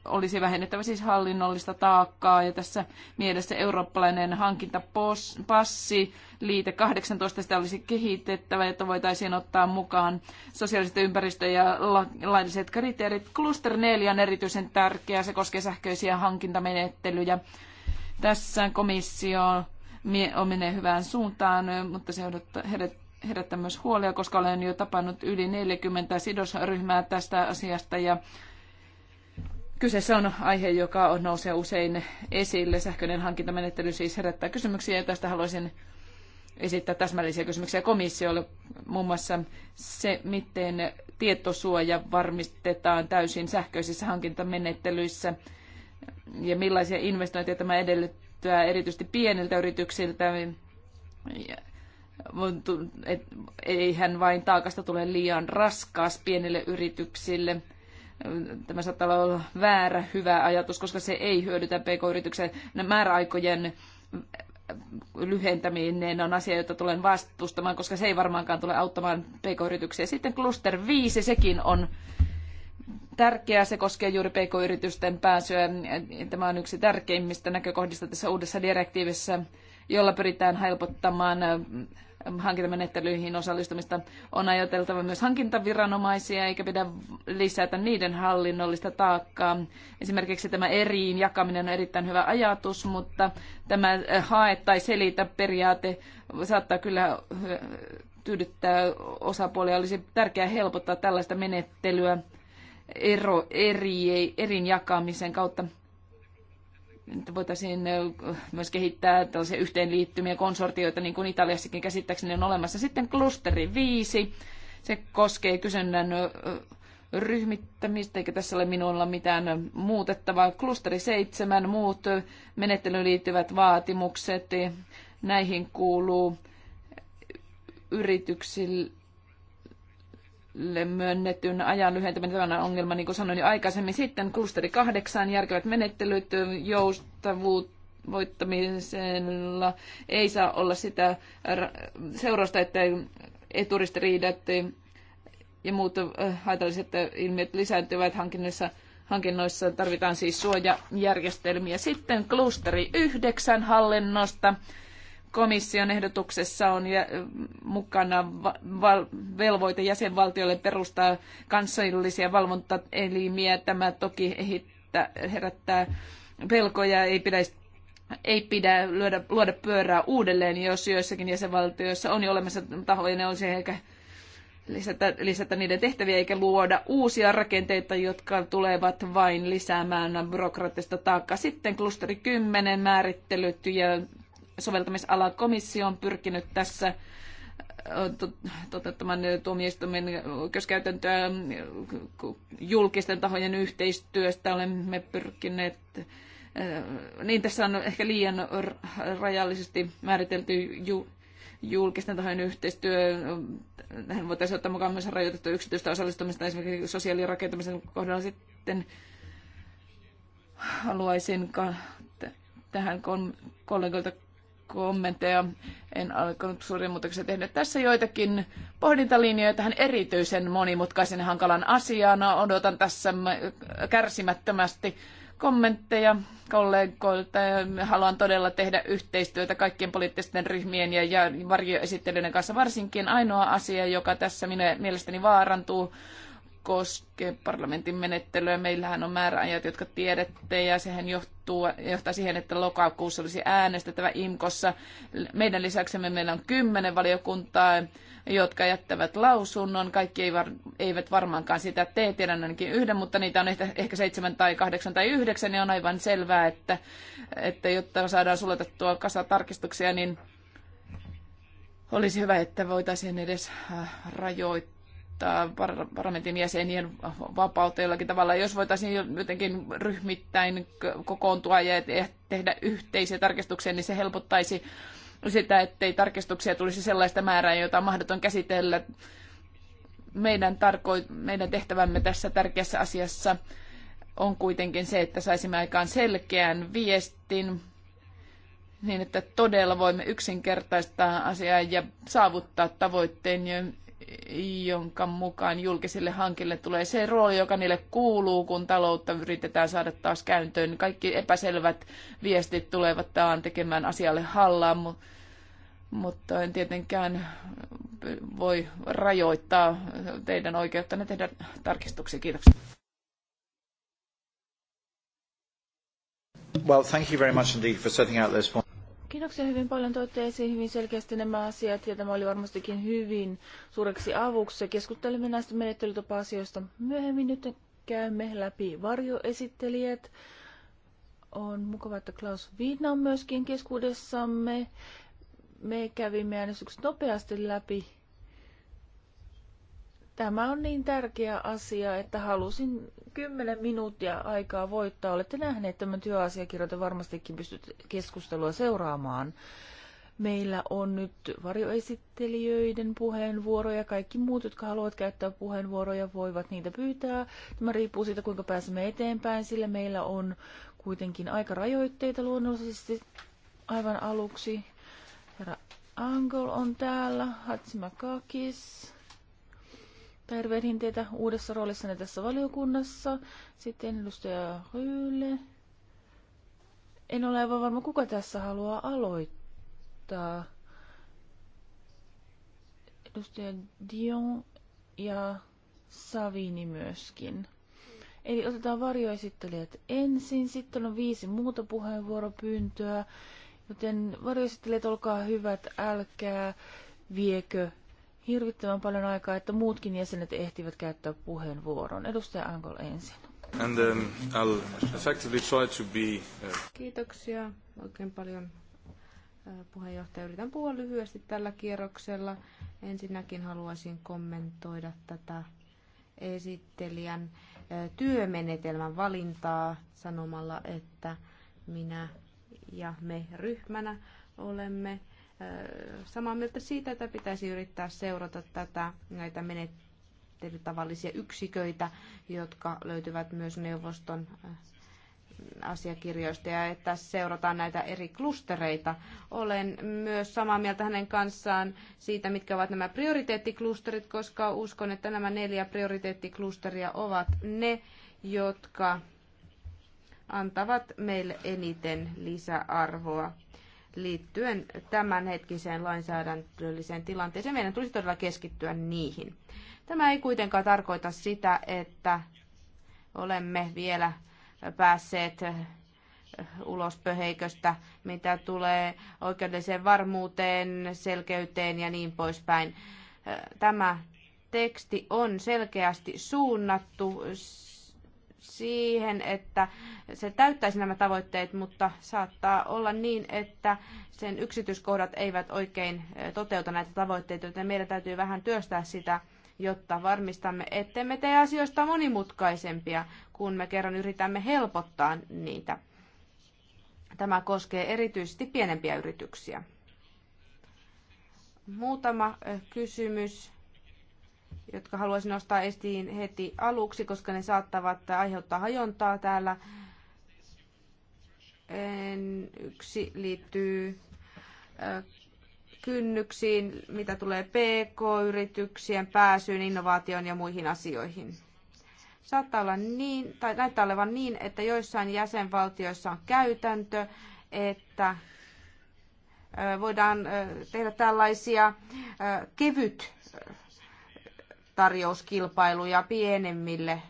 olisi vähennettävä siis hallinnollista taakkaa. Ja tässä mielessä eurooppalainen hankintapassi liite 18 sitä olisi kehitettävä, että voitaisiin ottaa mukaan sosiaaliset ympäristö- ja lailliset kriteerit. cluster 4 on erityisen tärkeä, se koskee sähköisiä hankintamenettelyjä. Tässä komissio on menee hyvään suuntaan, mutta se odottaa, heidät herättää myös huolia, koska olen jo tapannut yli 40 sidosryhmää tästä asiasta ja Kyseessä on aihe, joka on nousee usein esille. Sähköinen hankintamenettely siis herättää kysymyksiä ja tästä haluaisin esittää täsmällisiä kysymyksiä komissiolle. Muun muassa se, miten tietosuoja varmistetaan täysin sähköisissä hankintamenettelyissä ja millaisia investointeja tämä edellyttää erityisesti pieniltä yrityksiltä ei hän vain taakasta tule liian raskaas pienille yrityksille. Tämä saattaa olla väärä hyvä ajatus, koska se ei hyödytä pk-yrityksen määräaikojen lyhentäminen on asia, jota tulen vastustamaan, koska se ei varmaankaan tule auttamaan pk-yrityksiä. Sitten kluster 5, sekin on tärkeää. Se koskee juuri pk-yritysten pääsyä. Tämä on yksi tärkeimmistä näkökohdista tässä uudessa direktiivissä jolla pyritään helpottamaan hankintamenettelyihin osallistumista. On ajateltava myös hankintaviranomaisia, eikä pidä lisätä niiden hallinnollista taakkaa. Esimerkiksi tämä eriin jakaminen on erittäin hyvä ajatus, mutta tämä hae tai selitä periaate saattaa kyllä tyydyttää osapuolia. Olisi tärkeää helpottaa tällaista menettelyä ero, eri, erin jakamisen kautta että voitaisiin myös kehittää tällaisia yhteenliittymiä, konsortioita, niin kuin Italiassakin käsittääkseni on olemassa. Sitten klusteri 5, se koskee kysynnän ryhmittämistä, eikä tässä ole minulla mitään muutettavaa. Klusteri 7, muut menettelyyn liittyvät vaatimukset, näihin kuuluu yrityksille myönnetyn ajan lyhentäminen tämän ongelma, niin kuin sanoin jo aikaisemmin. Sitten klusteri kahdeksan, järkevät menettelyt, joustavuuttamisella ei saa olla sitä seurausta, että eturistiriidat ja muut äh, haitalliset ilmiöt lisääntyvät hankinnoissa. hankinnoissa tarvitaan siis suojajärjestelmiä. Sitten klusteri yhdeksän hallinnosta komission ehdotuksessa on mukana velvoite jäsenvaltioille perustaa kansallisia valvontaelimiä. Tämä toki herättää pelkoja, ei pidä ei pidä luoda, luoda pyörää uudelleen, jos joissakin jäsenvaltioissa on jo olemassa tahoja, ne olisi ehkä lisätä, lisätä niiden tehtäviä eikä luoda uusia rakenteita, jotka tulevat vain lisäämään byrokraattista taakkaa. Sitten klusteri 10 määrittelyt ja soveltamisala. Komissio on pyrkinyt tässä toteuttamaan tuomioistuimen oikeuskäytäntöä julkisten tahojen yhteistyöstä. Olemme pyrkineet niin tässä on ehkä liian rajallisesti määritelty ju, julkisten tahojen yhteistyö. Tähän voitaisiin ottaa mukaan myös rajoitettu yksityistä osallistumista esimerkiksi sosiaalirakentamisen kohdalla sitten haluaisin tähän kollegoilta kommentteja. En alkanut suuria muutoksia tehdä. Tässä joitakin pohdintalinjoja tähän erityisen monimutkaisen hankalan asiaan. No, odotan tässä kärsimättömästi kommentteja kollegoilta. Haluan todella tehdä yhteistyötä kaikkien poliittisten ryhmien ja varjoesittelyiden kanssa varsinkin. Ainoa asia, joka tässä minä, mielestäni vaarantuu, koske parlamentin menettelyä. Meillähän on määräajat, jotka tiedätte, ja sehän johtuu, johtaa siihen, että lokakuussa olisi äänestettävä IMKossa. Meidän lisäksemme meillä on kymmenen valiokuntaa, jotka jättävät lausunnon. Kaikki ei var, eivät varmaankaan sitä tee, tiedän ainakin yhden, mutta niitä on ehkä, ehkä seitsemän tai kahdeksan tai yhdeksän, niin on aivan selvää, että, että jotta saadaan sulatettua kasa tarkistuksia, niin olisi hyvä, että voitaisiin edes äh, rajoittaa rajoittaa parlamentin jäsenien vapautta jollakin tavalla. Jos voitaisiin jotenkin ryhmittäin kokoontua ja tehdä yhteisiä tarkistuksia, niin se helpottaisi sitä, ettei tarkistuksia tulisi sellaista määrää, jota on mahdoton käsitellä. Meidän, tarko- meidän tehtävämme tässä tärkeässä asiassa on kuitenkin se, että saisimme aikaan selkeän viestin, niin että todella voimme yksinkertaistaa asiaa ja saavuttaa tavoitteen, jonka mukaan julkisille hankille tulee se rooli, joka niille kuuluu, kun taloutta yritetään saada taas käyntöön. Kaikki epäselvät viestit tulevat taan tekemään asialle hallaa, mutta en tietenkään voi rajoittaa teidän oikeuttanne tehdä tarkistuksia. Kiitoksia. Well, thank you very much indeed for setting out those points. Kiitoksia hyvin paljon. Toitte esiin hyvin selkeästi nämä asiat ja tämä oli varmastikin hyvin suureksi avuksi. Keskustelemme näistä menettelytapa-asioista myöhemmin. Nyt käymme läpi varjoesittelijät. On mukava, että Klaus Viina on myöskin keskuudessamme. Me kävimme äänestykset nopeasti läpi Tämä on niin tärkeä asia, että halusin kymmenen minuuttia aikaa voittaa. Olette nähneet tämän työasiakirjan, te varmastikin pystyt keskustelua seuraamaan. Meillä on nyt varjoesittelijöiden puheenvuoroja. Kaikki muut, jotka haluavat käyttää puheenvuoroja, voivat niitä pyytää. Tämä riippuu siitä, kuinka pääsemme eteenpäin, sillä meillä on kuitenkin aika rajoitteita luonnollisesti aivan aluksi. Herra Angol on täällä, Hatsimakakis tervehdin teitä uudessa roolissa tässä valiokunnassa. Sitten edustaja Ryyle. En ole aivan varma, kuka tässä haluaa aloittaa. Edustaja Dion ja Savini myöskin. Eli otetaan varjoesittelijät ensin, sitten on viisi muuta puheenvuoropyyntöä, joten varjoesittelijät, olkaa hyvät, älkää viekö hirvittävän paljon aikaa, että muutkin jäsenet ehtivät käyttää puheenvuoron. Edustaja Angol ensin. And um, I'll try to be... Uh, Kiitoksia oikein paljon uh, puheenjohtaja. Yritän puhua lyhyesti tällä kierroksella. Ensinnäkin haluaisin kommentoida tätä esittelijän uh, työmenetelmän valintaa sanomalla, että minä ja me ryhmänä olemme samaa mieltä siitä, että pitäisi yrittää seurata tätä, näitä menettelytavallisia yksiköitä, jotka löytyvät myös neuvoston äh, asiakirjoista ja että seurataan näitä eri klustereita. Olen myös samaa mieltä hänen kanssaan siitä, mitkä ovat nämä prioriteettiklusterit, koska uskon, että nämä neljä prioriteettiklusteria ovat ne, jotka antavat meille eniten lisäarvoa liittyen tämänhetkiseen lainsäädännölliseen tilanteeseen. Meidän tulisi todella keskittyä niihin. Tämä ei kuitenkaan tarkoita sitä, että olemme vielä päässeet eh, ulos pöheiköstä, mitä tulee oikeudelliseen varmuuteen, selkeyteen ja niin poispäin. Eh, tämä teksti on selkeästi suunnattu siihen, että se täyttäisi nämä tavoitteet, mutta saattaa olla niin, että sen yksityiskohdat eivät oikein eh, toteuta näitä tavoitteita, joten meidän täytyy vähän työstää sitä, jotta varmistamme, ettemme tee asioista monimutkaisempia, kun me kerran yritämme helpottaa niitä. Tämä koskee erityisesti pienempiä yrityksiä. Muutama eh, kysymys jotka haluaisin nostaa esiin heti aluksi, koska ne saattavat aiheuttaa hajontaa täällä. Yksi liittyy kynnyksiin, mitä tulee PK-yrityksien pääsyyn, innovaatioon ja muihin asioihin. Saattaa olla niin, tai näyttää olevan niin, että joissain jäsenvaltioissa on käytäntö, että voidaan tehdä tällaisia kevyt tarjouskilpailuja pienemmille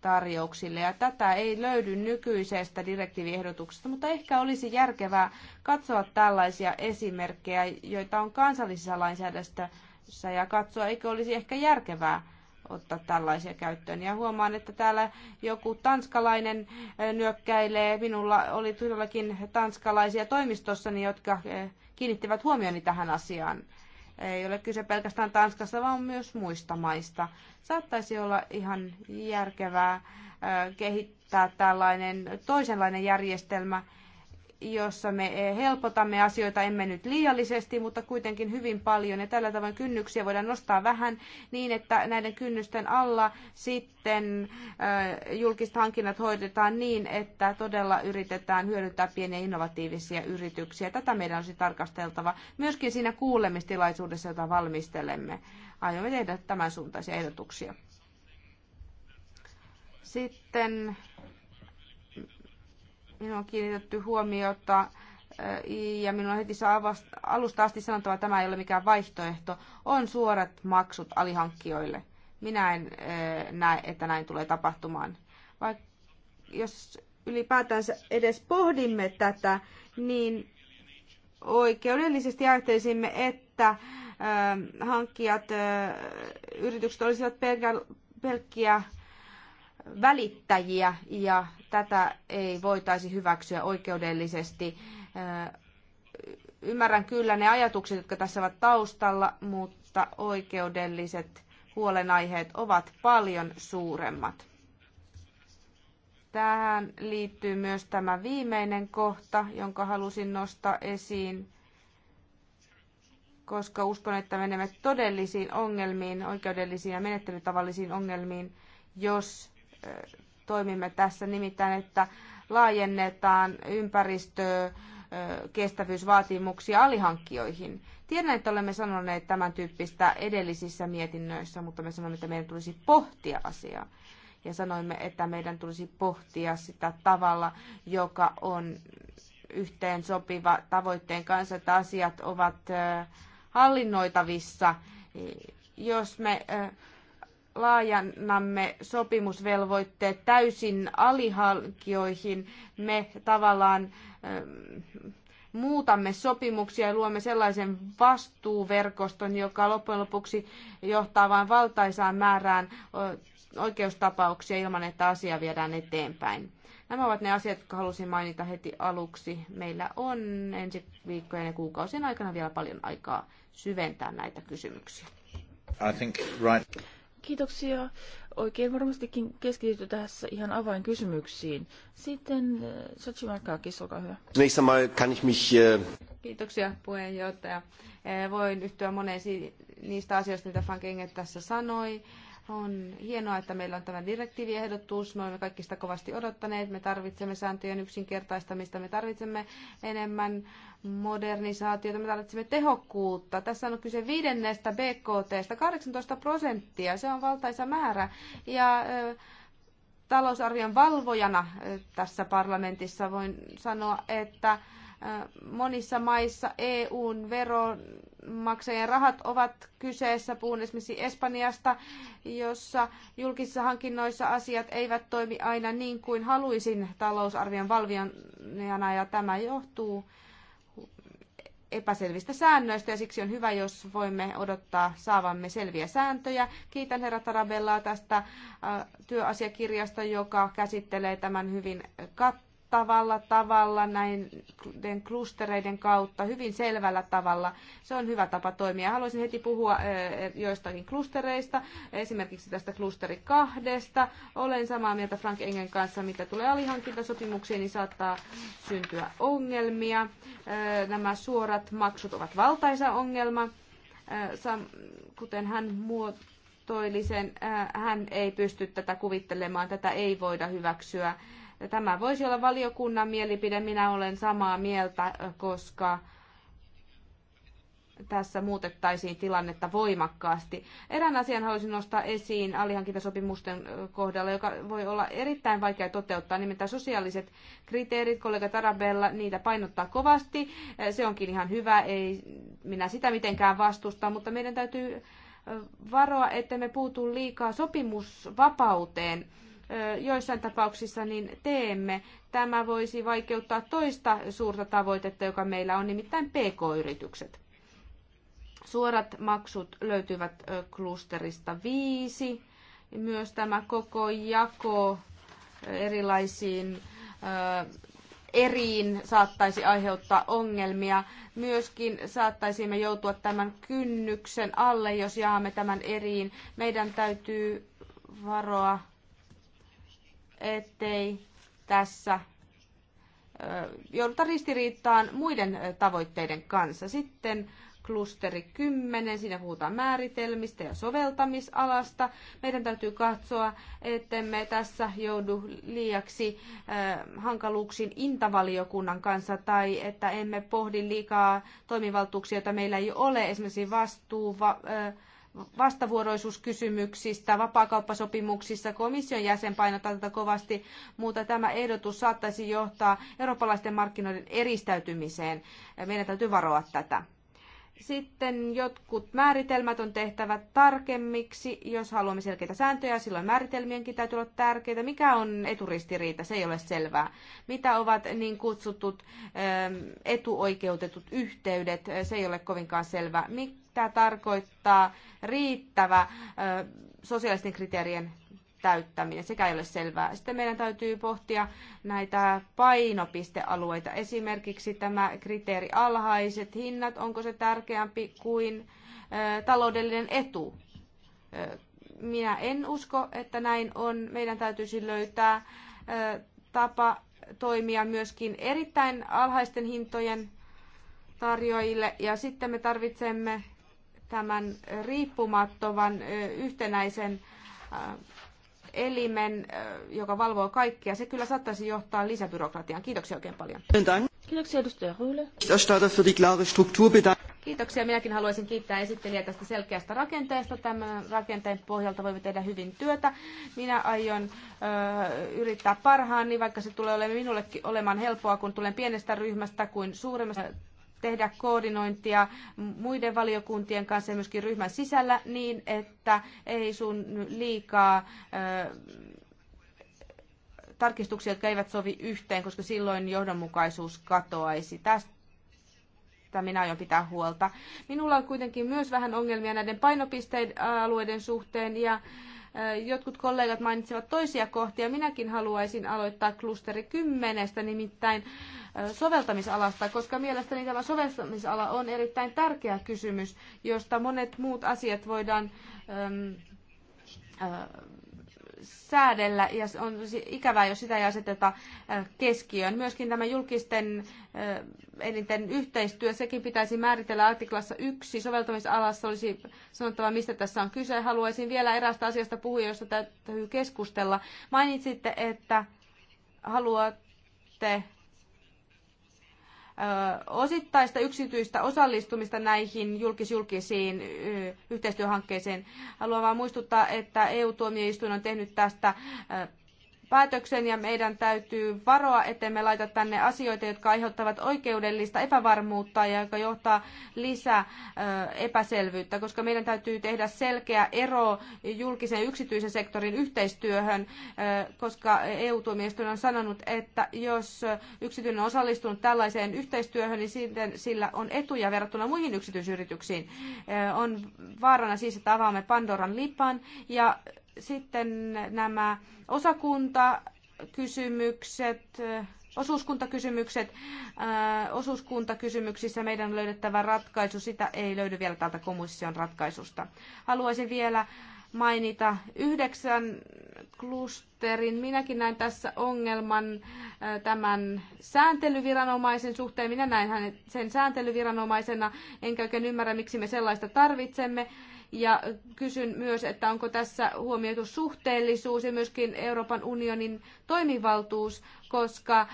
tarjouksille. Ja tätä ei löydy nykyisestä direktiiviehdotuksesta, mutta ehkä olisi järkevää katsoa tällaisia esimerkkejä, joita on kansallisessa lainsäädännössä ja katsoa, eikö olisi ehkä järkevää ottaa tällaisia käyttöön. Ja huomaan, että täällä joku tanskalainen nyökkäilee. Minulla oli todellakin tanskalaisia toimistossani, jotka kiinnittivät huomioni tähän asiaan. Ei ole kyse pelkästään Tanskasta, vaan myös muista maista. Saattaisi olla ihan järkevää kehittää tällainen toisenlainen järjestelmä, jossa me helpotamme asioita, emme nyt liiallisesti, mutta kuitenkin hyvin paljon. Ja tällä tavoin kynnyksiä voidaan nostaa vähän niin, että näiden kynnysten alla sitten julkiset hankinnat hoidetaan niin, että todella yritetään hyödyntää pieniä innovatiivisia yrityksiä. Tätä meidän olisi tarkasteltava myöskin siinä kuulemistilaisuudessa, jota valmistelemme. Aiomme tehdä tämän suuntaisia ehdotuksia. Sitten Minun on kiinnitetty huomiota eh, ja minun on heti alusta asti sanottava, että tämä ei ole mikään vaihtoehto, on suorat maksut alihankkijoille. Minä en eh, näe, että näin tulee tapahtumaan. Vaikka jos ylipäätänsä edes pohdimme tätä, niin oikeudellisesti ajattelisimme, että eh, hankkijat, yritykset olisivat pelkkiä välittäjiä ja tätä ei voitaisi hyväksyä oikeudellisesti. Ymmärrän kyllä ne ajatukset, jotka tässä ovat taustalla, mutta oikeudelliset huolenaiheet ovat paljon suuremmat. Tähän liittyy myös tämä viimeinen kohta, jonka halusin nostaa esiin, koska uskon, että menemme todellisiin ongelmiin, oikeudellisiin ja menettelytavallisiin ongelmiin, jos toimimme tässä, nimittäin että laajennetaan ympäristö kestävyysvaatimuksia alihankkijoihin. Tiedän, että olemme sanoneet tämän tyyppistä edellisissä mietinnöissä, mutta me sanoimme, että meidän tulisi pohtia asiaa. Ja sanoimme, että meidän tulisi pohtia sitä tavalla, joka on yhteen sopiva tavoitteen kanssa, että asiat ovat hallinnoitavissa. Jos me laajannamme sopimusvelvoitteet täysin alihankijoihin, me tavallaan ähm, muutamme sopimuksia ja luomme sellaisen vastuuverkoston, joka loppujen lopuksi johtaa vain valtaisaan määrään oikeustapauksia ilman, että asia viedään eteenpäin. Nämä ovat ne asiat, jotka halusin mainita heti aluksi. Meillä on ensi viikkojen ja kuukausien aikana vielä paljon aikaa syventää näitä kysymyksiä. I think right. Kiitoksia. Oikein varmastikin keskitytty tässä ihan avainkysymyksiin. Sitten eh, Sachi Markakis, olkaa hyvä. Zunächst einmal kann ich mich... Eh, Kiitoksia puheenjohtaja. Eh, voin yhtyä moneen niistä asioista, mitä Frank Engel tässä sanoi. On hienoa, että meillä on tämä direktiiviehdotus. Me olemme kaikki sitä kovasti odottaneet. Me tarvitsemme sääntöjen yksinkertaistamista. Me tarvitsemme enemmän modernisaatiota, me tarvitsemme tehokkuutta. Tässä on kyse viidennestä BKTstä, 18 prosenttia, se on valtaisa määrä. Ja talousarvion valvojana tässä parlamentissa voin sanoa, että monissa maissa EUn veronmaksajien rahat ovat kyseessä. Puhun esimerkiksi Espanjasta, jossa julkisissa hankinnoissa asiat eivät toimi aina niin kuin haluaisin talousarvion valvojana ja tämä johtuu epäselvistä säännöistä ja siksi on hyvä, jos voimme odottaa saavamme selviä sääntöjä. Kiitän herra Tarabellaa tästä äh, työasiakirjasta, joka käsittelee tämän hyvin kattavasti tavalla tavalla näiden klustereiden kautta, hyvin selvällä tavalla. Se on hyvä tapa toimia. Haluaisin heti puhua joistakin klustereista, esimerkiksi tästä klusteri kahdesta. Olen samaa mieltä Frank Engen kanssa, mitä tulee alihankintasopimuksiin, niin saattaa syntyä ongelmia. Nämä suorat maksut ovat valtaisa ongelma. Kuten hän muotoili toillisen, hän ei pysty tätä kuvittelemaan, tätä ei voida hyväksyä Tämä voisi olla valiokunnan mielipide, minä olen samaa mieltä, koska tässä muutettaisiin tilannetta voimakkaasti. Erään asian haluaisin nostaa esiin alihankintasopimusten kohdalla, joka voi olla erittäin vaikea toteuttaa, nimittäin sosiaaliset kriteerit. Kollega Tarabella niitä painottaa kovasti. Se onkin ihan hyvä, ei minä sitä mitenkään vastusta, mutta meidän täytyy varoa, että me puutu liikaa sopimusvapauteen joissain tapauksissa niin teemme. Tämä voisi vaikeuttaa toista suurta tavoitetta, joka meillä on, nimittäin PK-yritykset. Suorat maksut löytyvät klusterista viisi. Myös tämä koko jako erilaisiin eriin saattaisi aiheuttaa ongelmia. Myöskin saattaisimme joutua tämän kynnyksen alle, jos jaamme tämän eriin. Meidän täytyy varoa ettei tässä jouduta ristiriittaan muiden tavoitteiden kanssa. Sitten klusteri 10, siinä puhutaan määritelmistä ja soveltamisalasta. Meidän täytyy katsoa, ettemme tässä joudu liiaksi hankaluuksiin intavaliokunnan kanssa tai että emme pohdi liikaa toimivaltuuksia, joita meillä ei ole, esimerkiksi vastuu, va, vastavuoroisuuskysymyksistä, vapaakauppasopimuksissa. Komission jäsen painottaa tätä kovasti, mutta tämä ehdotus saattaisi johtaa eurooppalaisten markkinoiden eristäytymiseen. Meidän täytyy varoa tätä. Sitten jotkut määritelmät on tehtävä tarkemmiksi. Jos haluamme selkeitä sääntöjä, silloin määritelmienkin täytyy olla tärkeitä. Mikä on eturistiriita? Se ei ole selvää. Mitä ovat niin kutsutut etuoikeutetut yhteydet? Se ei ole kovinkaan selvää mitä tarkoittaa riittävä sosiaalisten kriteerien täyttäminen. Sekä ei ole selvää. Sitten meidän täytyy pohtia näitä painopistealueita. Esimerkiksi tämä kriteeri alhaiset hinnat, onko se tärkeämpi kuin taloudellinen etu? Minä en usko, että näin on. Meidän täytyisi löytää tapa toimia myöskin erittäin alhaisten hintojen tarjoajille. Ja sitten me tarvitsemme tämän riippumattoman yhtenäisen elimen, joka valvoo kaikkia, se kyllä saattaisi johtaa lisäbyrokratiaan. Kiitoksia oikein paljon. Kiitoksia edustaja Rühle. Kiitoksia. Minäkin haluaisin kiittää esittelijää tästä selkeästä rakenteesta. Tämän rakenteen pohjalta voimme tehdä hyvin työtä. Minä aion ö, yrittää parhaani, vaikka se tulee olemaan minullekin olemaan helpoa, kun tulen pienestä ryhmästä kuin suuremmasta tehdä koordinointia muiden valiokuntien kanssa ja myöskin ryhmän sisällä niin, että ei sun liikaa tarkistuksia, jotka eivät sovi yhteen, koska silloin johdonmukaisuus katoaisi. Tästä minä aion pitää huolta. Minulla on kuitenkin myös vähän ongelmia näiden painopisteiden alueiden suhteen ja Jotkut kollegat mainitsivat toisia kohtia. Minäkin haluaisin aloittaa klusteri kymmenestä nimittäin soveltamisalasta, koska mielestäni tämä soveltamisala on erittäin tärkeä kysymys, josta monet muut asiat voidaan säädellä ja on ikävää, jos sitä ei aseteta keskiöön. Myöskin tämä julkisten elinten yhteistyö, sekin pitäisi määritellä artiklassa yksi Soveltamisalassa olisi sanottava, mistä tässä on kyse. Haluaisin vielä erästä asiasta puhua, josta täytyy keskustella. Mainitsitte, että haluatte osittaista yksityistä osallistumista näihin julkisjulkisiin yhteistyöhankkeisiin. Haluan vain muistuttaa, että EU-tuomioistuin on tehnyt tästä päätöksen ja meidän täytyy varoa, ettemme laita tänne asioita, jotka aiheuttavat oikeudellista epävarmuutta ja joka johtaa lisää epäselvyyttä, koska meidän täytyy tehdä selkeä ero julkisen ja yksityisen sektorin yhteistyöhön, koska EU-tuomioistuin on sanonut, että jos yksityinen on osallistunut tällaiseen yhteistyöhön, niin sillä on etuja verrattuna muihin yksityisyrityksiin. On vaarana siis, että avaamme Pandoran lipan ja sitten nämä osakuntakysymykset, osuuskuntakysymykset. Äh, osuuskuntakysymyksissä meidän on löydettävä ratkaisu. Sitä ei löydy vielä täältä komission ratkaisusta. Haluaisin vielä mainita yhdeksän klusterin. Minäkin näin tässä ongelman äh, tämän sääntelyviranomaisen suhteen. Minä näin hänet sen sääntelyviranomaisena, enkä oikein ymmärrä, miksi me sellaista tarvitsemme. Ja kysyn myös, että onko tässä huomioitu suhteellisuus ja myöskin Euroopan unionin toimivaltuus, koska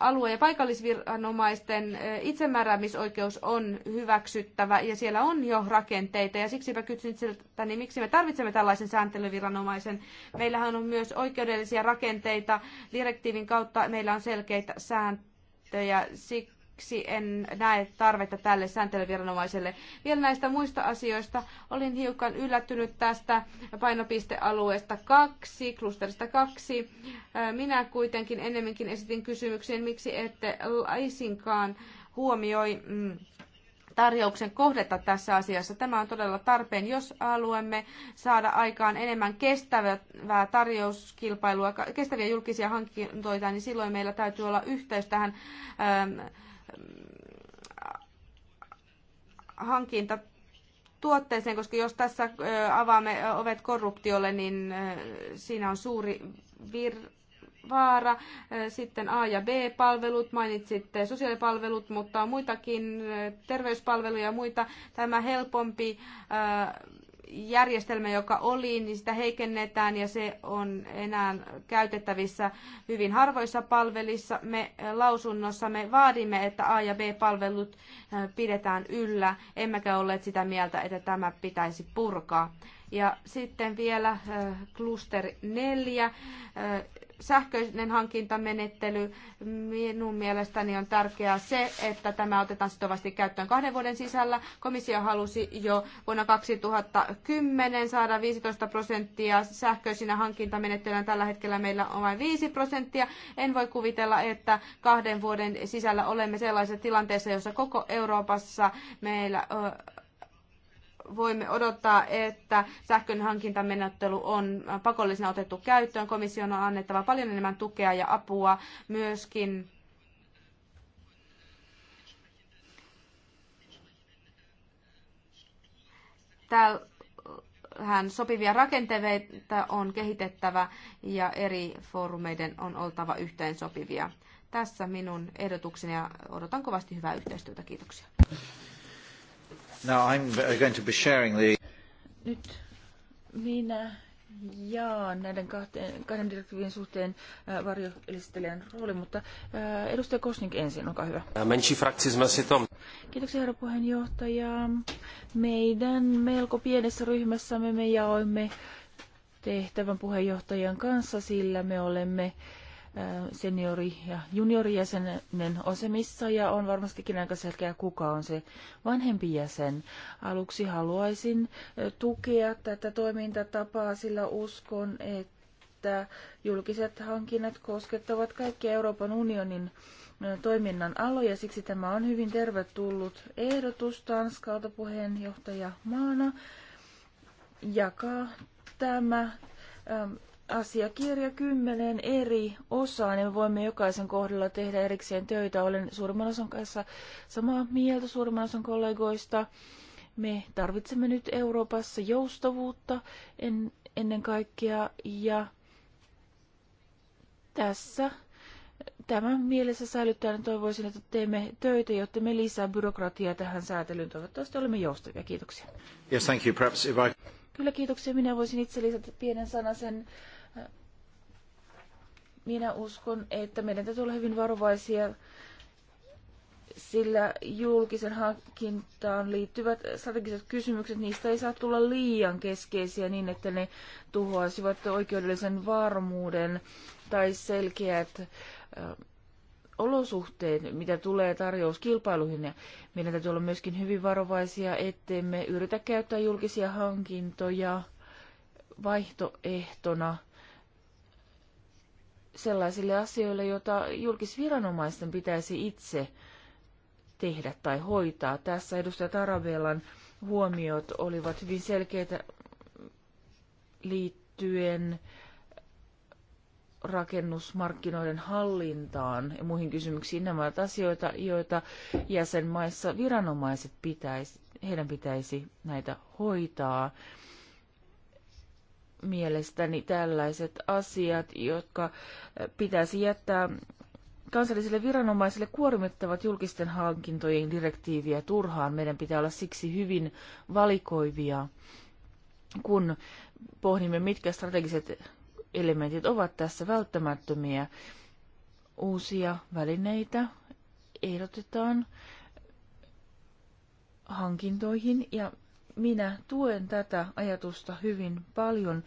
alue- ja paikallisviranomaisten itsemääräämisoikeus on hyväksyttävä ja siellä on jo rakenteita. Ja siksipä kysyn siltä, niin miksi me tarvitsemme tällaisen sääntelyviranomaisen. Meillähän on myös oikeudellisia rakenteita. Direktiivin kautta meillä on selkeitä sääntöjä. Siksi siksi en näe tarvetta tälle sääntelyviranomaiselle. Vielä näistä muista asioista olin hiukan yllättynyt tästä painopistealueesta kaksi, klusterista kaksi. Minä kuitenkin enemmänkin esitin kysymyksen, miksi ette laisinkaan huomioi mm, tarjouksen kohdetta tässä asiassa. Tämä on todella tarpeen, jos haluamme saada aikaan enemmän kestävää tarjouskilpailua, kestäviä julkisia hankintoja, niin silloin meillä täytyy olla yhteys tähän ähm, Äh, hankinta tuotteeseen, koska jos tässä äh, avaamme äh, ovet korruptiolle, niin siinä on suuri vir- vaara. Sitten A- ja B-palvelut, mainitsitte sosiaalipalvelut, mutta on muitakin terveyspalveluja ja muita. Tämä helpompi järjestelmä, joka oli, niin sitä heikennetään ja se on enää käytettävissä hyvin harvoissa palvelissa. Me lausunnossa me vaadimme, että A- ja B-palvelut pidetään yllä, emmekä olleet sitä mieltä, että tämä pitäisi purkaa. Ja sitten vielä kluster 4, sähköinen hankintamenettely. Minun mielestäni on tärkeää se, että tämä otetaan sitovasti käyttöön kahden vuoden sisällä. Komissio halusi jo vuonna 2010 saada 15 prosenttia sähköisinä hankintamenettelyinä. Tällä hetkellä meillä on vain 5 prosenttia. En voi kuvitella, että kahden vuoden sisällä olemme sellaisessa tilanteessa, jossa koko Euroopassa meillä voimme odottaa, että sähkön hankintamenettely on pakollisena otettu käyttöön. Komission on annettava paljon enemmän tukea ja apua myöskin tähän sopivia rakenteita on kehitettävä ja eri foorumeiden on oltava yhteensopivia. Tässä minun ehdotukseni ja odotan kovasti hyvää yhteistyötä. Kiitoksia. Now I'm going to be sharing the... Nyt minä jaan näiden kahteen, kahden direktiivin suhteen äh, varjoelistelijän rooli, mutta äh, edustaja Kosnik ensin, olkaa hyvä. tom. Kiitoksia herra puheenjohtaja. Meidän melko pienessä ryhmässämme me jaoimme tehtävän puheenjohtajan kanssa, sillä me olemme äh, seniori- ja juniorijäsenen osemissa ja on varmastikin aika selkeä, kuka on se vanhempi jäsen. Aluksi haluaisin tukea tätä toimintatapaa, sillä uskon, että julkiset hankinnat koskettavat kaikkia Euroopan unionin toiminnan aloja, siksi tämä on hyvin tervetullut ehdotus Tanskalta puheenjohtaja Maana jakaa tämä asiakirja kymmenen eri osaan ja me voimme jokaisen kohdalla tehdä erikseen töitä. Olen suurimman osan kanssa samaa mieltä suurimman osan kollegoista. Me tarvitsemme nyt Euroopassa joustavuutta en, ennen kaikkea ja tässä tämän mielessä säilyttäen toivoisin, että teemme töitä, jotta me lisää byrokratiaa tähän säätelyyn. Toivottavasti olemme joustavia. Kiitoksia. Yes, thank you. Perhaps if I... Kyllä kiitoksia. Minä voisin itse lisätä pienen sanan sen minä uskon, että meidän täytyy olla hyvin varovaisia, sillä julkisen hankintaan liittyvät strategiset kysymykset, niistä ei saa tulla liian keskeisiä niin, että ne tuhoaisivat oikeudellisen varmuuden tai selkeät olosuhteet, mitä tulee tarjouskilpailuihin, ja meidän täytyy olla myöskin hyvin varovaisia, ettemme yritä käyttää julkisia hankintoja vaihtoehtona sellaisille asioille, joita julkisviranomaisten pitäisi itse tehdä tai hoitaa. Tässä edustaja Taravellan huomiot olivat hyvin selkeitä liittyen rakennusmarkkinoiden hallintaan ja muihin kysymyksiin. Nämä ovat asioita, joita jäsenmaissa viranomaiset pitäisi, heidän pitäisi näitä hoitaa mielestäni tällaiset asiat, jotka pitäisi jättää kansallisille viranomaisille kuormittavat julkisten hankintojen direktiiviä turhaan. Meidän pitää olla siksi hyvin valikoivia, kun pohdimme, mitkä strategiset elementit ovat tässä välttämättömiä. Uusia välineitä ehdotetaan hankintoihin ja minä tuen tätä ajatusta hyvin paljon.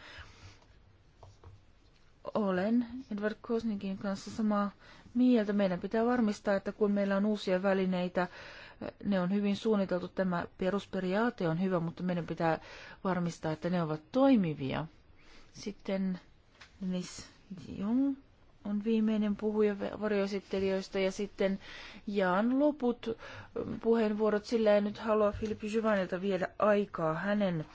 Olen Edward Kosnikin kanssa samaa mieltä. Meidän pitää varmistaa, että kun meillä on uusia välineitä, ne on hyvin suunniteltu. Tämä perusperiaate on hyvä, mutta meidän pitää varmistaa, että ne ovat toimivia. Sitten Nis Jung on viimeinen puhuja varjoesittelijöistä ja sitten jaan loput puheenvuorot, sillä en nyt halua Filippi Syväniltä viedä aikaa hänen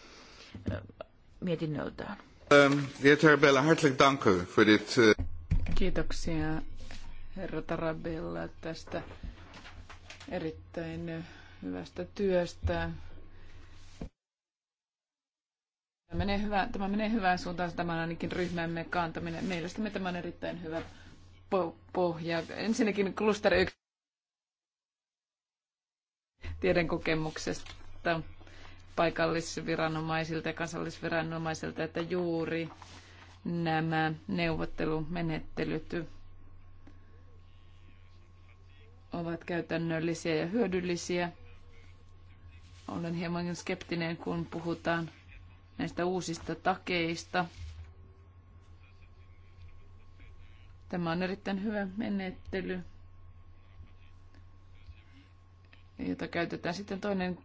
mietinnöltään. Ähm, dit. Äh, Kiitoksia herra Tarabella tästä erittäin äh, hyvästä työstä menee, hyvä, tämä menee hyvään suuntaan, tämä ainakin ryhmämme kantaminen. Mielestäni tämä on erittäin hyvä po- pohja. Ensinnäkin kluster 1 tiedän kokemuksesta paikallisviranomaisilta ja kansallisviranomaisilta, että juuri nämä neuvottelumenettelyt ovat käytännöllisiä ja hyödyllisiä. Olen hieman skeptinen, kun puhutaan näistä uusista takeista. Tämä on erittäin hyvä menettely, jota käytetään sitten toinen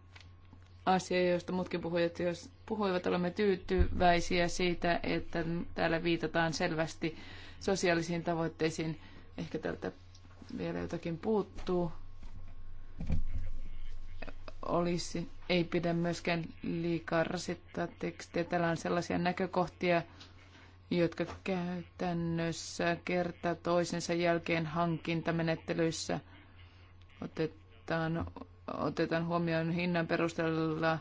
asia, josta muutkin puhujat jos puhuivat. Olemme tyytyväisiä siitä, että täällä viitataan selvästi sosiaalisiin tavoitteisiin. Ehkä tältä vielä jotakin puuttuu olisi, ei pidä myöskään liikaa rasittaa tekstiä. Täällä on sellaisia näkökohtia, jotka käytännössä kerta toisensa jälkeen hankintamenettelyissä otetaan, otetaan huomioon hinnan perusteella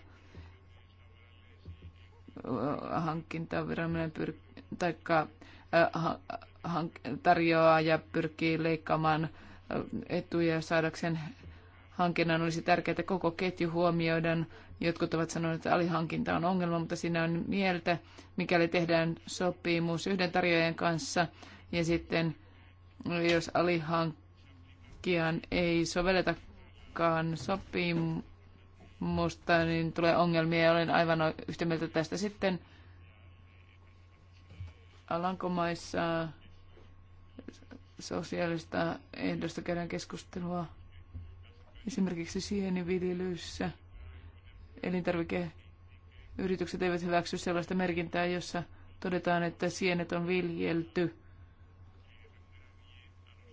hankintaviranomainen pyr- tai hank- tarjoaa ja pyrkii leikkaamaan etuja saadakseen hankinnan olisi tärkeää, että koko ketju huomioiden. Jotkut ovat sanoneet, että alihankinta on ongelma, mutta siinä on mieltä, mikäli tehdään sopimus yhden tarjoajan kanssa ja sitten jos alihankkijan ei sovelletakaan sopimusta, niin tulee ongelmia ja olen aivan yhtä mieltä tästä sitten. Alankomaissa sosiaalista ehdosta käydään keskustelua Esimerkiksi sieniviljelyssä elintarvikeyritykset eivät hyväksy sellaista merkintää, jossa todetaan, että sienet on viljelty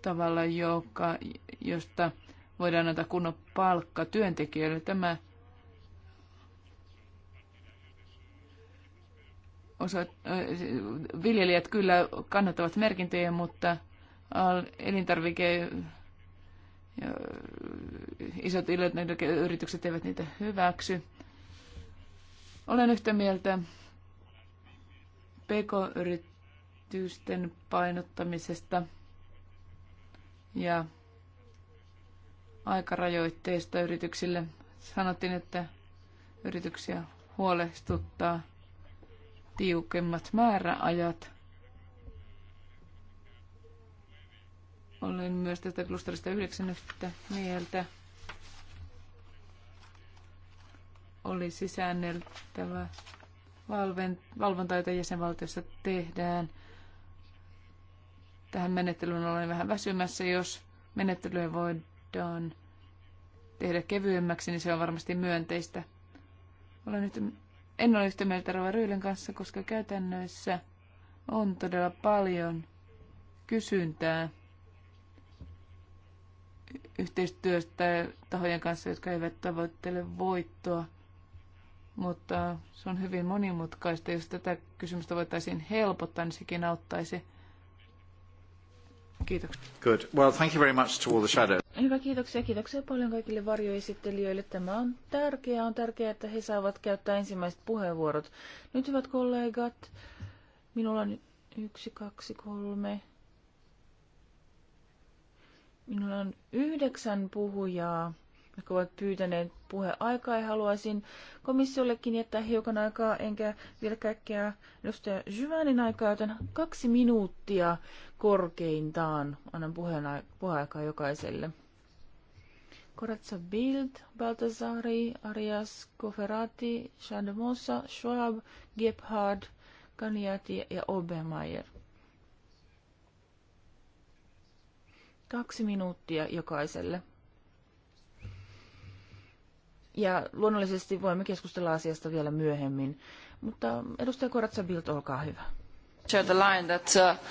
tavalla, joka, josta voidaan antaa kunnon palkka työntekijöille. Tämä osa, viljelijät kyllä kannattavat merkintöjä, mutta elintarvike Isot yritykset eivät niitä hyväksy. Olen yhtä mieltä pk-yritysten painottamisesta ja aikarajoitteista yrityksille. Sanottiin, että yrityksiä huolestuttaa tiukemmat määräajat. Olen myös tästä klusterista yhdeksän yhtä mieltä. Olisi säänneltävä valvonta, jota jäsenvaltiossa tehdään. Tähän menettelyyn olen vähän väsymässä. Jos menettelyä voidaan tehdä kevyemmäksi, niin se on varmasti myönteistä. Olen nyt, en ole yhtä mieltä Rova Ryylän kanssa, koska käytännöissä on todella paljon kysyntää yhteistyöstä tahojen kanssa, jotka eivät tavoittele voittoa. Mutta se on hyvin monimutkaista. Jos tätä kysymystä voitaisiin helpottaa, niin sekin auttaisi. Kiitoksia. Good. Well, thank you very much to all the shadows. Hyvä, kiitoksia. Kiitoksia paljon kaikille varjoesittelijöille. Tämä on tärkeää. On tärkeää, että he saavat käyttää ensimmäiset puheenvuorot. Nyt, hyvät kollegat, minulla on yksi, kaksi, kolme, Minulla on yhdeksän puhujaa, jotka ovat pyytäneet puheaikaa ja haluaisin komissiollekin jättää hiukan aikaa, enkä vielä kaikkea edustaja Jyvänin aikaa, joten kaksi minuuttia korkeintaan annan puheaikaa jokaiselle. Koratsa Bild, Baltasari, Arias, Koferati, Chandemossa, Schwab, Gebhard, Kaniati ja Obermeier. Kaksi minuuttia jokaiselle. Ja luonnollisesti voimme keskustella asiasta vielä myöhemmin. Mutta edustaja Koratsa Bilt, olkaa hyvä. Uh,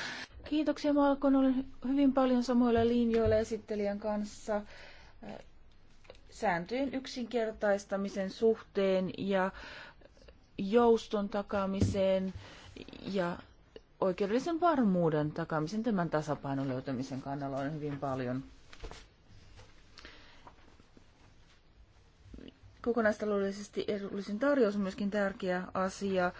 Kiitoksia Malkon, olen hyvin paljon samoilla linjoilla esittelijän kanssa äh, sääntöjen yksinkertaistamisen suhteen ja jouston takaamiseen ja oikeudellisen varmuuden takaamisen tämän tasapainon löytämisen kannalla on hyvin paljon. Kokonaistaloudellisesti edullisen tarjous on myöskin tärkeä asia,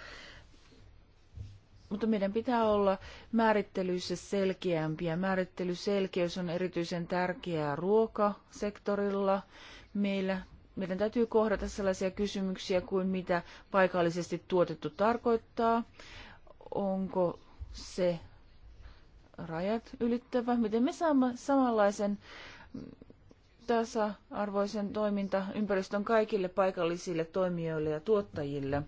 mutta meidän pitää olla määrittelyissä selkeämpiä. Määrittelyselkeys on erityisen tärkeää ruokasektorilla. Meillä meidän täytyy kohdata sellaisia kysymyksiä kuin mitä paikallisesti tuotettu tarkoittaa, onko se rajat ylittävä, miten me saamme samanlaisen tasa-arvoisen toimintaympäristön kaikille paikallisille toimijoille ja tuottajille.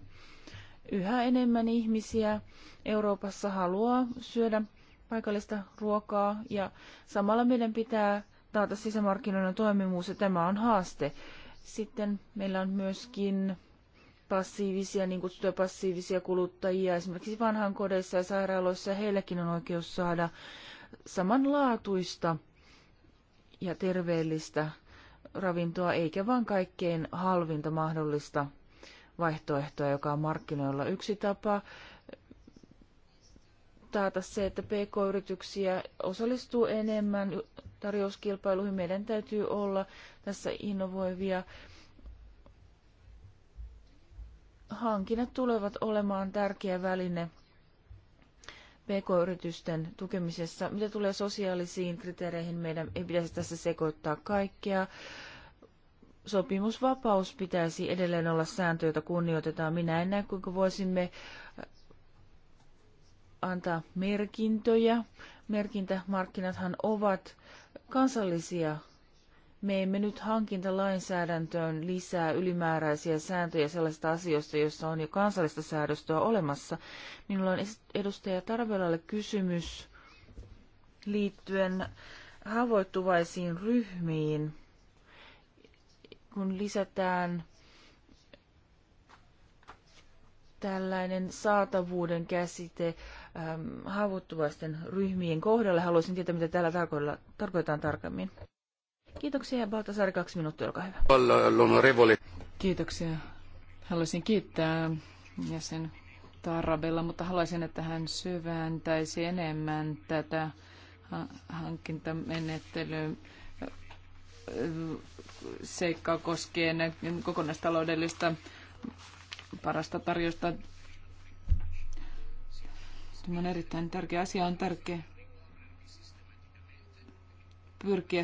Yhä enemmän ihmisiä Euroopassa haluaa syödä paikallista ruokaa ja samalla meidän pitää taata sisämarkkinoiden toimimuus ja tämä on haaste. Sitten meillä on myöskin passiivisia, niin kutsuttuja passiivisia kuluttajia esimerkiksi kodeissa ja sairaaloissa, ja heilläkin on oikeus saada samanlaatuista ja terveellistä ravintoa, eikä vain kaikkein halvinta mahdollista vaihtoehtoa, joka on markkinoilla yksi tapa taata se, että PK-yrityksiä osallistuu enemmän tarjouskilpailuihin. Meidän täytyy olla tässä innovoivia hankinnat tulevat olemaan tärkeä väline PK-yritysten tukemisessa. Mitä tulee sosiaalisiin kriteereihin, meidän ei pitäisi tässä sekoittaa kaikkea. Sopimusvapaus pitäisi edelleen olla sääntö, jota kunnioitetaan. Minä en näe, kuinka voisimme antaa merkintöjä. Merkintämarkkinathan ovat kansallisia me emme nyt hankintalainsäädäntöön lisää ylimääräisiä sääntöjä sellaisista asioista, joissa on jo kansallista säädöstöä olemassa. Minulla on edustaja Tarvelalle kysymys liittyen haavoittuvaisiin ryhmiin, kun lisätään tällainen saatavuuden käsite haavoittuvaisten ryhmien kohdalle. Haluaisin tietää, mitä täällä tarkoitetaan tarkemmin. Kiitoksia. Baltasar, kaksi minuuttia, olkaa hyvä. Kiitoksia. Haluaisin kiittää jäsen Tarabella, mutta haluaisin, että hän syvääntäisi enemmän tätä hankintamenettelyä äh, seikkaa koskien kokonaistaloudellista parasta tarjosta. Tämä on erittäin tärkeä asia. On tärkeä pyrkiä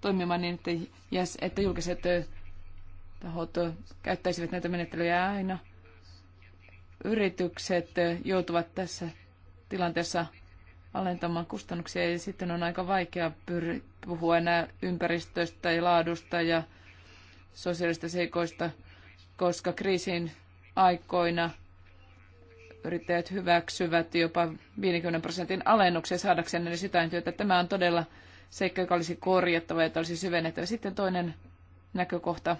toimimaan niin, että, jäs, että julkiset tahot käyttäisivät näitä menettelyjä aina. Yritykset joutuvat tässä tilanteessa alentamaan kustannuksia ja sitten on aika vaikea pyr- puhua enää ympäristöstä ja laadusta ja sosiaalista seikoista, koska kriisin aikoina yrittäjät hyväksyvät jopa 50 prosentin alennuksen saadakseen niin sitä työtä. Tämä on todella seikka, joka olisi korjattava ja jota olisi syvennettävä. Sitten toinen näkökohta.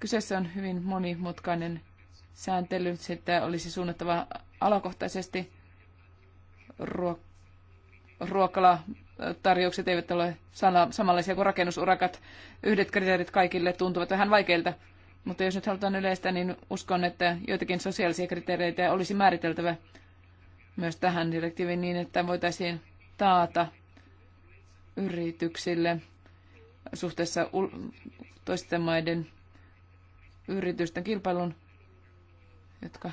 Kyseessä on hyvin monimutkainen sääntely. Sitä olisi suunnattava alakohtaisesti. Ruok- ruokalatarjoukset eivät ole sana- samanlaisia kuin rakennusurakat. Yhdet kriteerit kaikille tuntuvat vähän vaikeilta. Mutta jos nyt halutaan yleistä, niin uskon, että joitakin sosiaalisia kriteereitä olisi määriteltävä myös tähän direktiiviin niin, että voitaisiin taata yrityksille suhteessa toisten maiden yritysten kilpailun, jotka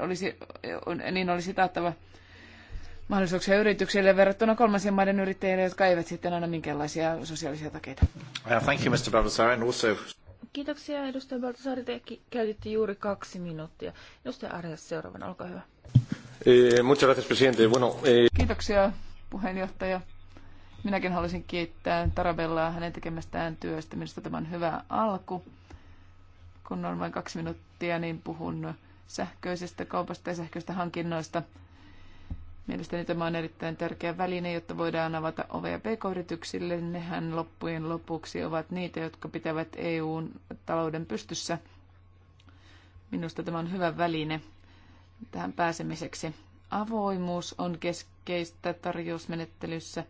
olisi, niin olisi taattava mahdollisuuksia yrityksille verrattuna kolmansien maiden yrittäjille, jotka eivät sitten aina minkäänlaisia sosiaalisia takeita. Uh, thank you, Mr. and also... Kiitoksia, edustaja Baltasari. Te käytitte juuri kaksi minuuttia. Edustaja Arias seuraavana, olkaa hyvä. Eh, muchas gracias, presidente. Bueno, eh... Kiitoksia, puheenjohtaja. Minäkin haluaisin kiittää Tarabellaa hänen tekemästään työstä. Minusta tämä on hyvä alku. Kun on vain kaksi minuuttia, niin puhun sähköisestä kaupasta ja sähköistä hankinnoista. Mielestäni tämä on erittäin tärkeä väline, jotta voidaan avata ovea pk-yrityksille. Nehän loppujen lopuksi ovat niitä, jotka pitävät EUn talouden pystyssä. Minusta tämä on hyvä väline tähän pääsemiseksi. Avoimuus on keskeistä tarjousmenettelyssä.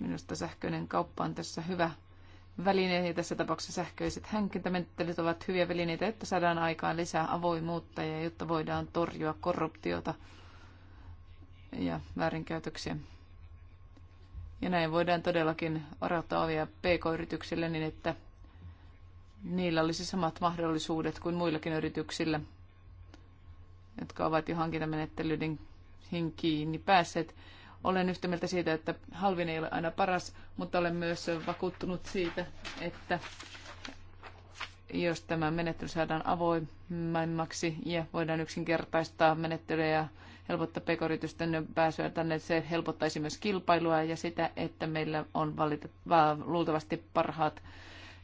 Minusta sähköinen kauppa on tässä hyvä väline, ja tässä tapauksessa sähköiset hankintamenettelyt ovat hyviä välineitä, että saadaan aikaan lisää avoimuutta ja jotta voidaan torjua korruptiota ja väärinkäytöksiä. Ja näin voidaan todellakin varoittaa ovia pk-yrityksille niin, että niillä olisi samat mahdollisuudet kuin muillakin yrityksillä – jotka ovat jo hankintamenettelyiden kiinni päässeet. Olen yhtä mieltä siitä, että halvin ei ole aina paras, mutta olen myös vakuuttunut siitä, että jos tämä menettely saadaan avoimemmaksi ja voidaan yksinkertaistaa menettelyä ja helpottaa pekoritysten pääsyä tänne, se helpottaisi myös kilpailua ja sitä, että meillä on valitettavaa luultavasti parhaat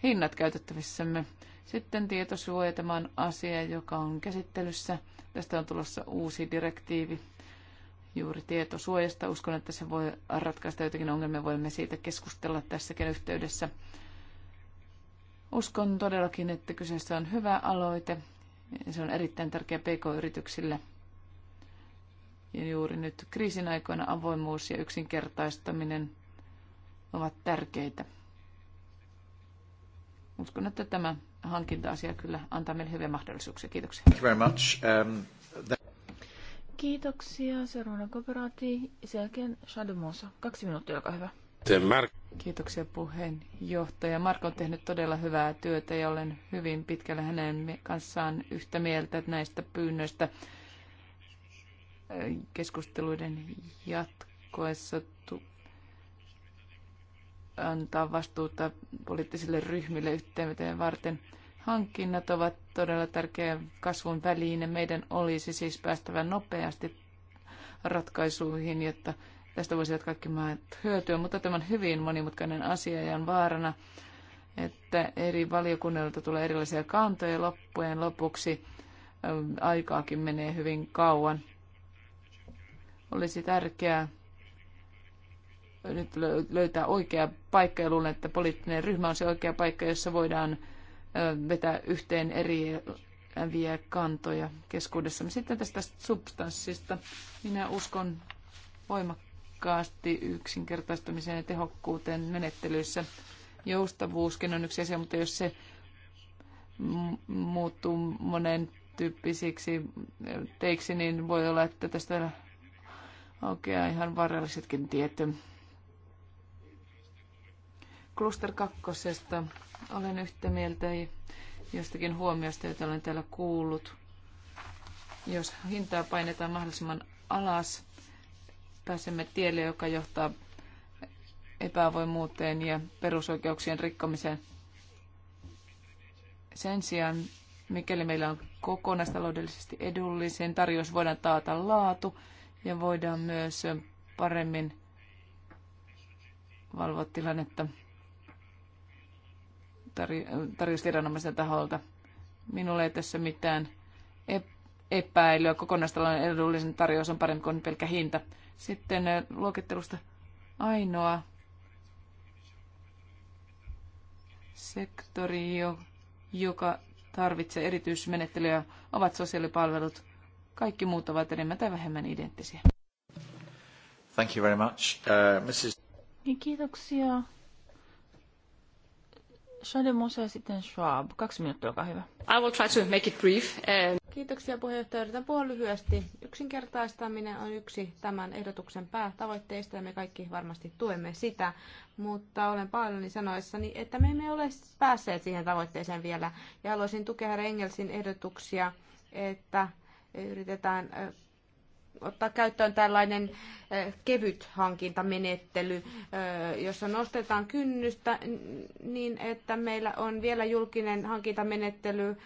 hinnat käytettävissämme. Sitten tietosuoja, tämä on asia, joka on käsittelyssä Tästä on tulossa uusi direktiivi juuri tietosuojasta. Uskon, että se voi ratkaista jotakin ongelmia. Voimme siitä keskustella tässäkin yhteydessä. Uskon todellakin, että kyseessä on hyvä aloite. Se on erittäin tärkeä PK-yrityksille. Ja juuri nyt kriisin aikoina avoimuus ja yksinkertaistaminen ovat tärkeitä. Uskon, että tämä hankinta-asia kyllä antaa meille hyviä mahdollisuuksia. Kiitoksia. Thank you very much. Um, that... Kiitoksia. Seuraavana kooperaati. Sen jälkeen Shademosa. Kaksi minuuttia, olkaa hyvä. Kiitoksia puheenjohtaja. Marko on tehnyt todella hyvää työtä ja olen hyvin pitkälle hänen kanssaan yhtä mieltä näistä pyynnöistä äh, keskusteluiden jatkoessa antaa vastuuta poliittisille ryhmille yhteyteen varten. Hankinnat ovat todella tärkeä kasvun väline. Meidän olisi siis päästävä nopeasti ratkaisuihin, jotta tästä voisivat kaikki maat hyötyä, mutta tämä on hyvin monimutkainen asia ja on vaarana, että eri valiokunnilta tulee erilaisia kantoja loppujen lopuksi. Aikaakin menee hyvin kauan. Olisi tärkeää nyt löytää oikea paikka ja luulen, että poliittinen ryhmä on se oikea paikka, jossa voidaan vetää yhteen eri äviä kantoja keskuudessa. Sitten tästä substanssista. Minä uskon voimakkaasti yksinkertaistumiseen ja tehokkuuteen menettelyissä. Joustavuuskin on yksi asia, mutta jos se muuttuu monen tyyppisiksi teiksi, niin voi olla, että tästä aukeaa ihan varallisetkin tietty Cluster kakkosesta olen yhtä mieltä jostakin huomiosta, joita olen täällä kuullut. Jos hintaa painetaan mahdollisimman alas, pääsemme tielle, joka johtaa epävoimuuteen ja perusoikeuksien rikkomiseen. Sen sijaan, mikäli meillä on kokonaistaloudellisesti edullisin tarjous, voidaan taata laatu ja voidaan myös paremmin valvoa tilannetta tarkastusviranomaisen taholta. Minulla ei tässä mitään epäilyä. Kokonaistalouden edullisen tarjous on parempi kuin pelkä hinta. Sitten äh, luokittelusta ainoa sektori, joka tarvitsee erityismenettelyä, ovat sosiaalipalvelut. Kaikki muut ovat enemmän tai vähemmän identtisiä. Thank you very much. Uh, Mrs. Niin, kiitoksia. Shade Musa sitten Schwab. Kaksi minuuttia, olkaa hyvä. I will try to make it brief. And... Eh, Kiitoksia puheenjohtaja. Yritän puhua lyhyesti. Yksinkertaistaminen on yksi tämän ehdotuksen päätavoitteista ja me kaikki varmasti tuemme sitä, mutta olen paljon sanoissani, että me emme ole päässeet siihen tavoitteeseen vielä ja haluaisin tukea Rengelsin ehdotuksia, että yritetään eh, ottaa käyttöön tällainen eh, kevyt hankintamenettely, eh, jossa nostetaan kynnystä niin, että meillä on vielä julkinen hankintamenettely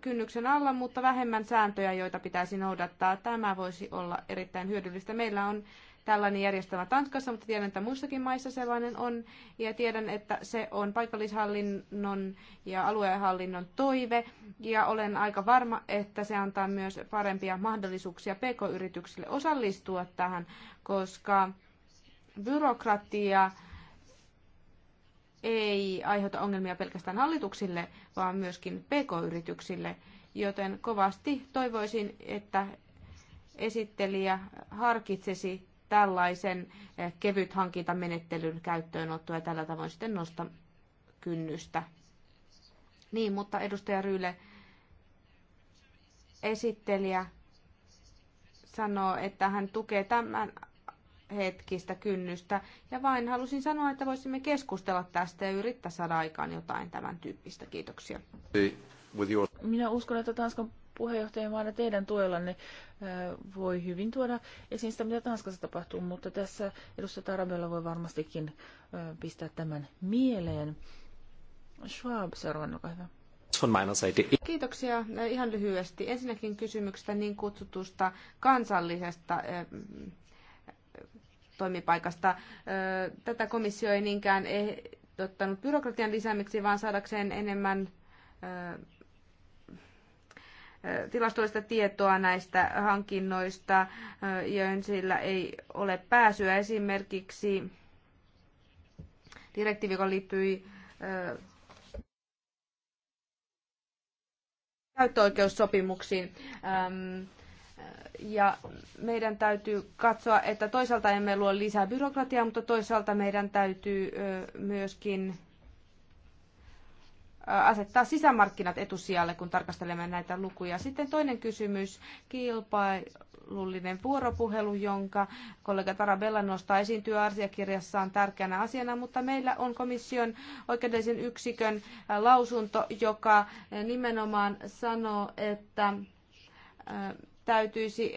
kynnyksen alla, mutta vähemmän sääntöjä, joita pitäisi noudattaa. Tämä voisi olla erittäin hyödyllistä. Meillä on tällainen järjestelmä Tanskassa, mutta tiedän, että muissakin maissa sellainen on. Ja tiedän, että se on paikallishallinnon ja aluehallinnon toive. Ja olen aika varma, että se antaa myös parempia mahdollisuuksia pk-yrityksille osallistua tähän, koska byrokratia ei aiheuta ongelmia pelkästään hallituksille, vaan myöskin pk-yrityksille. Joten kovasti toivoisin, että esittelijä harkitsisi tällaisen eh, kevyt hankintamenettelyn käyttöönotto ja tällä tavoin sitten nosta kynnystä. Niin, mutta edustaja Ryyle, esittelijä sanoo, että hän tukee tämän hetkistä kynnystä. Ja vain halusin sanoa, että voisimme keskustella tästä ja yrittää saada aikaan jotain tämän tyyppistä. Kiitoksia. Minä uskon, että Tanskan puheenjohtajamaana teidän tuellanne voi hyvin tuoda esiin sitä, mitä Tanskassa tapahtuu, mutta tässä edustaja Tarabella voi varmastikin pistää tämän mieleen. Schwab, seuraavan, olkaa hyvä. Kiitoksia ihan lyhyesti. Ensinnäkin kysymyksestä niin kutsutusta kansallisesta toimipaikasta. Tätä komissio ei niinkään ottanut byrokratian lisäämiksi, vaan saadakseen enemmän tilastollista tietoa näistä hankinnoista, joihin sillä ei ole pääsyä. Esimerkiksi direktiivi, joka liittyi käyttöoikeussopimuksiin. Ja meidän täytyy katsoa, että toisaalta emme luo lisää byrokratiaa, mutta toisaalta meidän täytyy myöskin asettaa sisämarkkinat etusijalle, kun tarkastelemme näitä lukuja. Sitten toinen kysymys, kilpailullinen vuoropuhelu, jonka kollega Tarabella nostaa esiin työasiakirjassaan tärkeänä asiana, mutta meillä on komission oikeudellisen yksikön lausunto, joka nimenomaan sanoo, että täytyisi,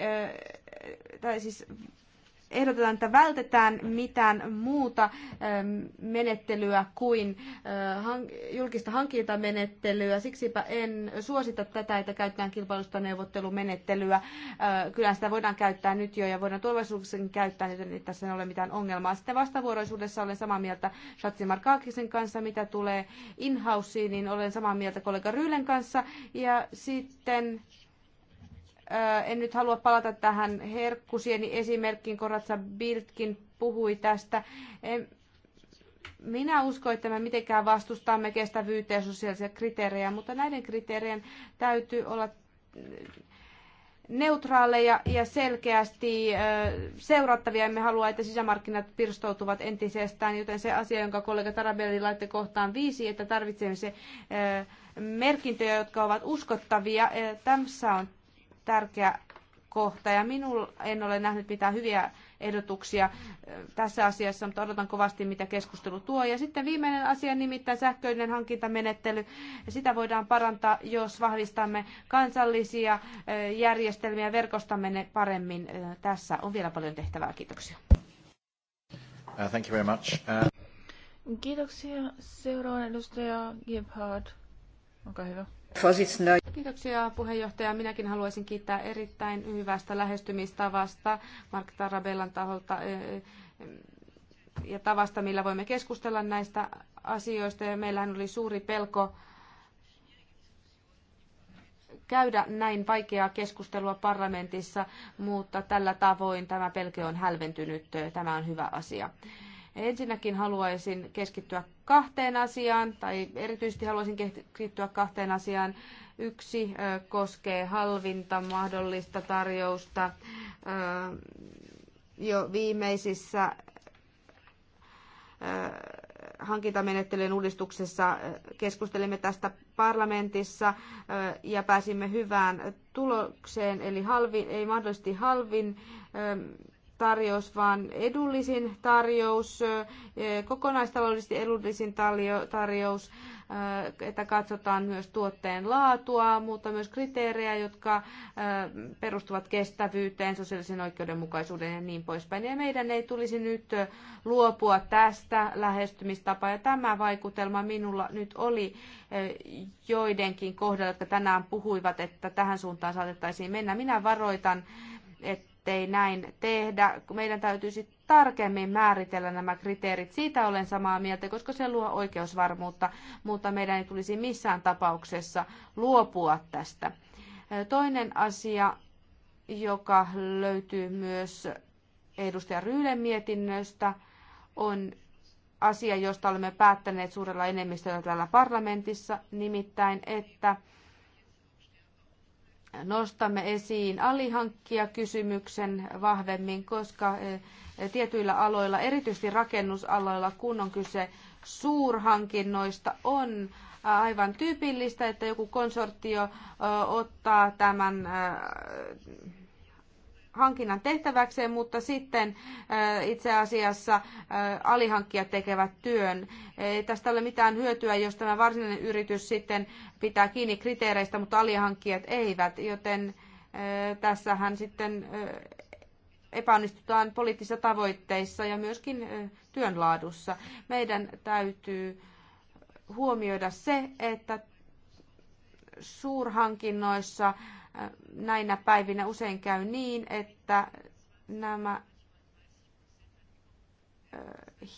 tai siis ehdotetaan, että vältetään mitään muuta menettelyä kuin julkista hankintamenettelyä. Siksipä en suosita tätä, että käytetään kilpailusta neuvottelumenettelyä. Kyllä sitä voidaan käyttää nyt jo ja voidaan tulevaisuudessakin käyttää, joten tässä ei ole mitään ongelmaa. Sitten vastavuoroisuudessa olen samaa mieltä Shatsi Markaakisen kanssa, mitä tulee in niin olen samaa mieltä kollega Ryylen kanssa. Ja sitten en nyt halua palata tähän herkkusieni esimerkkiin, Koratsa Biltkin puhui tästä. Minä uskon, että me mitenkään vastustamme kestävyyttä ja sosiaalisia kriteerejä, mutta näiden kriteerien täytyy olla neutraaleja ja selkeästi seurattavia. Emme halua, että sisämarkkinat pirstoutuvat entisestään, joten se asia, jonka kollega Tarabelli laitte kohtaan viisi, että tarvitsemme se merkintöjä, jotka ovat uskottavia. Tässä on tärkeä kohta ja minulla en ole nähnyt mitään hyviä ehdotuksia tässä asiassa, mutta odotan kovasti, mitä keskustelu tuo. Ja sitten viimeinen asia, nimittäin sähköinen hankintamenettely. Sitä voidaan parantaa, jos vahvistamme kansallisia järjestelmiä ja verkostamme ne paremmin. Tässä on vielä paljon tehtävää. Kiitoksia. Uh, thank you very much. Uh... Kiitoksia. Seuraava edustaja Gebhard. Olkaa hyvä. Kiitoksia puheenjohtaja. Minäkin haluaisin kiittää erittäin hyvästä lähestymistavasta Mark Tarabellan taholta eh, eh, ja tavasta, millä voimme keskustella näistä asioista. Ja meillähän oli suuri pelko käydä näin vaikeaa keskustelua parlamentissa, mutta tällä tavoin tämä pelke on hälventynyt. Tämä on hyvä asia. Ensinnäkin haluaisin keskittyä kahteen asiaan, tai erityisesti haluaisin keskittyä kahteen asiaan. Yksi koskee halvinta mahdollista tarjousta. Jo viimeisissä hankintamenettelyjen uudistuksessa keskustelimme tästä parlamentissa ja pääsimme hyvään tulokseen, eli halvin, ei mahdollisesti halvin tarjous, vaan edullisin tarjous, kokonaistaloudellisesti edullisin tarjous, että katsotaan myös tuotteen laatua, mutta myös kriteerejä, jotka perustuvat kestävyyteen, sosiaalisen oikeudenmukaisuuden ja niin poispäin. Ja meidän ei tulisi nyt luopua tästä lähestymistapa. Ja tämä vaikutelma minulla nyt oli joidenkin kohdalla, jotka tänään puhuivat, että tähän suuntaan saatettaisiin mennä. Minä varoitan, että ettei näin tehdä. Meidän täytyisi tarkemmin määritellä nämä kriteerit. Siitä olen samaa mieltä, koska se luo oikeusvarmuutta, mutta meidän ei tulisi missään tapauksessa luopua tästä. Toinen asia, joka löytyy myös edustaja Ryylen mietinnöstä, on asia, josta olemme päättäneet suurella enemmistöllä täällä parlamentissa, nimittäin, että nostamme esiin alihankkijakysymyksen vahvemmin, koska e, tietyillä aloilla, erityisesti rakennusaloilla, kun on kyse suurhankinnoista, on aivan tyypillistä, että joku konsortio ottaa tämän hankinnan tehtäväkseen, mutta sitten eh, itse asiassa eh, alihankkijat tekevät työn. Ei tästä ole mitään hyötyä, jos tämä varsinainen yritys sitten pitää kiinni kriteereistä, mutta alihankkijat eivät, joten eh, tässähän sitten epäonnistutaan poliittisissa tavoitteissa ja myöskin työnlaadussa. Meidän täytyy huomioida se, että suurhankinnoissa näinä päivinä usein käy niin, että nämä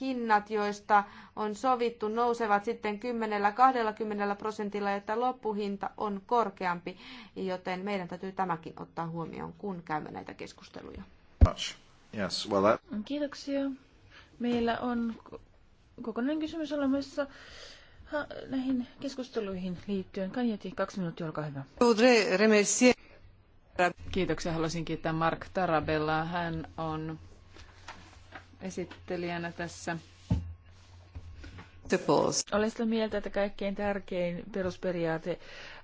hinnat, joista on sovittu, nousevat sitten 10-20 prosentilla, että loppuhinta on korkeampi, joten meidän täytyy tämäkin ottaa huomioon, kun käymme näitä keskusteluja. Kiitoksia. Meillä on kokonainen kysymys olemassa näihin keskusteluihin liittyen. Kanjeti, kaksi minuuttia, olkaa hyvä. Kiitoksia. Haluaisin kiittää Mark Tarabella. Hän on esittelijänä tässä. Olen sitä mieltä, että kaikkein tärkein perusperiaate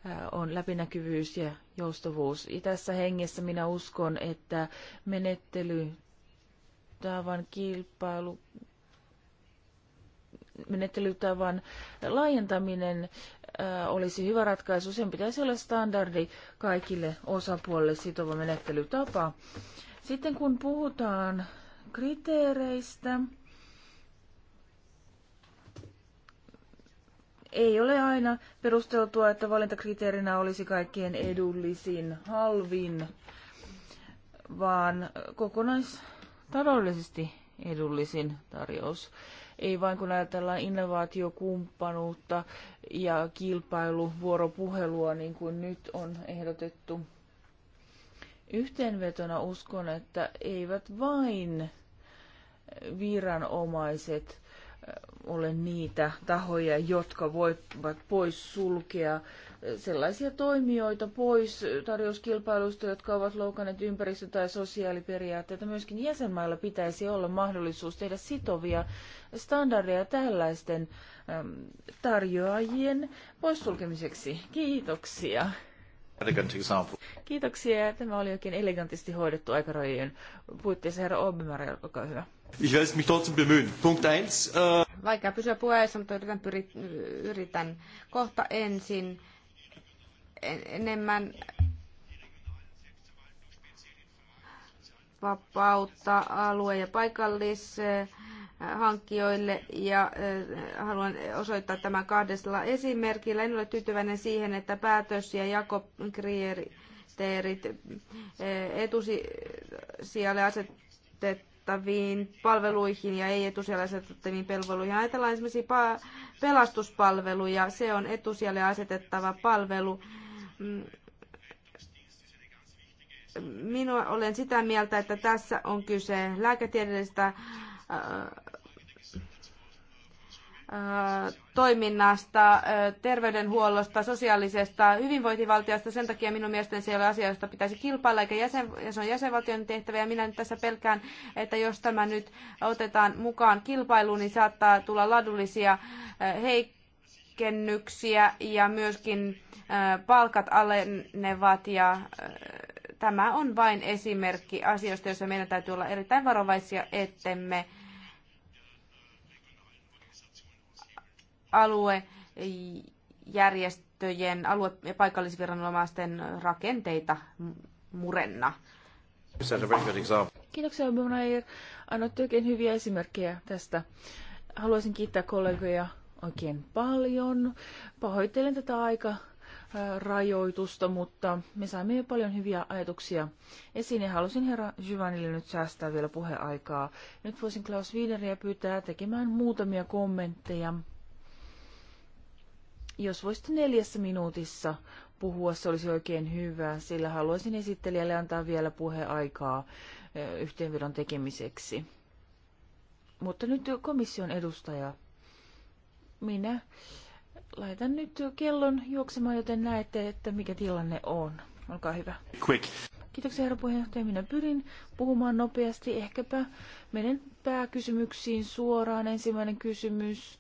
äh, on läpinäkyvyys ja joustavuus. Ja tässä hengessä minä uskon, että menettely tavan kilpailu menettelytavan laajentaminen äh, olisi hyvä ratkaisu. Sen pitäisi olla standardi kaikille osapuolille sitova menettelytapa. Sitten kun puhutaan kriteereistä, ei ole aina perusteltua, että valintakriteerinä olisi kaikkien edullisin, halvin, vaan kokonaistaloudellisesti edullisin tarjous ei vain kun ajatellaan innovaatiokumppanuutta ja kilpailuvuoropuhelua, niin kuin nyt on ehdotettu. Yhteenvetona uskon, että eivät vain viranomaiset äh, ole niitä tahoja, jotka voivat pois sulkea sellaisia toimijoita pois tarjouskilpailuista, jotka ovat loukanneet ympäristö- tai sosiaaliperiaatteita. Myöskin jäsenmailla pitäisi olla mahdollisuus tehdä sitovia standardeja tällaisten tarjoajien poissulkemiseksi. Kiitoksia. Kiitoksia. Tämä oli oikein elegantisti hoidettu aikarajojen puitteissa. Herra Obemeyer, olkaa hyvä. Ich werde mich trotzdem bemühen. Punkt 1. Äh... Vaikea pysyä puheessa, mutta yritän, yritän. Kohta ensin enemmän vapautta alue- ja paikallishankkijoille ja eh, haluan osoittaa tämän kahdella esimerkillä. En ole tyytyväinen siihen, että päätös- ja jakokriteerit eh, etusijalle asetettaviin palveluihin ja ei etusijalle asetettaviin palveluihin. Ajatellaan esimerkiksi pelastuspalveluja. Se on etusijalle asetettava palvelu minua olen sitä mieltä, että tässä on kyse lääketieteellisestä äh, äh, toiminnasta, äh, terveydenhuollosta, sosiaalisesta hyvinvointivaltiosta. Sen takia minun mielestäni se ei ole asia, josta pitäisi kilpailla, eikä jäsen, ja se on jäsenvaltion tehtävä. Ja minä nyt tässä pelkään, että jos tämä nyt otetaan mukaan kilpailuun, niin saattaa tulla ladullisia heik- heikennyksiä ja myöskin palkat alenevat ja tämä on vain esimerkki asioista, joissa meidän täytyy olla erittäin varovaisia, ettemme aluejärjestöjen, alue- ja paikallisviranomaisten rakenteita murenna. Kiitoksia, Brunair. Annoitte oikein hyviä esimerkkejä tästä. Haluaisin kiittää kollegoja oikein paljon. Pahoittelen tätä aika rajoitusta, mutta me saimme jo paljon hyviä ajatuksia esiin ja halusin herra Jyvanille nyt säästää vielä puheaikaa. Nyt voisin Klaus Wieneriä pyytää tekemään muutamia kommentteja. Jos voisitte neljässä minuutissa puhua, se olisi oikein hyvä, sillä haluaisin esittelijälle antaa vielä puheaikaa eh, yhteenvedon tekemiseksi. Mutta nyt komission edustaja minä laitan nyt kellon juoksemaan, joten näette, että mikä tilanne on. Olkaa hyvä. Quick. Kiitoksia herra puheenjohtaja. Minä pyrin puhumaan nopeasti. Ehkäpä menen pääkysymyksiin suoraan. Ensimmäinen kysymys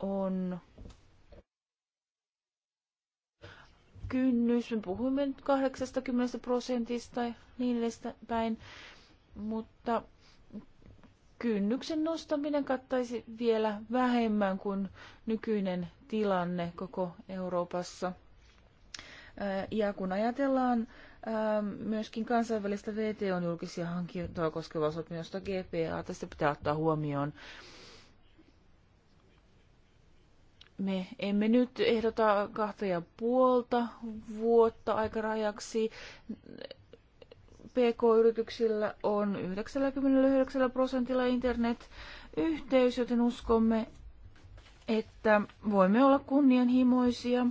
on kynnys. Me puhuimme 80 prosentista ja niin edespäin. Mutta kynnyksen nostaminen kattaisi vielä vähemmän kuin nykyinen tilanne koko Euroopassa. Ja kun ajatellaan myöskin kansainvälistä VTOn julkisia hankintoja koskevaa sopimusta GPA, tästä pitää ottaa huomioon. Me emme nyt ehdota kahta ja puolta vuotta aikarajaksi. PK-yrityksillä on 99 prosentilla internet-yhteys, joten uskomme, että voimme olla kunnianhimoisia.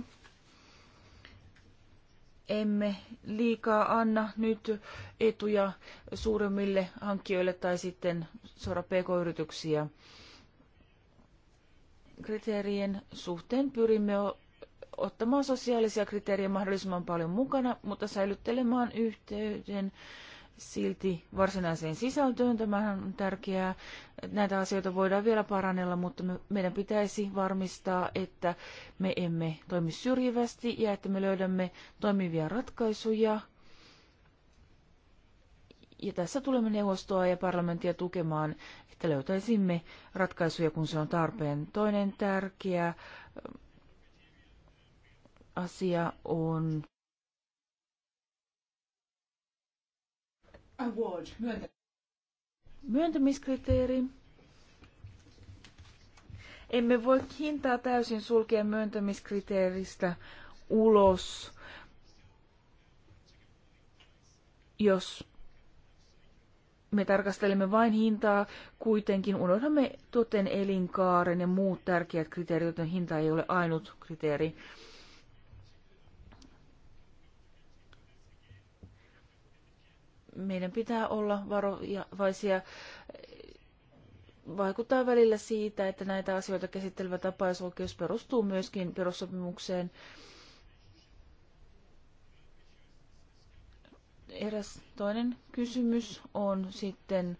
Emme liikaa anna nyt etuja suuremmille hankkijoille tai sitten suora PK-yrityksiä. Kriteerien suhteen pyrimme ottamaan sosiaalisia kriteerejä mahdollisimman paljon mukana, mutta säilyttelemään yhteyden silti varsinaiseen sisältöön. Tämä on tärkeää. Näitä asioita voidaan vielä parannella, mutta me, meidän pitäisi varmistaa, että me emme toimi syrjivästi ja että me löydämme toimivia ratkaisuja. Ja tässä tulemme neuvostoa ja parlamenttia tukemaan, että löytäisimme ratkaisuja, kun se on tarpeen. Toinen tärkeä asia on award, myöntä. myöntämiskriteeri. Emme voi hintaa täysin sulkea myöntämiskriteeristä ulos, jos me tarkastelemme vain hintaa, kuitenkin unohdamme tuotteen elinkaaren ja muut tärkeät kriteerit, joten hinta ei ole ainut kriteeri. meidän pitää olla varovaisia. Vaikuttaa välillä siitä, että näitä asioita käsittelevä tapaisuoikeus perustuu myöskin perussopimukseen. Eräs toinen kysymys on sitten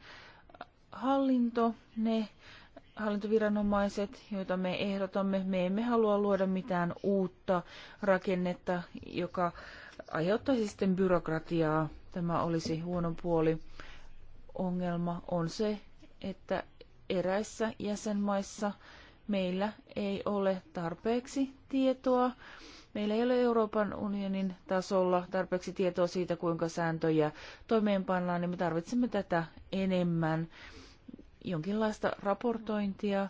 hallinto, ne hallintoviranomaiset, joita me ehdotamme. Me emme halua luoda mitään uutta rakennetta, joka äh, aiheuttaisi sitten byrokratiaa. Tämä olisi huonon puoli. Ongelma on se, että eräissä jäsenmaissa meillä ei ole tarpeeksi tietoa. Meillä ei ole Euroopan unionin tasolla tarpeeksi tietoa siitä, kuinka sääntöjä toimeenpannaan, niin me tarvitsemme tätä enemmän, jonkinlaista raportointia,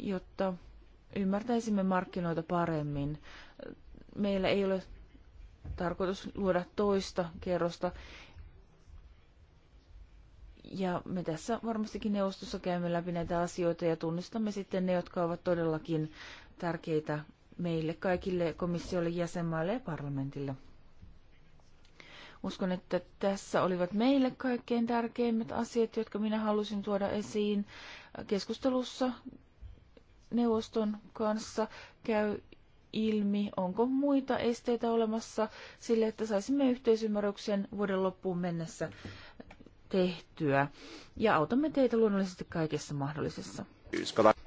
jotta ymmärtäisimme markkinoita paremmin. Meillä ei ole tarkoitus luoda toista kerrosta. Ja me tässä varmastikin neuvostossa käymme läpi näitä asioita ja tunnistamme sitten ne, jotka ovat todellakin tärkeitä meille kaikille komissiolle, jäsenmaille ja parlamentille. Uskon, että tässä olivat meille kaikkein tärkeimmät asiat, jotka minä halusin tuoda esiin keskustelussa neuvoston kanssa. Käy ilmi, onko muita esteitä olemassa sille, että saisimme yhteisymmärryksen vuoden loppuun mennessä tehtyä. Ja autamme teitä luonnollisesti kaikessa mahdollisessa.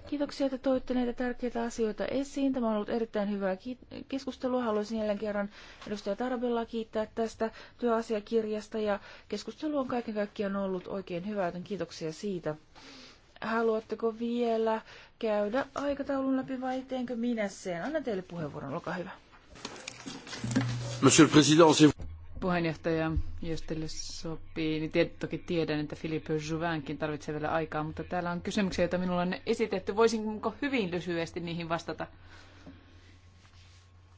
Kiitoksia, että toitte näitä tärkeitä asioita esiin. Tämä on ollut erittäin hyvää keskustelua. Haluaisin jälleen kerran edustaja Tarabella kiittää tästä työasiakirjasta ja keskustelu on kaiken kaikkiaan ollut oikein hyvää, joten kiitoksia siitä. Haluatteko vielä käydä aikataulun läpi vai teenkö minä sen? Anna teille puheenvuoron, olkaa hyvä. Monsieur le Président, Puheenjohtaja, jos teille sopii, niin tiedät, toki tiedän, että Philippe Jouvinkin tarvitsee vielä aikaa, mutta täällä on kysymyksiä, joita minulla on esitetty. Voisinko hyvin lyhyesti niihin vastata?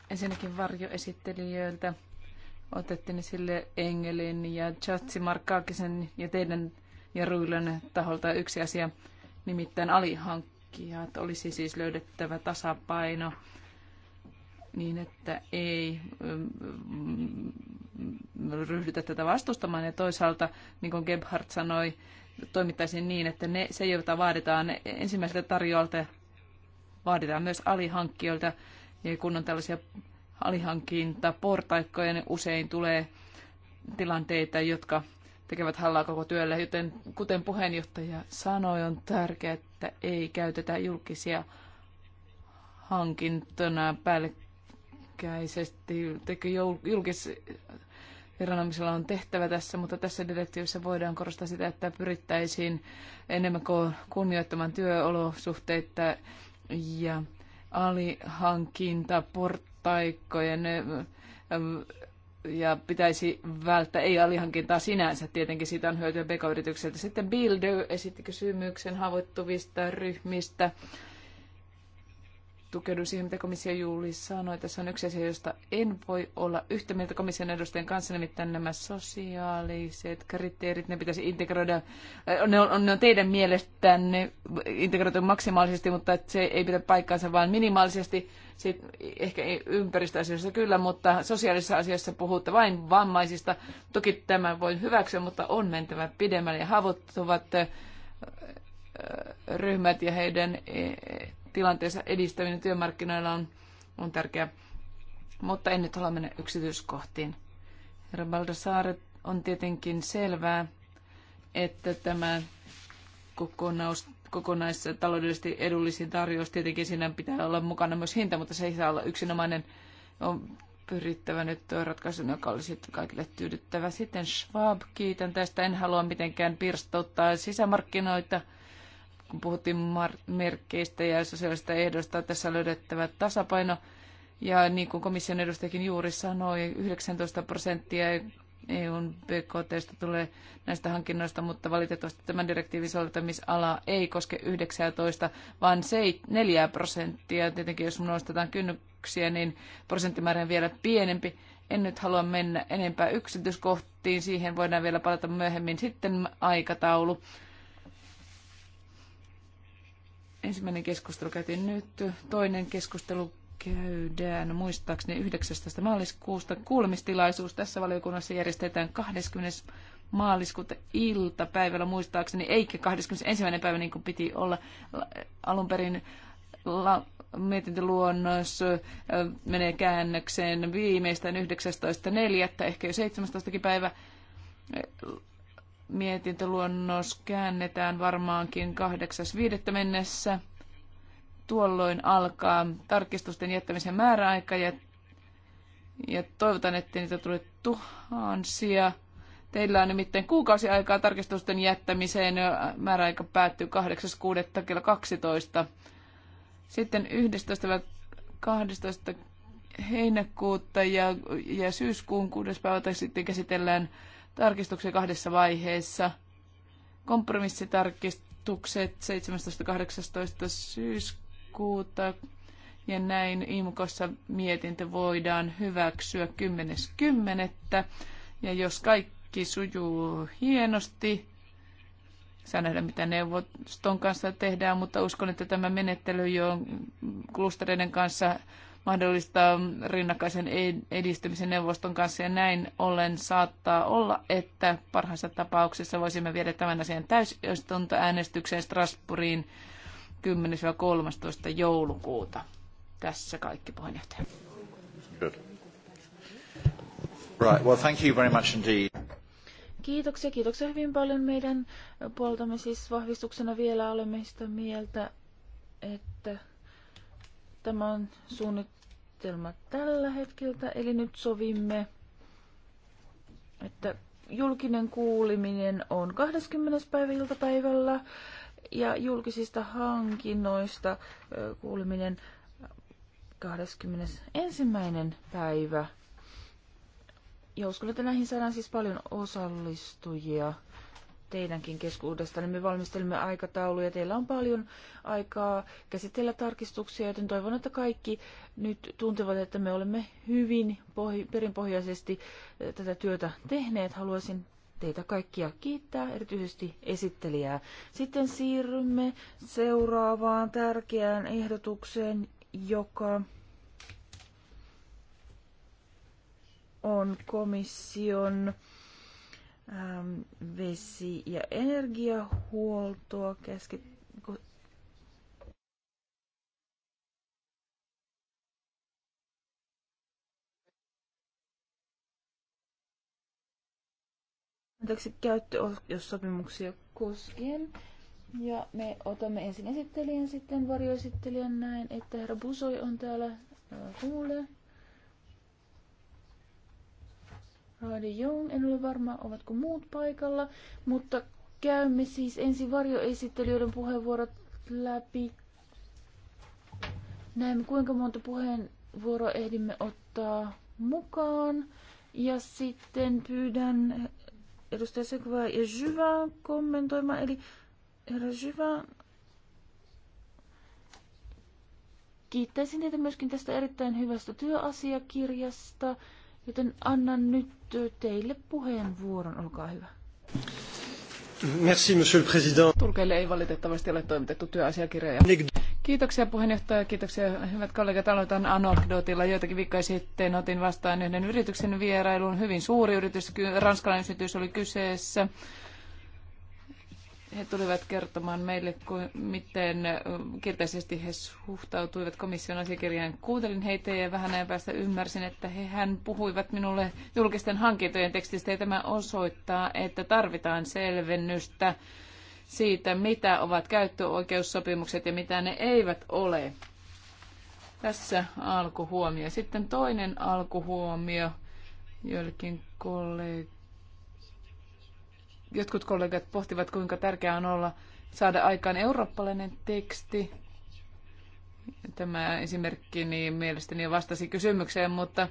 Ensinnäkin varjoesittelijöiltä otettiin sille Engelin ja Chatsi Markkaakisen ja teidän ja Ruilan taholta yksi asia, nimittäin alihankkijat olisi siis löydettävä tasapaino niin, että ei mm, mm, ryhdytä tätä vastustamaan. Ja toisaalta, niin kuin Gebhardt sanoi, toimittaisiin niin, että ne, se, jota vaaditaan ensimmäiseltä tarjoalta, vaaditaan myös alihankkijoilta. Ja kun on tällaisia alihankintaportaikkoja, niin usein tulee tilanteita, jotka tekevät hallaa koko työlle, joten kuten puheenjohtaja sanoi, on tärkeää, että ei käytetä julkisia hankintona päällekkäisesti. Julkisviranomaisilla on tehtävä tässä, mutta tässä direktiivissä voidaan korostaa sitä, että pyrittäisiin enemmän kunnioittamaan työolosuhteita ja alihankintaportaikkojen ja pitäisi välttää, ei alihankintaa sinänsä, tietenkin siitä on hyötyä pk-yritykseltä. Sitten Builder esitti kysymyksen haavoittuvista ryhmistä tukeudun siihen, mitä komissio Juuli sanoi. Tässä on yksi asia, josta en voi olla yhtä mieltä komission edustajien kanssa, nimittäin nämä sosiaaliset kriteerit, ne pitäisi integroida, äh, ne on, ne on teidän mielestänne integroitu maksimaalisesti, mutta se ei pidä paikkaansa vaan minimaalisesti. Sit ehkä ympäristöasioissa kyllä, mutta sosiaalisissa asioissa puhutte vain vammaisista. Toki tämä voi hyväksyä, mutta on mentävä pidemmälle ja haavoittuvat äh, äh, ryhmät ja heidän e, tilanteensa edistäminen työmarkkinoilla on, on tärkeää. Mutta en nyt halua mennä yksityiskohtiin. Herra Baldassare, on tietenkin selvää, että tämä kokonaus, taloudellisesti edullisin tarjous, tietenkin siinä pitää olla mukana myös hinta, mutta se ei saa olla yksinomainen. On pyrittävä nyt tuo ratkaisu, joka olisi kaikille tyydyttävä. Sitten Schwab, kiitän tästä. En halua mitenkään pirstouttaa sisämarkkinoita kun puhuttiin mar- merkeistä ja sosiaalista ehdosta, tässä löydettävä tasapaino. Ja niin kuin komission edustajakin juuri sanoi, 19 prosenttia EUn BKT tulee näistä hankinnoista, mutta valitettavasti tämän direktiivin soveltamisala ei koske 19, vaan 4 prosenttia. Tietenkin jos nostetaan kynnyksiä, niin prosenttimäärä on vielä pienempi. En nyt halua mennä enempää yksityiskohtiin, siihen voidaan vielä palata myöhemmin. Sitten aikataulu. Ensimmäinen keskustelu käytiin nyt, toinen keskustelu käydään muistaakseni 19. maaliskuusta. Kuulemistilaisuus tässä valiokunnassa järjestetään 20 maaliskuuta iltapäivällä muistaakseni, eikä 21. päivä niin kuin piti olla alun perin la- mietintöluonnos menee käännökseen viimeistään 19.4. ehkä jo 17. päivä mietintöluonnos käännetään varmaankin 8.5. mennessä. Tuolloin alkaa tarkistusten jättämisen määräaika ja, ja toivotan, että niitä tulee tuhansia. Teillä on nimittäin kuukausi aikaa tarkistusten jättämiseen. Määräaika päättyy 8.6. kello 12. Sitten 11.12. heinäkuuta ja, ja syyskuun 6. päivä sitten käsitellään tarkistuksia kahdessa vaiheessa. Kompromissitarkistukset 17.18. syyskuuta ja näin IMKossa mietintö voidaan hyväksyä 10.10. Ja jos kaikki sujuu hienosti, saa nähdä mitä neuvoston kanssa tehdään, mutta uskon, että tämä menettely jo klustereiden kanssa mahdollistaa rinnakkaisen edistymisen neuvoston kanssa ja näin ollen saattaa olla, että parhaassa tapauksessa voisimme viedä tämän asian täysistuntoäänestykseen Strasbourgiin 10-13. joulukuuta. Tässä kaikki puheenjohtaja. Right, well thank you very much indeed. Kiitoksia, kiitoksia hyvin paljon meidän puoltamme. Siis vahvistuksena vielä olemme sitä mieltä, että tämä on suunnit- suunnitelma tällä hetkeltä, eli nyt sovimme, että julkinen kuuliminen on 20. päivä iltapäivällä ja julkisista hankinnoista kuuliminen 21. päivä. Ja uskon, että näihin saadaan siis paljon osallistujia teidänkin keskuudestanne. Niin me valmistelemme aikatauluja. Teillä on paljon aikaa käsitellä tarkistuksia, joten toivon, että kaikki nyt tuntevat, että me olemme hyvin perinpohjaisesti eh, tätä työtä tehneet. Haluaisin teitä kaikkia kiittää, erityisesti esittelijää. Sitten siirrymme seuraavaan tärkeään ehdotukseen, joka on komission Ähm, vesi- ja energiahuoltoa käskettiin anteeksi, käyttöoikeussopimuksia koskien. Ja me otamme ensin esittelijän, sitten varjoesittelijän näin, että herra Busoi on täällä. Äh, Kuule. de Jong, en ole varma, ovatko muut paikalla, mutta käymme siis ensin varjoesittelijöiden puheenvuorot läpi. Näemme, kuinka monta puheenvuoroa ehdimme ottaa mukaan. Ja sitten pyydän edustaja Sekva ja Jyvä kommentoimaan. Eli herra Jyvä, kiittäisin teitä myöskin tästä erittäin hyvästä työasiakirjasta. Joten annan nyt teille puheenvuoron, olkaa hyvä. Merci, monsieur le président. Turkeille ei valitettavasti ole toimitettu työasiakirjoja. Kiitoksia puheenjohtaja, kiitoksia hyvät kollegat. Aloitan anekdootilla. Joitakin viikkoja sitten otin vastaan yhden yrityksen vierailun. Hyvin suuri yritys, ranskalainen yritys oli kyseessä he tulivat kertomaan meille, miten kirteisesti he suhtautuivat komission asiakirjaan. Kuuntelin heitä ja vähän ajan päästä ymmärsin, että hehän puhuivat minulle julkisten hankintojen tekstistä ja tämä osoittaa, että tarvitaan selvennystä siitä, mitä ovat käyttöoikeussopimukset ja mitä ne eivät ole. Tässä alkuhuomio. Sitten toinen alkuhuomio joillekin kollegoille Jotkut kollegat pohtivat, kuinka tärkeää on olla saada aikaan eurooppalainen teksti. Tämä esimerkki niin mielestäni vastasi kysymykseen, mutta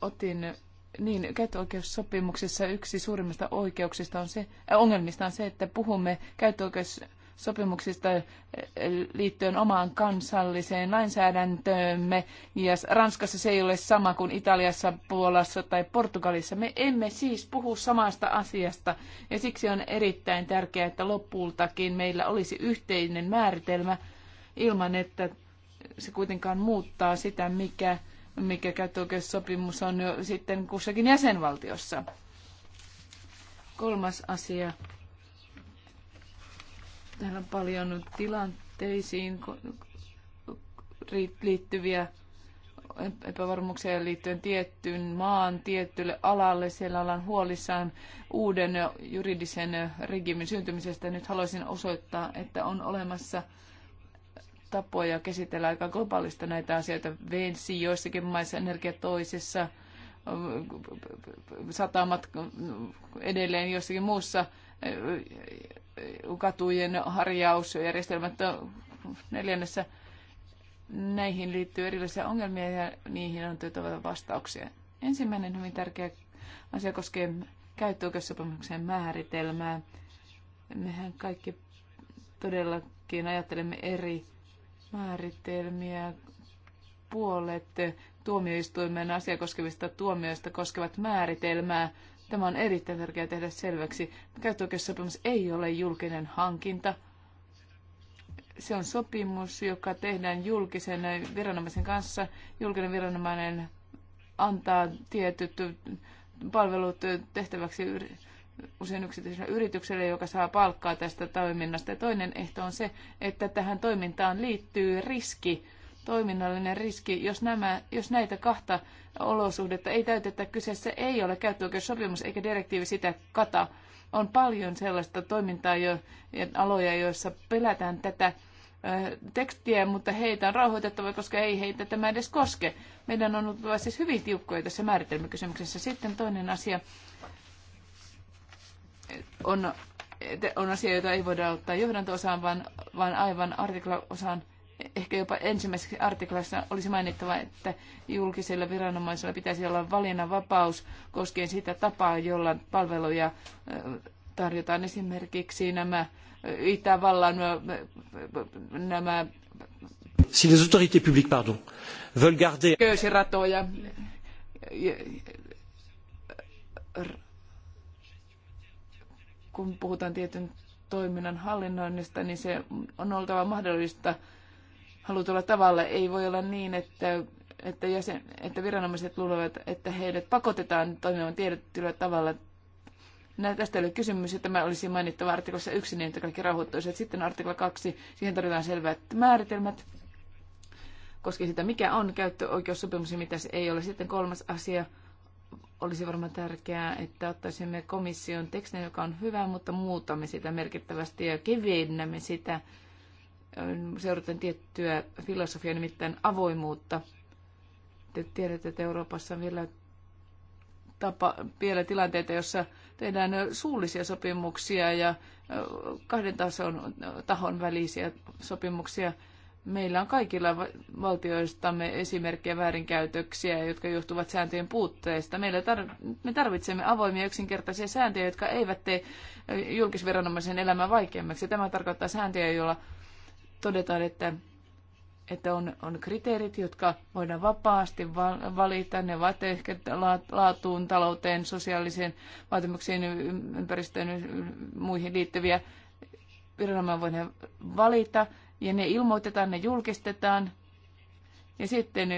otin niin, käyttöoikeussopimuksessa yksi suurimmista oikeuksista on se, äh, ongelmista on se, että puhumme käyttöoikeus sopimuksista liittyen omaan kansalliseen lainsäädäntöömme. Ja Ranskassa se ei ole sama kuin Italiassa, Puolassa tai Portugalissa. Me emme siis puhu samasta asiasta ja siksi on erittäin tärkeää, että lopultakin meillä olisi yhteinen määritelmä ilman, että se kuitenkaan muuttaa sitä, mikä, mikä käyttöoikeussopimus on jo sitten kussakin jäsenvaltiossa. Kolmas asia Täällä on paljon tilanteisiin liittyviä epävarmuuksia liittyen tiettyyn maan, tiettylle alalle. Siellä ollaan huolissaan uuden juridisen regimin syntymisestä. Nyt haluaisin osoittaa, että on olemassa tapoja käsitellä aika globaalista näitä asioita. Vensi joissakin maissa, energia toisessa, satamat edelleen jossakin muussa katujen harjausjärjestelmät neljännessä. Näihin liittyy erilaisia ongelmia ja niihin on työtävä vastauksia. Ensimmäinen hyvin tärkeä asia koskee käyttöoikeussopimuksen määritelmää. Mehän kaikki todellakin ajattelemme eri määritelmiä. Puolet tuomioistuimen asiakoskevista tuomioista koskevat määritelmää Tämä on erittäin tärkeää tehdä selväksi. Käyttöoikeussopimus ei ole julkinen hankinta. Se on sopimus, joka tehdään julkisen viranomaisen kanssa. Julkinen viranomainen antaa tietyt palvelut tehtäväksi usein yksityiselle yritykselle, joka saa palkkaa tästä toiminnasta. Ja toinen ehto on se, että tähän toimintaan liittyy riski toiminnallinen riski, jos, nämä, jos näitä kahta olosuhdetta ei täytetä. Kyseessä ei ole käyttöoikeussopimus eikä direktiivi sitä kata. On paljon sellaista toimintaa jo, ja aloja, joissa pelätään tätä tekstiä, mutta heitä on rauhoitettava, koska ei heitä tämä edes koske. Meidän on oltava siis hyvin tiukkoja tässä määritelmäkysymyksessä. Sitten toinen asia on, on asia, jota ei voida ottaa johdanto-osaan, vaan, vaan aivan artikla-osaan ehkä jopa ensimmäisessä artiklassa olisi mainittava, että julkisilla viranomaisilla pitäisi olla valinnanvapaus koskien sitä tapaa, jolla palveluja tarjotaan esimerkiksi nämä Itävallan nämä si les autorités publiques pardon, veulent garder köysiratoja kun puhutaan tietyn toiminnan hallinnoinnista, niin se on oltava mahdollista halutulla tavalla. Ei voi olla niin, että, että, jäsen, että viranomaiset luulevat, että heidät pakotetaan toimimaan tietyllä tavalla. Näin, tästä oli kysymys, että tämä olisi mainittava artiklassa yksi, niin että kaikki rauhoittuisivat. Sitten artikla 2, siihen tarvitaan selvät määritelmät koskien sitä, mikä on käyttöoikeussopimus ja mitä se ei ole. Sitten kolmas asia olisi varmaan tärkeää, että ottaisimme komission tekstin, joka on hyvä, mutta muutamme sitä merkittävästi ja kevennämme sitä seuraten tiettyä filosofiaa, nimittäin avoimuutta. Te tiedätte, että Euroopassa on vielä, tapa, vielä tilanteita, jossa tehdään suullisia sopimuksia ja kahden tason, tahon välisiä sopimuksia. Meillä on kaikilla valtioistamme esimerkkejä väärinkäytöksiä, jotka johtuvat sääntöjen puutteesta. Meillä tar- me tarvitsemme avoimia yksinkertaisia sääntöjä, jotka eivät tee julkisviranomaisen elämää vaikeammaksi. Tämä tarkoittaa sääntöjä, joilla todetaan, että, että on, on kriteerit, jotka voidaan vapaasti valita. Ne ovat ehkä laatuun, talouteen, sosiaaliseen vaatimuksiin, ympäristöön, muihin liittyviä. Viranomainen voidaan valita ja ne ilmoitetaan, ne julkistetaan. Ja sitten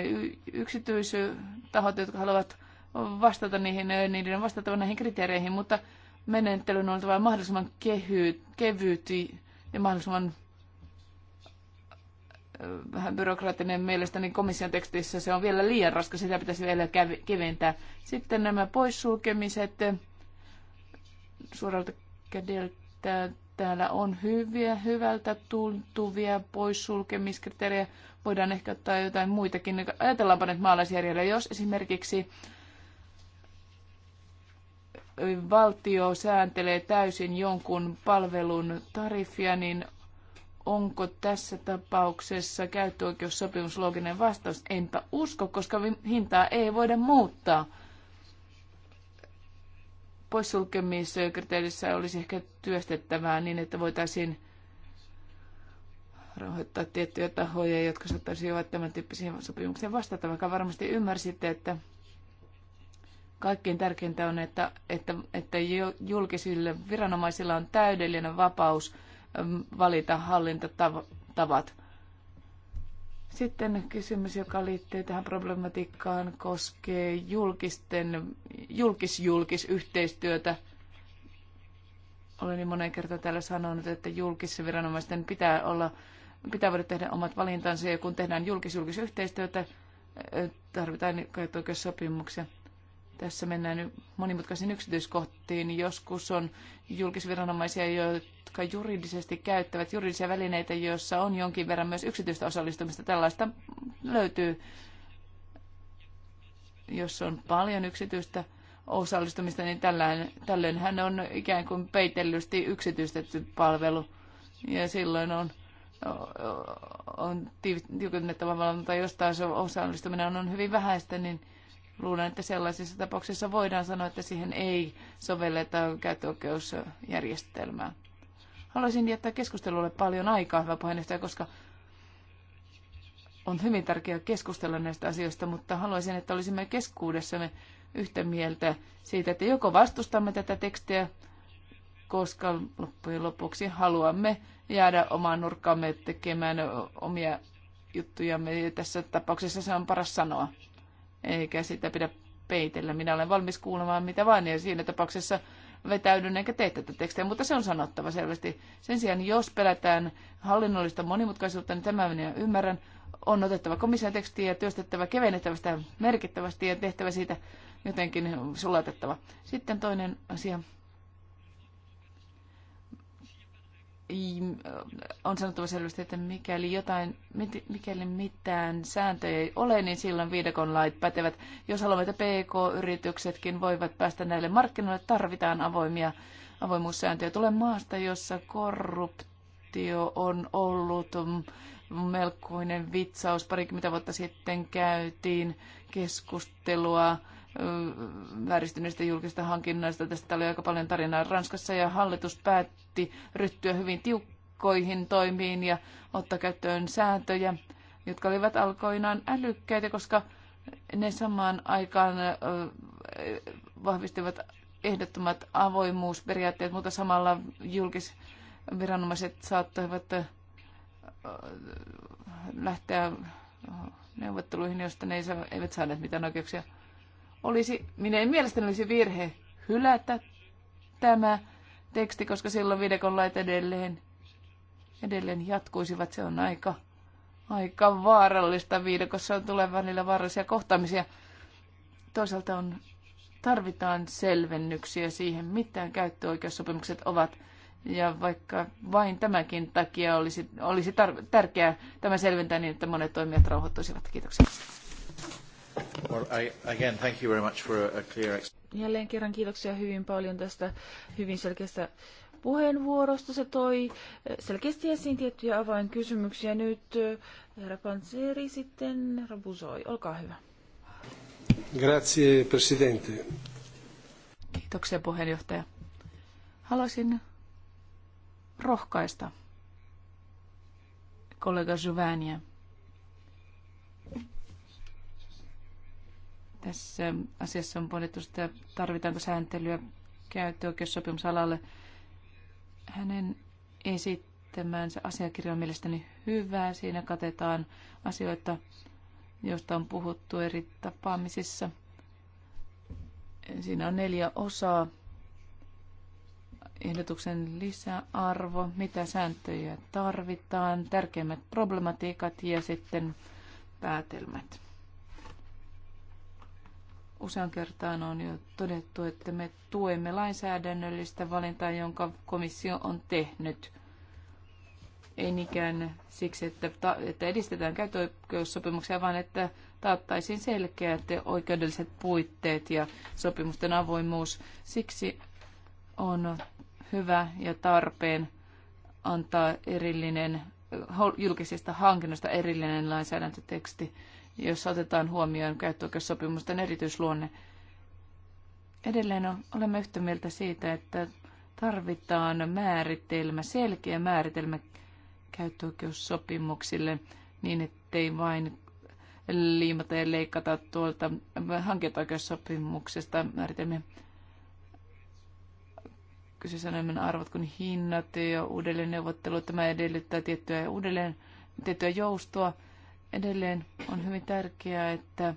yksityistahot, jotka haluavat vastata niihin, niiden on vastattava näihin kriteereihin, mutta menettelyn on oltava mahdollisimman kehy, kevyt ja mahdollisimman vähän byrokraattinen mielestäni niin komission tekstissä. Se on vielä liian raskas, sitä pitäisi vielä keventää. Sitten nämä poissulkemiset suoralta kädeltä. Täällä on hyviä, hyvältä tuntuvia poissulkemiskriteerejä. Voidaan ehkä ottaa jotain muitakin. Ajatellaanpa nyt maalaisjärjellä, jos esimerkiksi valtio sääntelee täysin jonkun palvelun tariffia, niin onko tässä tapauksessa käyttöoikeussopimus looginen vastaus. Enpä usko, koska hintaa ei voida muuttaa. kriteerissä olisi ehkä työstettävää niin, että voitaisiin rahoittaa tiettyjä tahoja, jotka saattaisivat tämän tyyppisiin sopimuksiin vastata, vaikka varmasti ymmärsitte, että kaikkein tärkeintä on, että, että, että julkisille viranomaisilla on täydellinen vapaus – valita hallintatavat. Sitten kysymys, joka liittyy tähän problematiikkaan, koskee julkisten, julkis-julkisyhteistyötä. Olen niin monen kertaan täällä sanonut, että viranomaisten pitää olla pitää voida tehdä omat valintansa ja kun tehdään julkis-julkisyhteistyötä, tarvitaan käyttöoikeussopimuksia. sopimuksia tässä mennään monimutkaisiin yksityiskohtiin. Joskus on julkisviranomaisia, jotka juridisesti käyttävät juridisia välineitä, joissa on jonkin verran myös yksityistä osallistumista. Tällaista löytyy, jos on paljon yksityistä osallistumista, niin tällään, tällöinhän on ikään kuin peitellysti yksityistetty palvelu. Ja silloin on, on tiukennettava valvonta, jos taas osallistuminen on hyvin vähäistä, niin Luulen, että sellaisessa tapauksessa voidaan sanoa, että siihen ei sovelleta käyttöoikeusjärjestelmää. Haluaisin jättää keskustelulle paljon aikaa, hyvä puheenjohtaja, koska on hyvin tärkeää keskustella näistä asioista, mutta haluaisin, että olisimme keskuudessamme yhtä mieltä siitä, että joko vastustamme tätä tekstiä, koska loppujen lopuksi haluamme jäädä omaan nurkkaamme tekemään omia juttujamme. Ja tässä tapauksessa se on paras sanoa eikä sitä pidä peitellä. Minä olen valmis kuulemaan mitä vain, ja siinä tapauksessa vetäydyn enkä tee tätä tekstiä, mutta se on sanottava selvästi. Sen sijaan, jos pelätään hallinnollista monimutkaisuutta, niin tämä minä ymmärrän, on otettava komission tekstiä ja työstettävä, kevennettävä sitä merkittävästi ja tehtävä siitä jotenkin sulatettava. Sitten toinen asia, on sanottava selvästi, että mikäli, jotain, mikäli mitään sääntöjä ei ole, niin silloin viidakon lait pätevät. Jos haluamme, että PK-yrityksetkin voivat päästä näille markkinoille, tarvitaan avoimia avoimuussääntöjä. tulee maasta, jossa korruptio on ollut melkoinen vitsaus. Parikymmentä vuotta sitten käytiin keskustelua vääristyneistä julkista hankinnoista. Tästä oli aika paljon tarinaa Ranskassa ja hallitus päätti ryhtyä hyvin tiukkoihin toimiin ja ottaa käyttöön sääntöjä, jotka olivat alkoinaan älykkäitä, koska ne samaan aikaan vahvistivat ehdottomat avoimuusperiaatteet, mutta samalla julkisviranomaiset saattoivat lähteä neuvotteluihin, joista ne eivät saaneet mitään oikeuksia olisi, minä mielestäni olisi virhe hylätä tämä teksti, koska silloin viidekon lait edelleen, edelleen jatkuisivat. Se on aika, aika vaarallista. Viidekossa on tulee välillä vaarallisia kohtaamisia. Toisaalta on, tarvitaan selvennyksiä siihen, mitä käyttöoikeussopimukset ovat. Ja vaikka vain tämäkin takia olisi, olisi tar- tärkeää tämä selventää niin, että monet toimijat rauhoittuisivat. Kiitoksia again, thank you very much for a clear... Jälleen kerran kiitoksia hyvin paljon tästä hyvin selkeästä puheenvuorosta. Se toi eh, selkeästi esiin tiettyjä avainkysymyksiä. Nyt eh, herra Panseri, sitten herra Busoi. Olkaa hyvä. Grazie, presidente. Kiitoksia puheenjohtaja. Haluaisin rohkaista kollega Jyväniä Tässä asiassa on pohdittu sitä, tarvitaanko sääntelyä käyttöoikeussopimusalalle. Hänen esittämänsä asiakirja on mielestäni hyvä. Siinä katetaan asioita, joista on puhuttu eri tapaamisissa. Siinä on neljä osaa. Ehdotuksen lisäarvo, mitä sääntöjä tarvitaan, tärkeimmät problematiikat ja sitten päätelmät. Usean kertaan on jo todettu, että me tuemme lainsäädännöllistä valintaa, jonka komissio on tehnyt. Ei niinkään siksi, että, että edistetään käyttöoikeussopimuksia, vaan että taattaisiin selkeät oikeudelliset puitteet ja sopimusten avoimuus. Siksi on hyvä ja tarpeen antaa erillinen julkisista hankinnoista erillinen lainsäädäntöteksti. Jos otetaan huomioon käyttöoikeussopimusten erityisluonne. Edelleen on olemme yhtä mieltä siitä, että tarvitaan määritelmä, selkeä määritelmä käyttöoikeussopimuksille niin, ettei vain liimata ja leikata tuolta hankintaoikeussopimuksesta määritelmiä. Kyseessä on enemmän arvot kuin hinnat ja uudelleen neuvottelu. Tämä edellyttää tiettyä, uudelleen, tiettyä joustoa Edelleen on hyvin tärkeää, että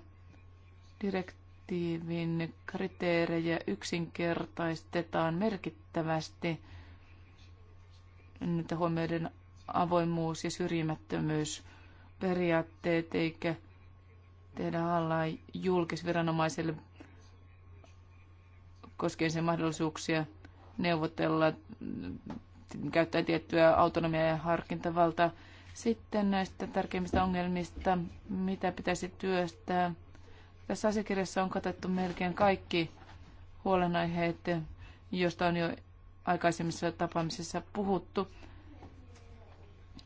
direktiivin kriteerejä yksinkertaistetaan merkittävästi, että huomioiden avoimuus ja syrjimättömyys periaatteet eikä tehdä alla julkisviranomaiselle koskien sen mahdollisuuksia neuvotella käyttää tiettyä autonomiaa ja harkintavaltaa. Sitten näistä tärkeimmistä ongelmista, mitä pitäisi työstää. Tässä asiakirjassa on katettu melkein kaikki huolenaiheet, joista on jo aikaisemmissa tapaamisissa puhuttu.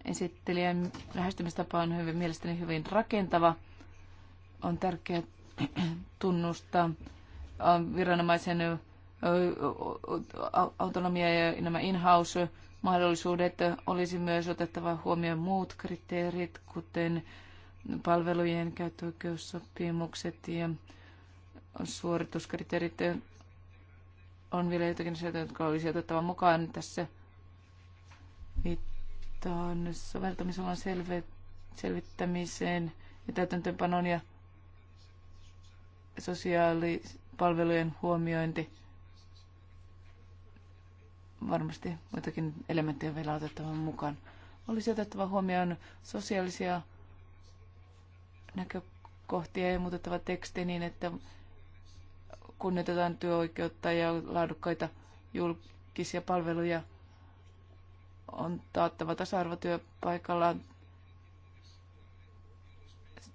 Esittelijän lähestymistapa on hyvin, mielestäni hyvin rakentava. On tärkeää tunnustaa äh, viranomaisen äh, autonomia ja nämä in-house mahdollisuudet olisi myös otettava huomioon muut kriteerit, kuten palvelujen käyttöoikeussopimukset ja suorituskriteerit. On vielä jotakin asioita, jotka olisi otettava mukaan tässä viittaan soveltamisalan selvittämiseen ja täytäntöönpanon ja sosiaalipalvelujen huomiointi varmasti muitakin elementtejä vielä otettava mukaan. Olisi otettava huomioon sosiaalisia näkökohtia ja muutettava teksti niin, että kunnioitetaan työoikeutta ja laadukkaita julkisia palveluja. On taattava tasa-arvo työpaikallaan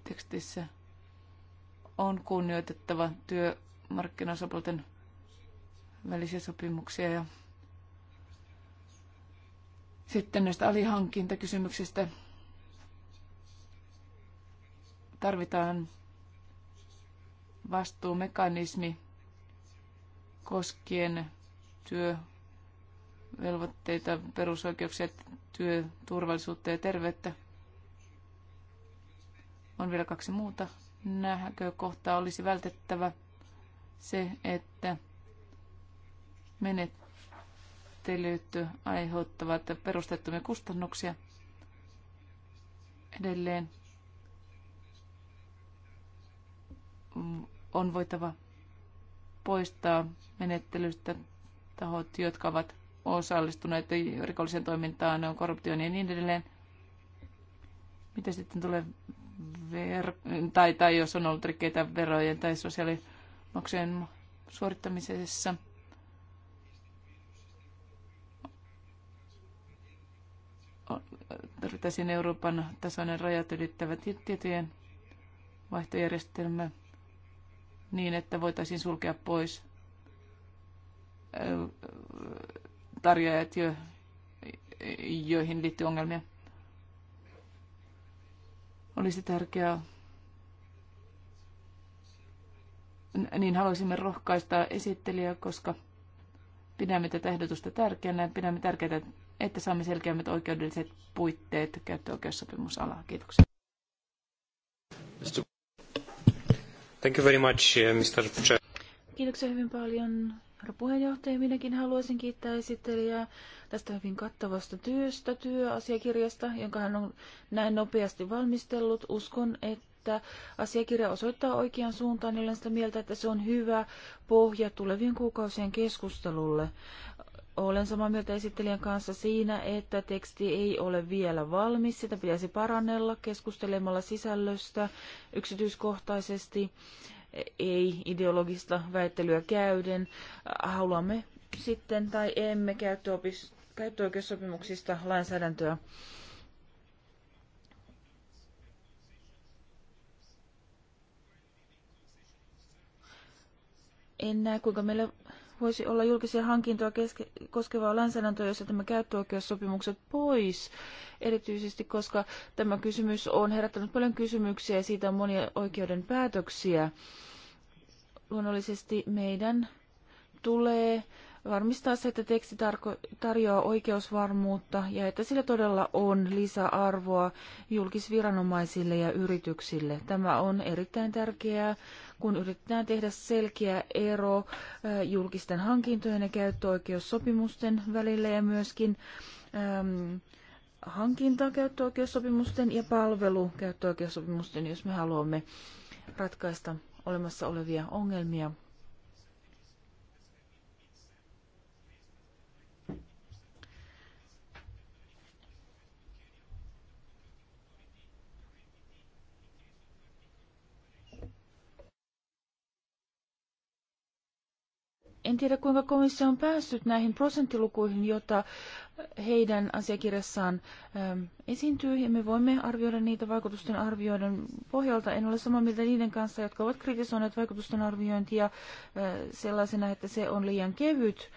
tekstissä. On kunnioitettava työmarkkinasopulten välisiä sopimuksia ja sitten näistä alihankintakysymyksistä tarvitaan vastuumekanismi koskien työvelvoitteita, perusoikeuksia, työturvallisuutta ja terveyttä. On vielä kaksi muuta näkökohtaa. Olisi vältettävä se, että menet järjestelyt aiheuttavat perustettomia kustannuksia edelleen. On voitava poistaa menettelystä tahot, jotka ovat osallistuneet rikolliseen toimintaan, on korruptioon ja niin edelleen. Mitä sitten tulee, ver- tai, tai jos on ollut rikkeitä verojen tai sosiaalimaksujen suorittamisessa – tarvittaisiin Euroopan tasoinen rajat ylittävä tietojen vaihtojärjestelmä niin, että voitaisiin sulkea pois tarjoajat, jo, joihin liittyy ongelmia. Olisi tärkeää niin haluaisimme rohkaista esittelijää, koska pidämme tätä ehdotusta tärkeänä ja pidämme tärkeää, että saamme selkeämmät oikeudelliset puitteet käyttöoikeussopimusalaa. Kiitoksia. Thank you very much, eh, Mr. Kiitoksia hyvin paljon, herra puheenjohtaja. Minäkin haluaisin kiittää esittelijää tästä hyvin kattavasta työstä, työasiakirjasta, jonka hän on näin nopeasti valmistellut. Uskon, että asiakirja osoittaa oikean suuntaan, niin olen sitä mieltä, että se on hyvä pohja tulevien kuukausien keskustelulle. Olen samaa mieltä esittelijän kanssa siinä, että teksti ei ole vielä valmis. Sitä pitäisi parannella keskustelemalla sisällöstä yksityiskohtaisesti, ei ideologista väittelyä käyden. Haluamme sitten tai emme käyttöoikeussopimuksista lainsäädäntöä. En näe, kuinka meillä voisi olla julkisia hankintoja keske- koskevaa lainsäädäntöä, jossa tämä käyttöoikeussopimukset pois, erityisesti koska tämä kysymys on herättänyt paljon kysymyksiä ja siitä on monia oikeuden päätöksiä. Luonnollisesti meidän tulee varmistaa se, että teksti tarjoaa oikeusvarmuutta ja että sillä todella on lisäarvoa julkisviranomaisille ja yrityksille. Tämä on erittäin tärkeää, kun yritetään tehdä selkeä ero julkisten hankintojen ja käyttöoikeussopimusten välillä ja myöskin äm, hankintakäyttöoikeussopimusten ja palvelukäyttöoikeussopimusten, jos me haluamme ratkaista olemassa olevia ongelmia En tiedä, kuinka komissio on päässyt näihin prosenttilukuihin, joita heidän asiakirjassaan ähm, esiintyy, ja me voimme arvioida niitä vaikutusten arvioiden pohjalta. En ole samaa mieltä niiden kanssa, jotka ovat kritisoineet vaikutusten arviointia äh, sellaisena, että se on liian kevyt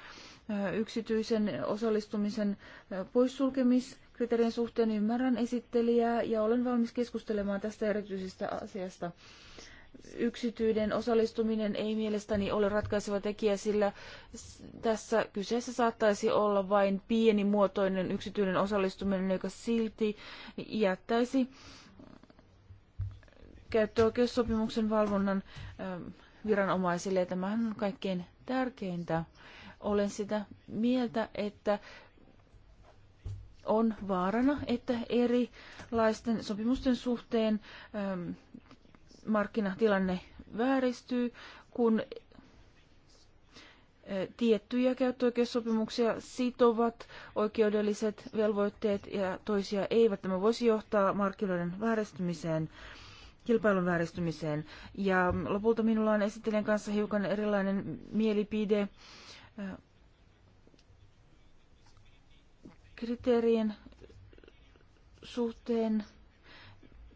äh, yksityisen osallistumisen äh, Kriteerien suhteen. Ymmärrän esittelijää ja olen valmis keskustelemaan tästä erityisestä asiasta yksityinen osallistuminen ei mielestäni ole ratkaiseva tekijä, sillä tässä kyseessä saattaisi olla vain pienimuotoinen yksityinen osallistuminen, joka silti jättäisi käyttöoikeussopimuksen valvonnan ähm, viranomaisille. Tämähän on kaikkein tärkeintä. Olen sitä mieltä, että on vaarana, että erilaisten sopimusten suhteen ähm, markkinatilanne vääristyy, kun e, tiettyjä käyttöoikeussopimuksia sitovat oikeudelliset velvoitteet ja toisia eivät. Tämä voisi johtaa markkinoiden vääristymiseen kilpailun vääristymiseen. Ja lopulta minulla on esittelijän kanssa hiukan erilainen mielipide e, kriteerien suhteen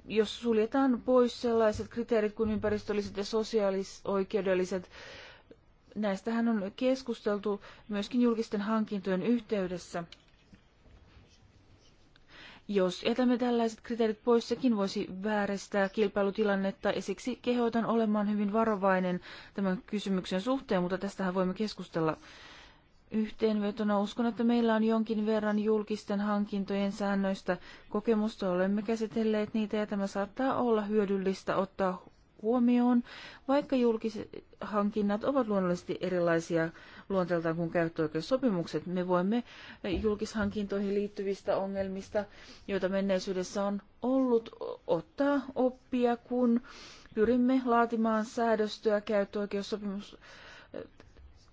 jos suljetaan pois sellaiset kriteerit kuin ympäristölliset ja sosiaalisoikeudelliset, näistähän on keskusteltu myöskin julkisten hankintojen yhteydessä. Jos jätämme tällaiset kriteerit pois, sekin voisi vääristää kilpailutilannetta ja siksi kehoitan olemaan hyvin varovainen tämän kysymyksen suhteen, mutta tästähän voimme keskustella yhteenvetona uskon, että meillä on jonkin verran julkisten hankintojen säännöistä kokemusta. Olemme käsitelleet niitä ja tämä saattaa olla hyödyllistä ottaa huomioon, vaikka julkiset hankinnat ovat luonnollisesti erilaisia luonteeltaan kuin käyttöoikeussopimukset. Me voimme julkishankintoihin liittyvistä ongelmista, joita menneisyydessä on ollut, ottaa oppia, kun pyrimme laatimaan säädöstöä käyttöoikeussopimuksista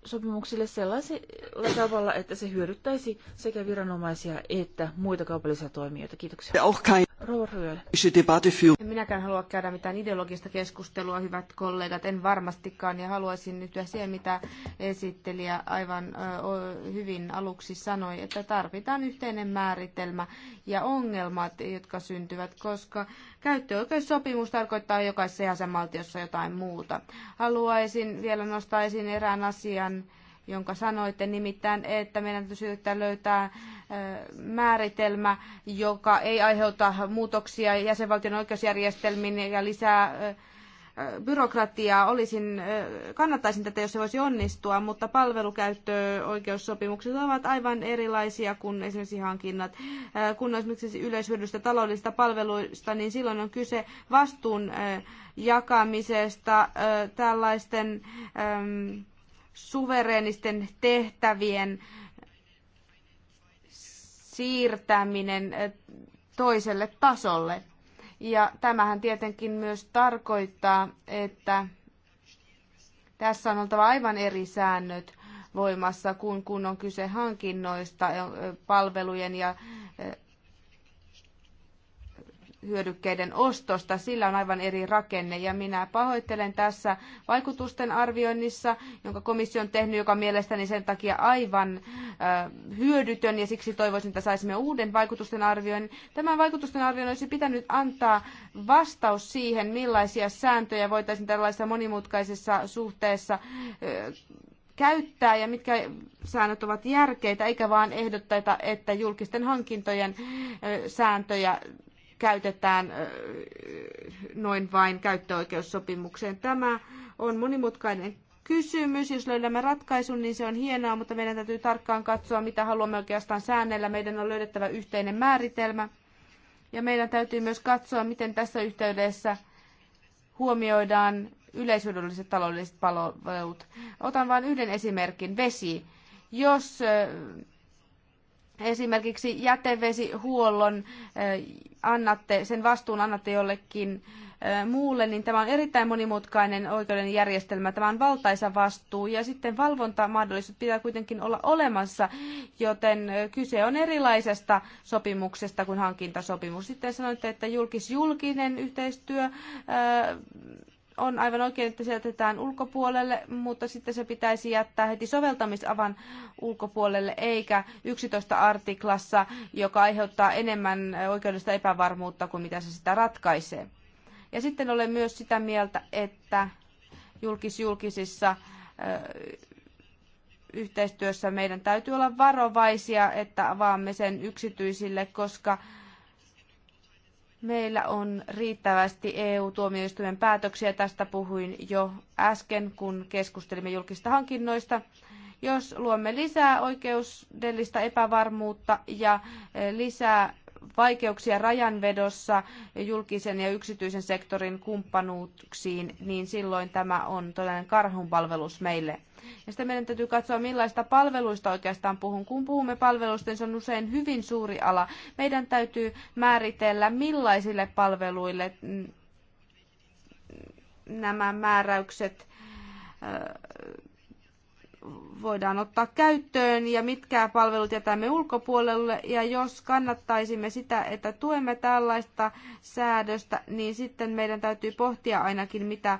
sopimuksille sellaisella tavalla, että se hyödyttäisi sekä viranomaisia että muita kaupallisia toimijoita. Kiitoksia. En minäkään halua käydä mitään ideologista keskustelua, hyvät kollegat, en varmastikaan, ja haluaisin nyt siihen, mitä esittelijä aivan hyvin aluksi sanoi, että tarvitaan yhteinen määritelmä ja ongelmat, jotka syntyvät, koska käyttöoikeussopimus tarkoittaa jokaisessa jäsenvaltiossa jotain muuta. Haluaisin vielä nostaa esiin erään asian, jonka sanoitte, nimittäin, että meidän täytyy yrittää löytää määritelmä, joka ei aiheuta muutoksia jäsenvaltion oikeusjärjestelmiin ja lisää byrokratiaa. Olisin, kannattaisin tätä, jos se voisi onnistua, mutta palvelukäyttöoikeussopimukset ovat aivan erilaisia kuin esimerkiksi hankinnat. Kun on esimerkiksi yleishyödyllistä taloudellisista palveluista, niin silloin on kyse vastuun jakamisesta tällaisten suvereenisten tehtävien siirtäminen eh, toiselle tasolle. Ja tämähän tietenkin myös tarkoittaa, että tässä on oltava aivan eri säännöt voimassa, kun, kun on kyse hankinnoista, eh, palvelujen ja eh, hyödykkeiden ostosta, sillä on aivan eri rakenne. Ja minä pahoittelen tässä vaikutusten arvioinnissa, jonka komissio on tehnyt, joka mielestäni sen takia aivan hyödytön, ja siksi toivoisin, että saisimme uuden vaikutusten arvioinnin. Tämän vaikutusten arvioinnin olisi pitänyt antaa vastaus siihen, millaisia sääntöjä voitaisiin tällaisessa monimutkaisessa suhteessa käyttää ja mitkä säännöt ovat järkeitä, eikä vaan ehdottaa, että julkisten hankintojen sääntöjä käytetään noin vain käyttöoikeussopimukseen. Tämä on monimutkainen kysymys. Jos löydämme ratkaisun, niin se on hienoa, mutta meidän täytyy tarkkaan katsoa, mitä haluamme oikeastaan säännellä. Meidän on löydettävä yhteinen määritelmä. Ja meidän täytyy myös katsoa, miten tässä yhteydessä huomioidaan yleisyydelliset taloudelliset palvelut. Otan vain yhden esimerkin, vesi. Jos esimerkiksi jätevesihuollon annatte, sen vastuun annatte jollekin muulle, niin tämä on erittäin monimutkainen oikeuden järjestelmä. Tämä on valtaisa vastuu ja sitten valvontamahdollisuus pitää kuitenkin olla olemassa, joten kyse on erilaisesta sopimuksesta kuin hankintasopimus. Sitten sanoitte, että julkis-julkinen yhteistyö on aivan oikein, että se jätetään ulkopuolelle, mutta sitten se pitäisi jättää heti soveltamisavan ulkopuolelle, eikä 11 artiklassa, joka aiheuttaa enemmän oikeudellista epävarmuutta kuin mitä se sitä ratkaisee. Ja sitten olen myös sitä mieltä, että julkisjulkisissa yhteistyössä meidän täytyy olla varovaisia, että avaamme sen yksityisille, koska Meillä on riittävästi EU-tuomioistuimen päätöksiä. Tästä puhuin jo äsken, kun keskustelimme julkista hankinnoista. Jos luomme lisää oikeudellista epävarmuutta ja e, lisää vaikeuksia rajanvedossa julkisen ja yksityisen sektorin kumppanuuksiin, niin silloin tämä on todellinen karhunpalvelus meille. Ja sitten meidän täytyy katsoa, millaista palveluista oikeastaan puhun. Kun puhumme palveluista, niin se on usein hyvin suuri ala. Meidän täytyy määritellä, millaisille palveluille mm, nämä määräykset äh, voidaan ottaa käyttöön ja mitkä palvelut jätämme ulkopuolelle. Ja jos kannattaisimme sitä, että tuemme tällaista säädöstä, niin sitten meidän täytyy pohtia ainakin, mitä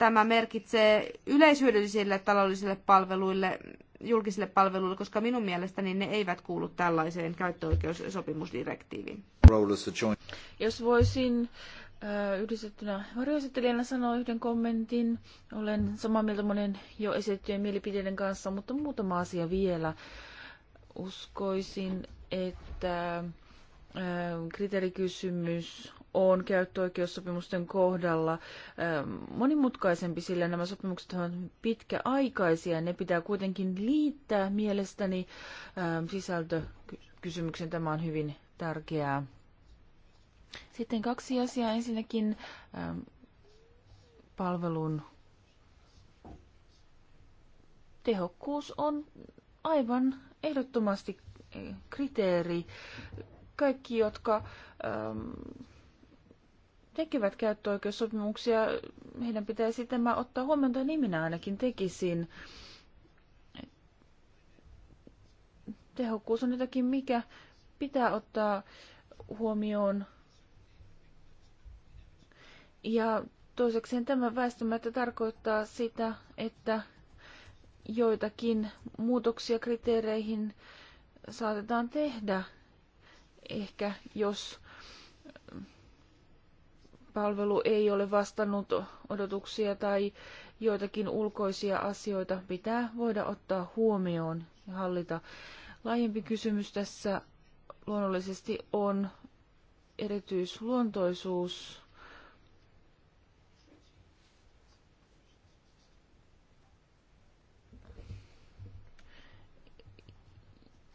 tämä merkitsee yleishyödyllisille taloudellisille palveluille, julkisille palveluille, koska minun mielestäni ne eivät kuulu tällaiseen käyttöoikeussopimusdirektiiviin. Jos voisin äh, yhdistettynä varjoesittelijänä sanoa yhden kommentin. Olen samaa mieltä monen jo esitettyjen mielipiteiden kanssa, mutta muutama asia vielä. Uskoisin, että äh, kriteerikysymys on käyttöoikeussopimusten kohdalla ähm, monimutkaisempi, sillä nämä sopimukset ovat pitkäaikaisia. Ne pitää kuitenkin liittää mielestäni ähm, sisältökysymyksen. Tämä on hyvin tärkeää. Sitten kaksi asiaa. Ensinnäkin ähm, palvelun tehokkuus on aivan ehdottomasti äh, kriteeri. Kaikki, jotka ähm, tekevät käyttöoikeussopimuksia, heidän pitäisi tämä ottaa huomioon, tai niin minä ainakin tekisin. Tehokkuus on jotakin, mikä pitää ottaa huomioon. Ja toisekseen tämä väistämättä tarkoittaa sitä, että joitakin muutoksia kriteereihin saatetaan tehdä. Ehkä jos palvelu ei ole vastannut odotuksia tai joitakin ulkoisia asioita pitää voida ottaa huomioon ja hallita. Laajempi kysymys tässä luonnollisesti on erityisluontoisuus.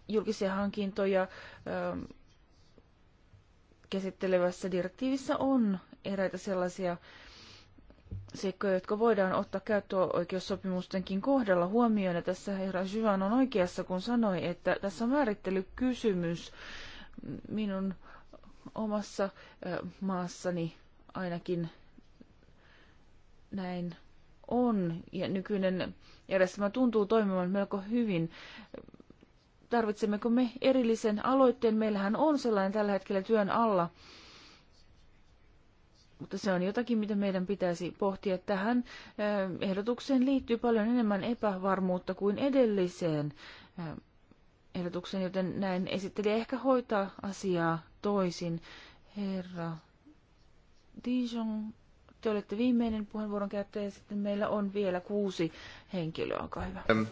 Julkisia hankintoja ähm, käsittelevässä direktiivissä on eräitä sellaisia seikkoja, jotka voidaan ottaa käyttöoikeussopimustenkin kohdalla huomioon. Ja tässä herra Syvän on oikeassa, kun sanoi, että tässä on määrittelykysymys minun omassa maassani ainakin näin on. Ja nykyinen järjestelmä tuntuu toimivan melko hyvin. Tarvitsemmeko me erillisen aloitteen? Meillähän on sellainen tällä hetkellä työn alla mutta se on jotakin, mitä meidän pitäisi pohtia. Tähän ehdotukseen liittyy paljon enemmän epävarmuutta kuin edelliseen ehdotukseen, joten näin esitteli ehkä hoitaa asiaa toisin. Herra Dijon, te olette viimeinen puheenvuoron käyttäjä, sitten meillä on vielä kuusi henkilöä, olkaa hyvä. Ähm,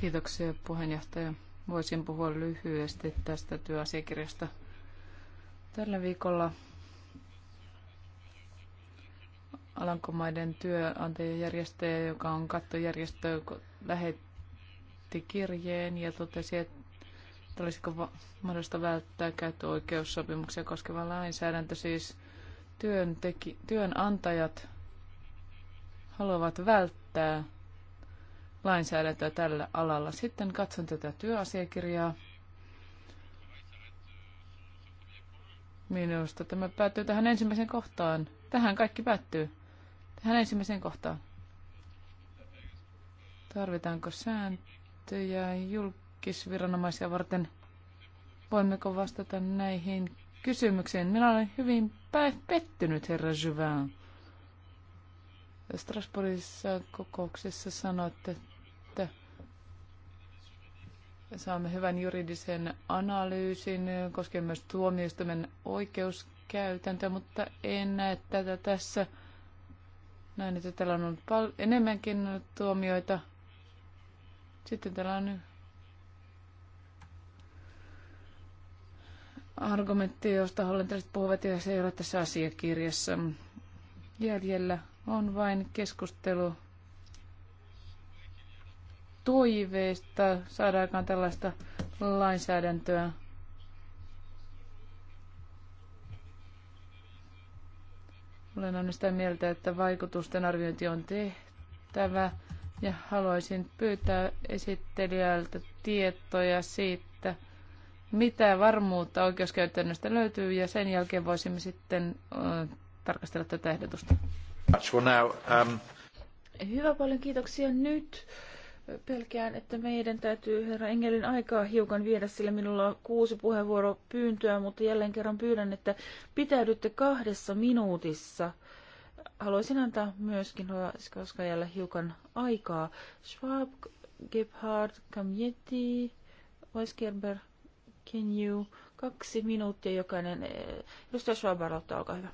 Kiitoksia puheenjohtaja. Voisin puhua lyhyesti tästä työasiakirjasta. Tällä viikolla Alankomaiden työantajajärjestöjä, joka on kattojärjestö, lähetti kirjeen ja totesi, että olisiko mahdollista välttää käyttöoikeussopimuksia koskeva lainsäädäntö. Siis työnteki, työnantajat haluavat välttää lainsäädäntöä tällä alalla. Sitten katson tätä työasiakirjaa. Minusta tämä päättyy tähän ensimmäiseen kohtaan. Tähän kaikki päättyy. Tähän ensimmäiseen kohtaan. Tarvitaanko sääntöjä julkisviranomaisia varten? Voimmeko vastata näihin kysymyksiin? Minä olen hyvin pettynyt, herra Jyvän. Strasbourgissa kokouksessa sanoitte, että saamme hyvän juridisen analyysin koskien myös tuomioistuimen oikeuskäytäntöä, mutta en näe tätä tässä – näin, että täällä on ollut pal- enemmänkin tuomioita. Sitten täällä on argumentti, josta hollantilaiset puhuvat, ja se ei ole tässä asiakirjassa. Jäljellä on vain keskustelu toiveista saada tällaista lainsäädäntöä. Olen aina sitä mieltä, että vaikutusten arviointi on tehtävä ja haluaisin pyytää esittelijältä tietoja siitä, mitä varmuutta oikeuskäytännöstä löytyy ja sen jälkeen voisimme sitten tarkastella tätä ehdotusta. Um, Hyvä, paljon kiitoksia nyt. Pelkään, että meidän täytyy herra Engelin aikaa hiukan viedä, sillä minulla on kuusi puheenvuoropyyntöä, mutta jälleen kerran pyydän, että pitäydytte kahdessa minuutissa. Haluaisin antaa myöskin Skaskajalle hiukan aikaa. Schwab, Gebhard, Kamietti, Weisgerber, you? kaksi minuuttia jokainen. Edustaja Schwab aloittaa, olkaa hyvä.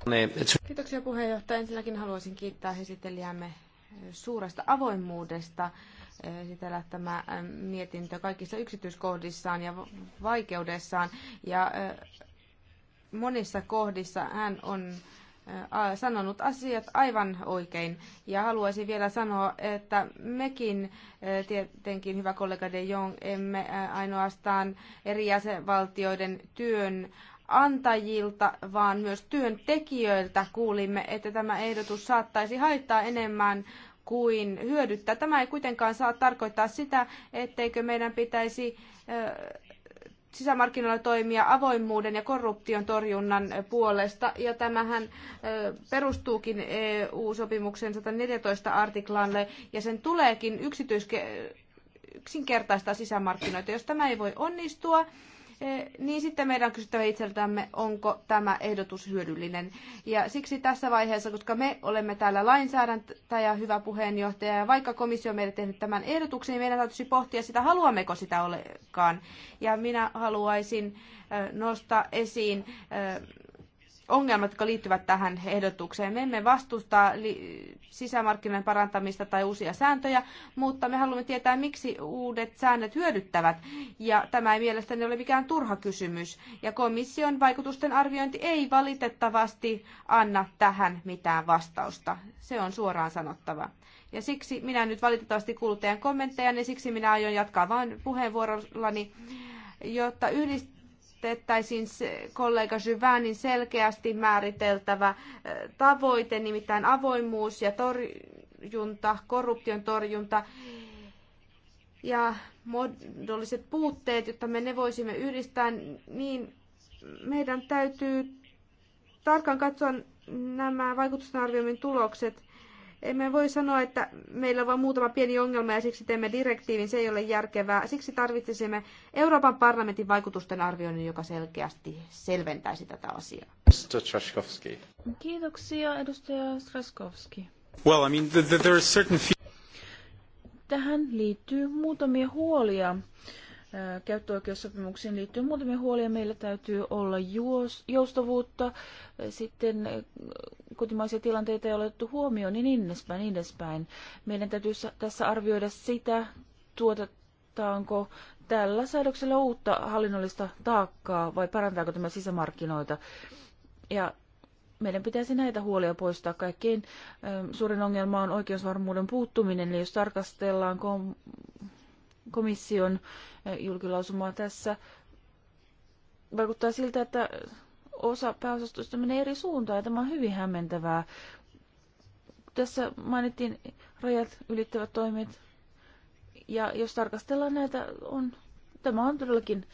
Kiitoksia puheenjohtaja. Ensinnäkin haluaisin kiittää esittelijämme suuresta avoimuudesta esitellä tämä mietintö kaikissa yksityiskohdissaan ja vaikeudessaan. Ja monissa kohdissa hän on sanonut asiat aivan oikein. Ja haluaisin vielä sanoa, että mekin, tietenkin hyvä kollega De Jong, emme ainoastaan eri jäsenvaltioiden työn antajilta, vaan myös työntekijöiltä kuulimme, että tämä ehdotus saattaisi haittaa enemmän kuin hyödyttää. Tämä ei kuitenkaan saa tarkoittaa sitä, etteikö meidän pitäisi sisämarkkinoilla toimia avoimuuden ja korruption torjunnan puolesta. Ja tämähän perustuukin EU-sopimuksen 114 artiklaalle ja sen tuleekin yksityiske- yksinkertaistaa sisämarkkinoita. Jos tämä ei voi onnistua, Eh, niin sitten meidän on kysyttävä itseltämme, onko tämä ehdotus hyödyllinen. Ja siksi tässä vaiheessa, koska me olemme täällä lainsäädäntäjä, hyvä puheenjohtaja, ja vaikka komissio on meille tehnyt tämän ehdotuksen, niin meidän täytyisi pohtia sitä, haluammeko sitä olekaan. Ja minä haluaisin eh, nostaa esiin eh, ongelmat, jotka liittyvät tähän ehdotukseen. Me emme vastusta li- sisämarkkinoiden parantamista tai uusia sääntöjä, mutta me haluamme tietää, miksi uudet säännöt hyödyttävät. Ja tämä ei mielestäni ole mikään turha kysymys. Ja komission vaikutusten arviointi ei valitettavasti anna tähän mitään vastausta. Se on suoraan sanottava. Ja siksi minä nyt valitettavasti kuulun teidän niin siksi minä aion jatkaa vain puheenvuorollani, jotta yhdist- asetettaisiin kollega Syvänin selkeästi määriteltävä tavoite, nimittäin avoimuus ja torjunta, korruption torjunta ja mahdolliset puutteet, jotta me ne voisimme yhdistää, niin meidän täytyy tarkkaan katsoa nämä vaikutusarvioinnin tulokset emme voi sanoa, että meillä on vain muutama pieni ongelma ja siksi teemme direktiivin, se ei ole järkevää. Siksi tarvitsisimme Euroopan parlamentin vaikutusten arvioinnin, joka selkeästi selventäisi tätä asiaa. Kiitoksia, edustaja Straskowski. Well, I mean, there are certain... Tähän liittyy muutamia huolia käyttöoikeussopimuksiin liittyy muutamia huolia. Meillä täytyy olla joustavuutta, sitten eh, kotimaisia tilanteita ei ole otettu huomioon, niin, niin edespäin, niin edespäin. Meidän täytyy tässä arvioida sitä, tuotetaanko tällä säädöksellä uutta hallinnollista taakkaa vai parantaako tämä sisämarkkinoita. Ja meidän pitäisi näitä huolia poistaa. Kaikkein eh, suurin ongelma on oikeusvarmuuden puuttuminen, eli jos tarkastellaan komission eh, julkilausumaa tässä. Vaikuttaa siltä, että osa pääosastoista menee eri suuntaan ja tämä on hyvin hämmentävää. Tässä mainittiin rajat ylittävät toimet ja jos tarkastellaan näitä, on, tämä on todellakin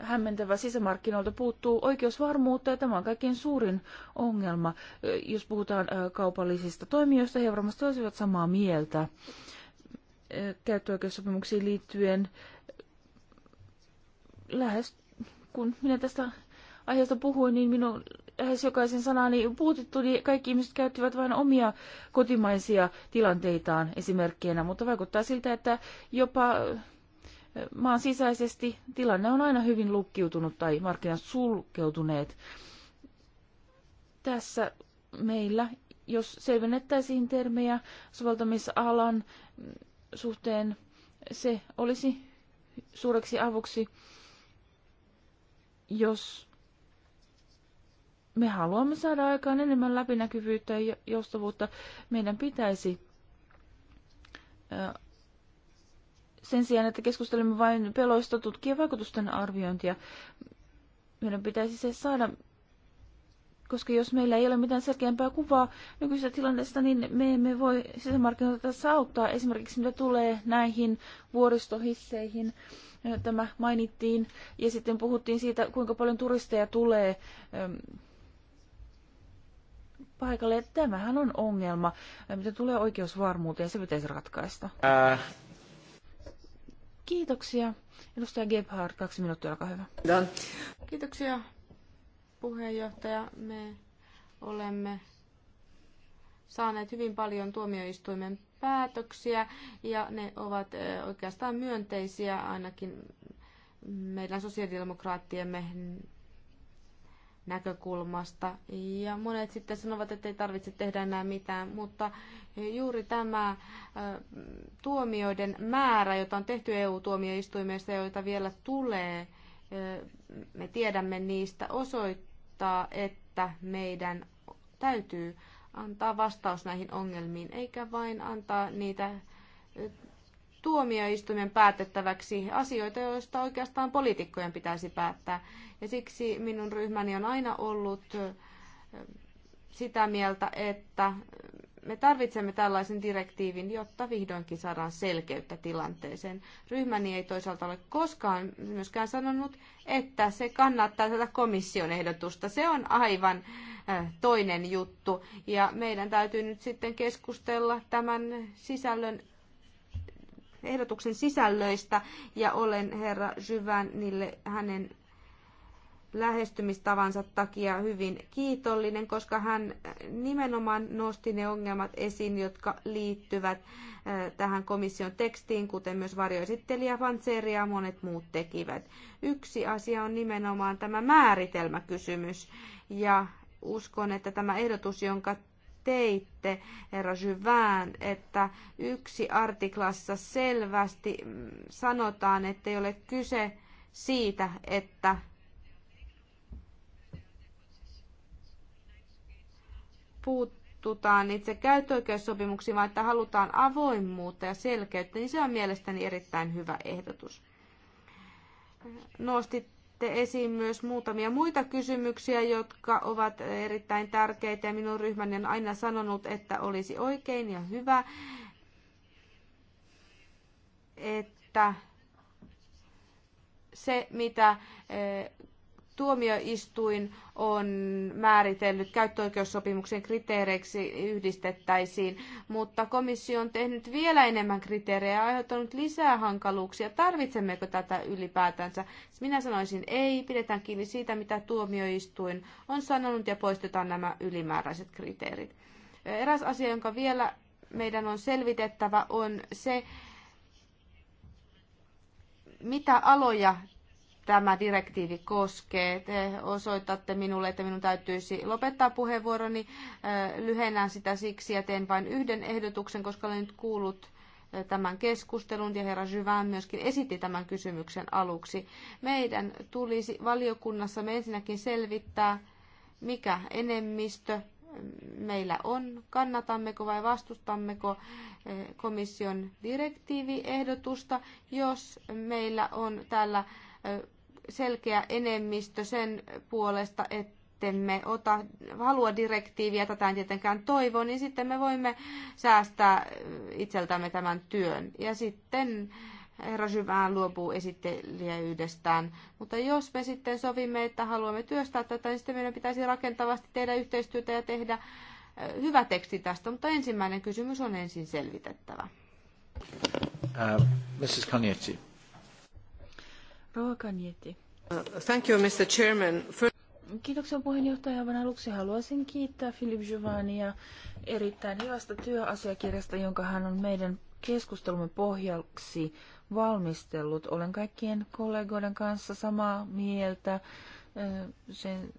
hämmentävä. Sisämarkkinoilta puuttuu oikeusvarmuutta ja tämä on kaikkein suurin ongelma. Eh, jos puhutaan eh, kaupallisista toimijoista, he varmasti olisivat samaa mieltä käyttöoikeussopimuksiin liittyen lähes, kun minä tästä aiheesta puhuin, niin minun lähes jokaisen sanani puutettu, niin kaikki ihmiset käyttivät vain omia kotimaisia tilanteitaan esimerkkeinä, mutta vaikuttaa siltä, että jopa maan sisäisesti tilanne on aina hyvin lukkiutunut tai markkinat sulkeutuneet. Tässä meillä, jos selvennettäisiin termejä soveltamisalan suhteen se olisi suureksi avuksi, jos me haluamme saada aikaan enemmän läpinäkyvyyttä ja joustavuutta. Meidän pitäisi sen sijaan, että keskustelemme vain peloista tutkia vaikutusten arviointia, meidän pitäisi se saada koska jos meillä ei ole mitään selkeämpää kuvaa nykyisestä tilanteesta, niin me emme voi sisämarkkinoita tässä auttaa. Esimerkiksi mitä tulee näihin vuoristohisseihin, eh, tämä mainittiin, ja sitten puhuttiin siitä, kuinka paljon turisteja tulee paikalle. tämähän on ongelma, eh, mitä tulee oikeusvarmuuteen, se pitäisi ratkaista. Ää... Äh. Kiitoksia. Edustaja Gebhard, kaksi minuuttia, olkaa hyvä. Kiitoksia puheenjohtaja. Me olemme saaneet hyvin paljon tuomioistuimen päätöksiä ja ne ovat oikeastaan myönteisiä ainakin meidän sosiaalidemokraattiemme näkökulmasta. Ja monet sitten sanovat, että ei tarvitse tehdä enää mitään, mutta juuri tämä tuomioiden määrä, jota on tehty EU-tuomioistuimesta ja joita vielä tulee, me tiedämme niistä, osoittaa, tarkoittaa, että meidän täytyy antaa vastaus näihin ongelmiin, eikä vain antaa niitä tuomioistuimen päätettäväksi asioita, joista oikeastaan poliitikkojen pitäisi päättää. Ja siksi minun ryhmäni on aina ollut sitä mieltä, että me tarvitsemme tällaisen direktiivin, jotta vihdoinkin saadaan selkeyttä tilanteeseen. Ryhmäni ei toisaalta ole koskaan myöskään sanonut, että se kannattaa tätä komission ehdotusta. Se on aivan toinen juttu ja meidän täytyy nyt sitten keskustella tämän sisällön ehdotuksen sisällöistä ja olen herra Jyvänille hänen lähestymistavansa takia hyvin kiitollinen, koska hän nimenomaan nosti ne ongelmat esiin, jotka liittyvät eh, tähän komission tekstiin, kuten myös varjoesittelijä Fanseri ja monet muut tekivät. Yksi asia on nimenomaan tämä määritelmäkysymys, ja uskon, että tämä ehdotus, jonka teitte, herra Jyvään, että yksi artiklassa selvästi mm, sanotaan, että ei ole kyse siitä, että puuttutaan itse käyttöoikeussopimuksiin, vaan että halutaan avoimuutta ja selkeyttä, niin se on mielestäni erittäin hyvä ehdotus. Nostitte esiin myös muutamia muita kysymyksiä, jotka ovat erittäin tärkeitä ja minun ryhmäni on aina sanonut, että olisi oikein ja hyvä, että se, mitä eh, tuomioistuin on määritellyt käyttöoikeussopimuksen kriteereiksi yhdistettäisiin, mutta komissio on tehnyt vielä enemmän kriteerejä ja aiheuttanut lisää hankaluuksia. Tarvitsemmeko tätä ylipäätänsä? Minä sanoisin ei, pidetään kiinni siitä, mitä tuomioistuin on sanonut ja poistetaan nämä ylimääräiset kriteerit. Eräs asia, jonka vielä meidän on selvitettävä, on se, mitä aloja tämä direktiivi koskee. Te osoitatte minulle, että minun täytyisi lopettaa puheenvuoroni. Äh, lyhennän sitä siksi ja teen vain yhden ehdotuksen, koska olen nyt kuullut äh, tämän keskustelun ja herra Jyvän myöskin esitti tämän kysymyksen aluksi. Meidän tulisi valiokunnassa me ensinnäkin selvittää, mikä enemmistö meillä on, kannatammeko vai vastustammeko äh, komission direktiiviehdotusta, jos meillä on täällä selkeä enemmistö sen puolesta, ettemme ota, halua direktiiviä, tätä en tietenkään toivo, niin sitten me voimme säästää itseltämme tämän työn. Ja sitten herra Syvään luopuu esittelijäydestään, Mutta jos me sitten sovimme, että haluamme työstää tätä, niin sitten meidän pitäisi rakentavasti tehdä yhteistyötä ja tehdä eh, hyvä teksti tästä. Mutta ensimmäinen kysymys on ensin selvitettävä. Uh, äh, Mrs. Kanietsi. Kiitoksia puheenjohtaja. Aivan aluksi haluaisin kiittää Filip Juvania erittäin hyvästä työasiakirjasta, jonka hän on meidän keskustelumme pohjaksi valmistellut. Olen kaikkien kollegoiden kanssa samaa mieltä eh, sen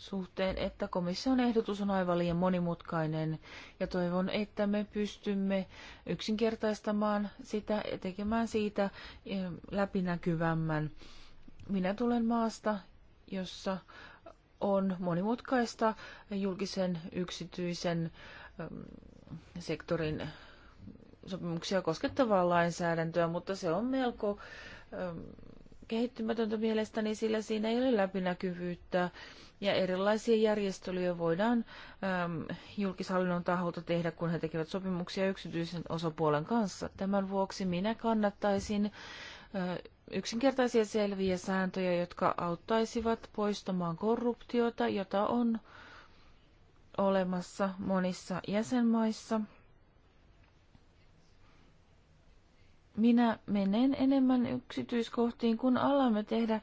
suhteen, että komission ehdotus on aivan liian monimutkainen ja toivon, että me pystymme yksinkertaistamaan sitä ja tekemään siitä eh, läpinäkyvämmän. Minä tulen maasta, jossa on monimutkaista julkisen yksityisen eh, sektorin sopimuksia koskettavaa lainsäädäntöä, mutta se on melko eh, kehittymätöntä mielestäni, sillä siinä ei ole läpinäkyvyyttä ja erilaisia järjestelyjä voidaan äm, julkishallinnon taholta tehdä, kun he tekevät sopimuksia yksityisen osapuolen kanssa. Tämän vuoksi minä kannattaisin äh, yksinkertaisia selviä sääntöjä, jotka auttaisivat poistamaan korruptiota, jota on olemassa monissa jäsenmaissa – Minä menen enemmän yksityiskohtiin, kun alamme tehdä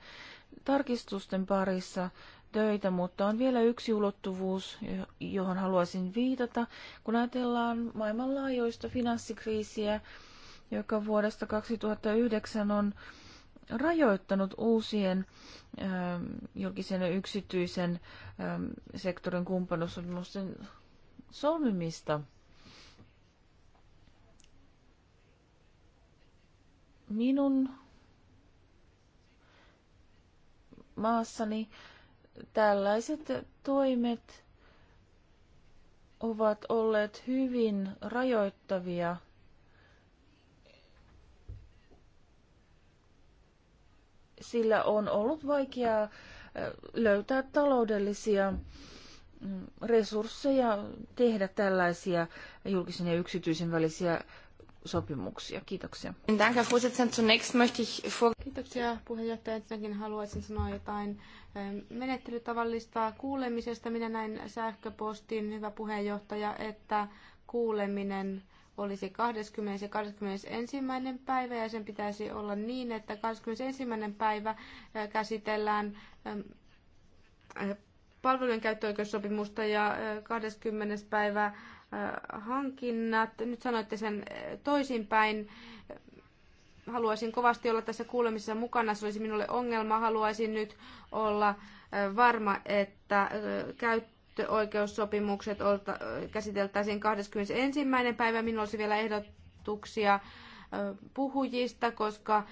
tarkistusten parissa töitä, mutta on vielä yksi ulottuvuus, johon haluaisin viitata. Kun ajatellaan maailmanlaajuista finanssikriisiä, joka vuodesta 2009 on rajoittanut uusien ähm, julkisen ja yksityisen ähm, sektorin kumppanuussopimusten solmimista – Minun maassani tällaiset toimet ovat olleet hyvin rajoittavia sillä on ollut vaikeaa äh, löytää taloudellisia mm, resursseja tehdä tällaisia julkisen ja yksityisen välisiä sopimuksia. Kiitoksia. Danke, Zunächst möchte ich vor... Kiitoksia puheenjohtaja. Ensinnäkin haluaisin sanoa jotain ähm, menettelytavallista kuulemisesta. Minä näin sähköpostin, hyvä puheenjohtaja, että kuuleminen olisi 20. ja 21. päivä ja sen pitäisi olla niin, että 21. päivä äh, käsitellään ähm, äh, palvelujen käyttöoikeussopimusta ja 20. Äh, päivä hankinnat. Nyt sanoitte sen toisinpäin. Haluaisin kovasti olla tässä kuulemisessa mukana, se olisi minulle ongelma. Haluaisin nyt olla varma, että käyttöoikeussopimukset käsiteltäisiin 21. päivä. Minulla olisi vielä ehdotuksia puhujista, koska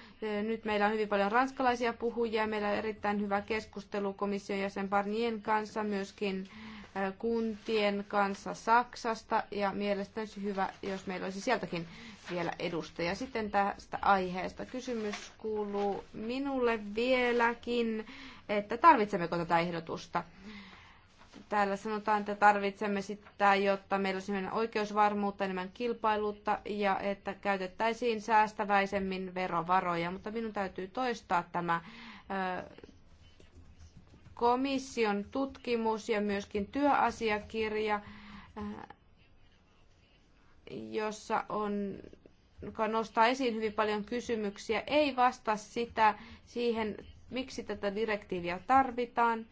nyt meillä on hyvin paljon ranskalaisia puhujia. Meillä on erittäin hyvä keskustelu komission jäsen Barnien kanssa myöskin kuntien kanssa Saksasta ja mielestäni olisi hyvä, jos meillä olisi sieltäkin vielä edustaja. Sitten tästä aiheesta kysymys kuuluu minulle vieläkin, että tarvitsemmeko tätä ehdotusta. Täällä sanotaan, että tarvitsemme sitä, jotta meillä olisi enemmän oikeusvarmuutta, enemmän kilpailuutta ja että käytettäisiin säästäväisemmin verovaroja. Mutta minun täytyy toistaa tämä komission tutkimus ja myöskin työasiakirja, äh, jossa on, joka nostaa esiin hyvin paljon kysymyksiä, ei vastaa sitä siihen, miksi tätä direktiiviä tarvitaan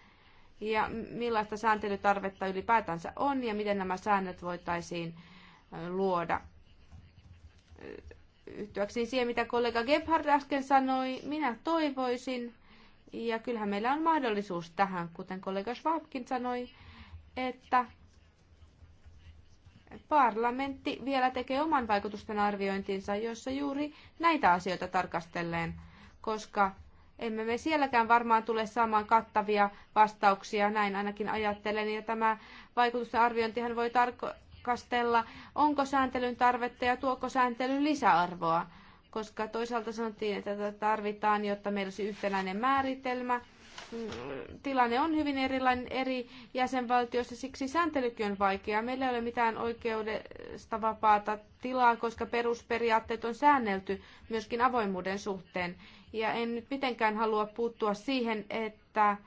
ja millaista sääntelytarvetta ylipäätänsä on ja miten nämä säännöt voitaisiin äh, luoda. Yhtyäkseni siihen, mitä kollega Gebhard äsken sanoi, minä toivoisin, ja kyllähän meillä on mahdollisuus tähän, kuten kollega Schwabkin sanoi, että parlamentti vielä tekee oman vaikutusten arviointinsa, jossa juuri näitä asioita tarkastelleen, koska emme me sielläkään varmaan tule saamaan kattavia vastauksia, näin ainakin ajattelen. Ja tämä vaikutusten arviointihan voi tarkastella, onko sääntelyn tarvetta ja tuoko sääntely lisäarvoa koska toisaalta sanottiin, että tätä tarvitaan, jotta meillä olisi yhtenäinen määritelmä. Tilanne on hyvin erilainen eri jäsenvaltioissa, siksi sääntelykin on vaikeaa. Meillä ei ole mitään oikeudesta vapaata tilaa, koska perusperiaatteet on säännelty myöskin avoimuuden suhteen. Ja en nyt mitenkään halua puuttua siihen, että äh,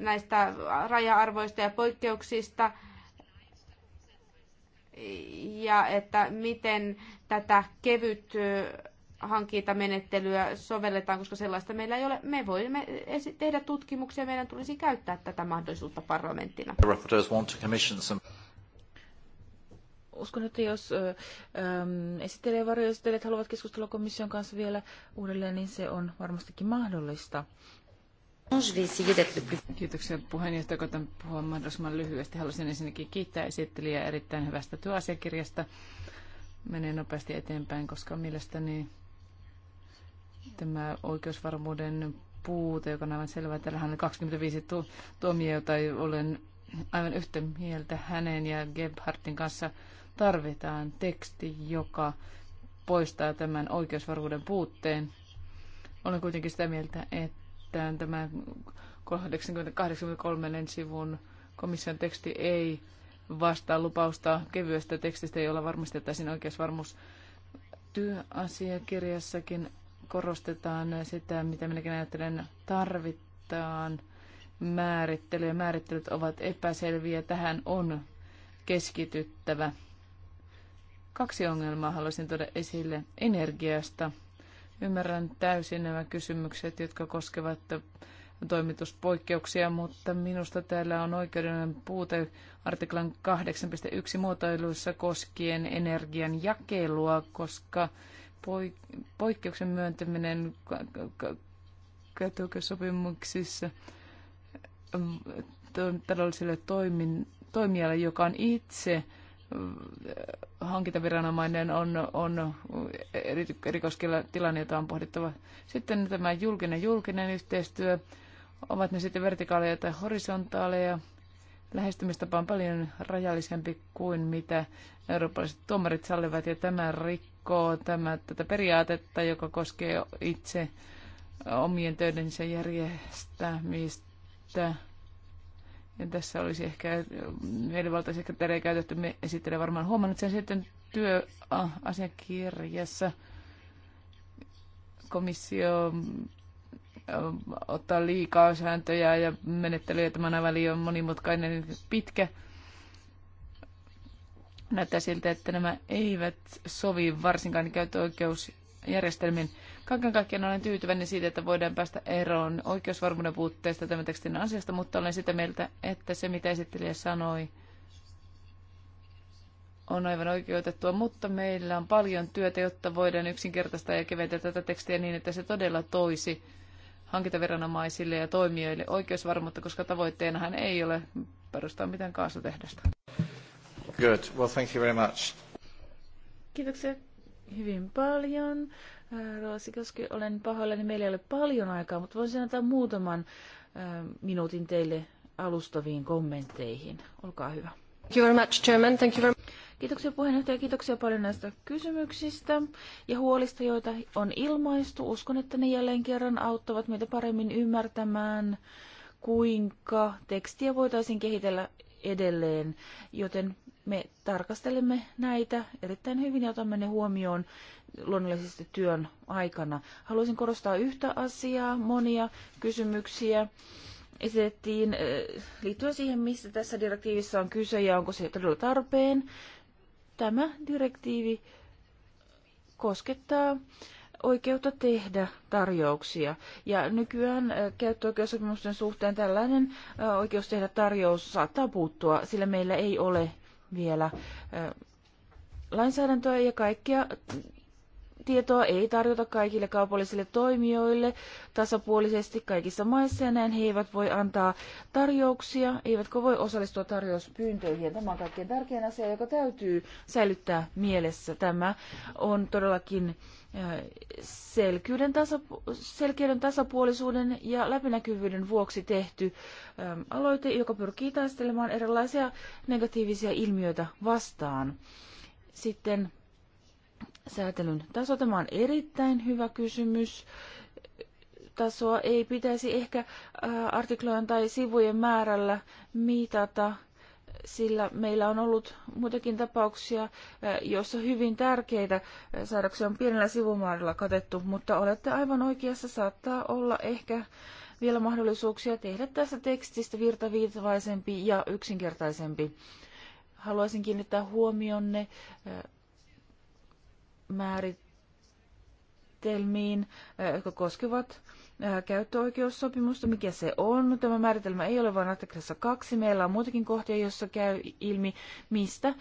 näistä raja-arvoista ja poikkeuksista ja että miten tätä kevyt hankintamenettelyä sovelletaan, koska sellaista meillä ei ole. Me voimme tehdä tutkimuksia, meidän tulisi käyttää tätä mahdollisuutta parlamenttina. Uskon, että jos esittelee esittelijä ja varjoesittelijät haluavat keskustella komission kanssa vielä uudelleen, niin se on varmastikin mahdollista. Kiitoksia puheenjohtaja, koitan puhua mahdollisimman lyhyesti. Haluaisin ensinnäkin kiittää esittelijää erittäin hyvästä työasiakirjasta menee nopeasti eteenpäin, koska mielestäni tämä oikeusvarmuuden puute, joka on aivan selvä, tällähän on 25 tu- tuomiota, ja olen aivan yhtä mieltä hänen ja Gebhardtin kanssa tarvitaan teksti, joka poistaa tämän oikeusvarmuuden puutteen. Olen kuitenkin sitä mieltä, että tämä 83 sivun komission teksti ei Vastaa lupausta kevyestä tekstistä, jolla varmistettaisiin oikeusvarmuus. Työasiakirjassakin korostetaan sitä, mitä minäkin ajattelen tarvittaan määrittely ja määrittelyt ovat epäselviä. Tähän on keskityttävä. Kaksi ongelmaa haluaisin tuoda esille energiasta. Ymmärrän täysin nämä kysymykset, jotka koskevat toimituspoikkeuksia, mutta minusta täällä on oikeudellinen puute artiklan 8.1 muotoiluissa koskien energian jakelua, koska poikkeuksen myöntäminen sopimuksissa taloudelliselle toimijalle, joka on itse äh, hankintaviranomainen on, on tilanne, jota on pohdittava. Sitten tämä julkinen julkinen yhteistyö ovat ne sitten vertikaaleja tai horisontaaleja. Lähestymistapa on paljon rajallisempi kuin mitä eurooppalaiset tuomarit sallivat, ja tämä rikkoo tämä, tätä periaatetta, joka koskee itse omien töidensä järjestämistä. Ja tässä olisi ehkä mielivaltaisia kriteerejä käytetty. Me esittelen varmaan huomannut sen sitten työasiakirjassa. Komissio ottaa liikaa sääntöjä ja menettelyjä. Tämä on aivan liian monimutkainen pitkä. Näyttää siltä, että nämä eivät sovi varsinkaan käyttöoikeusjärjestelmiin. Kaiken kaikkiaan olen tyytyväinen siitä, että voidaan päästä eroon oikeusvarmuuden puutteesta tämän tekstin ansiosta, mutta olen sitä mieltä, että se mitä esittelijä sanoi, on aivan oikeutettua, mutta meillä on paljon työtä, jotta voidaan yksinkertaistaa ja keventää tätä tekstiä niin, että se todella toisi hankintaviranomaisille ja toimijoille oikeusvarmuutta, koska tavoitteenahan ei ole perustaa mitään kaasutehdasta. Good. Well, thank you very much. Kiitoksia hyvin paljon. Äh, Roosi olen pahoillani, niin meillä ei ole paljon aikaa, mutta voisin antaa muutaman äh, minuutin teille alustaviin kommentteihin. Olkaa hyvä. Thank you very much, Chairman. Thank you very much. Kiitoksia puheenjohtaja, kiitoksia paljon näistä kysymyksistä ja huolista, joita on ilmaistu. Uskon, että ne jälleen kerran auttavat meitä paremmin ymmärtämään, kuinka tekstiä voitaisiin kehitellä edelleen, joten me tarkastelemme näitä erittäin hyvin ja otamme ne huomioon luonnollisesti työn aikana. Haluaisin korostaa yhtä asiaa, monia kysymyksiä esitettiin eh, liittyen siihen, mistä tässä direktiivissä on kyse ja onko se todella tarpeen. Tämä direktiivi koskettaa oikeutta tehdä tarjouksia. Ja nykyään äh, käyttöoikeussopimusten suhteen tällainen äh, oikeus tehdä tarjous saattaa puuttua, sillä meillä ei ole vielä äh, lainsäädäntöä ja kaikkia tietoa ei tarjota kaikille kaupallisille toimijoille tasapuolisesti kaikissa maissa ja näin he eivät voi antaa tarjouksia, eivätkö voi osallistua tarjouspyyntöihin. Tämä on kaikkein tärkein asia, joka täytyy säilyttää mielessä. Tämä on todellakin äh, selkeyden, tasapu- selkeyden tasapuolisuuden ja läpinäkyvyyden vuoksi tehty ähm, aloite, joka pyrkii taistelemaan erilaisia negatiivisia ilmiöitä vastaan. Sitten säätelyn taso. Tämä on erittäin hyvä kysymys. Tasoa ei pitäisi ehkä äh, artiklojen tai sivujen määrällä mitata, sillä meillä on ollut muitakin tapauksia, äh, joissa hyvin tärkeitä äh, sairauksia on pienellä sivumäärällä katettu, mutta olette aivan oikeassa, saattaa olla ehkä vielä mahdollisuuksia tehdä tästä tekstistä virtaviivaisempi ja yksinkertaisempi. Haluaisin kiinnittää huomionne määritelmiin, jotka koskevat käyttöoikeussopimusta, mikä se on. Tämä määritelmä ei ole vain artiklassa kaksi. Meillä on muitakin kohtia, jossa käy ilmi, mistä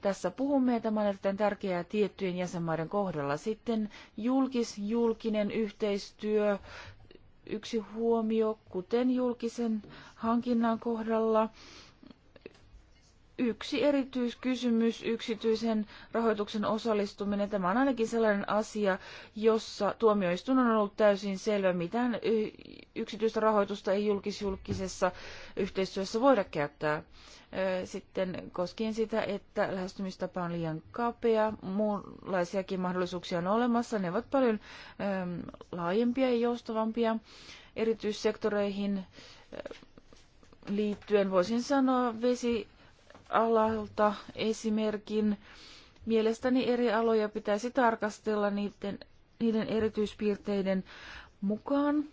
tässä puhumme. Tämä on erittäin tärkeää tiettyjen jäsenmaiden kohdalla. Sitten julkis, julkinen yhteistyö, yksi huomio, kuten julkisen hankinnan kohdalla yksi erityiskysymys, yksityisen rahoituksen osallistuminen. Tämä on ainakin sellainen asia, jossa tuomioistuin on ollut täysin selvä, mitään yksityistä rahoitusta ei julkisjulkisessa yhteistyössä voida käyttää. Sitten koskien sitä, että lähestymistapa on liian kapea, muunlaisiakin mahdollisuuksia on olemassa. Ne ovat paljon laajempia ja joustavampia erityissektoreihin liittyen voisin sanoa vesi, alalta esimerkin. Mielestäni eri aloja pitäisi tarkastella niiden, niiden erityispiirteiden mukaan.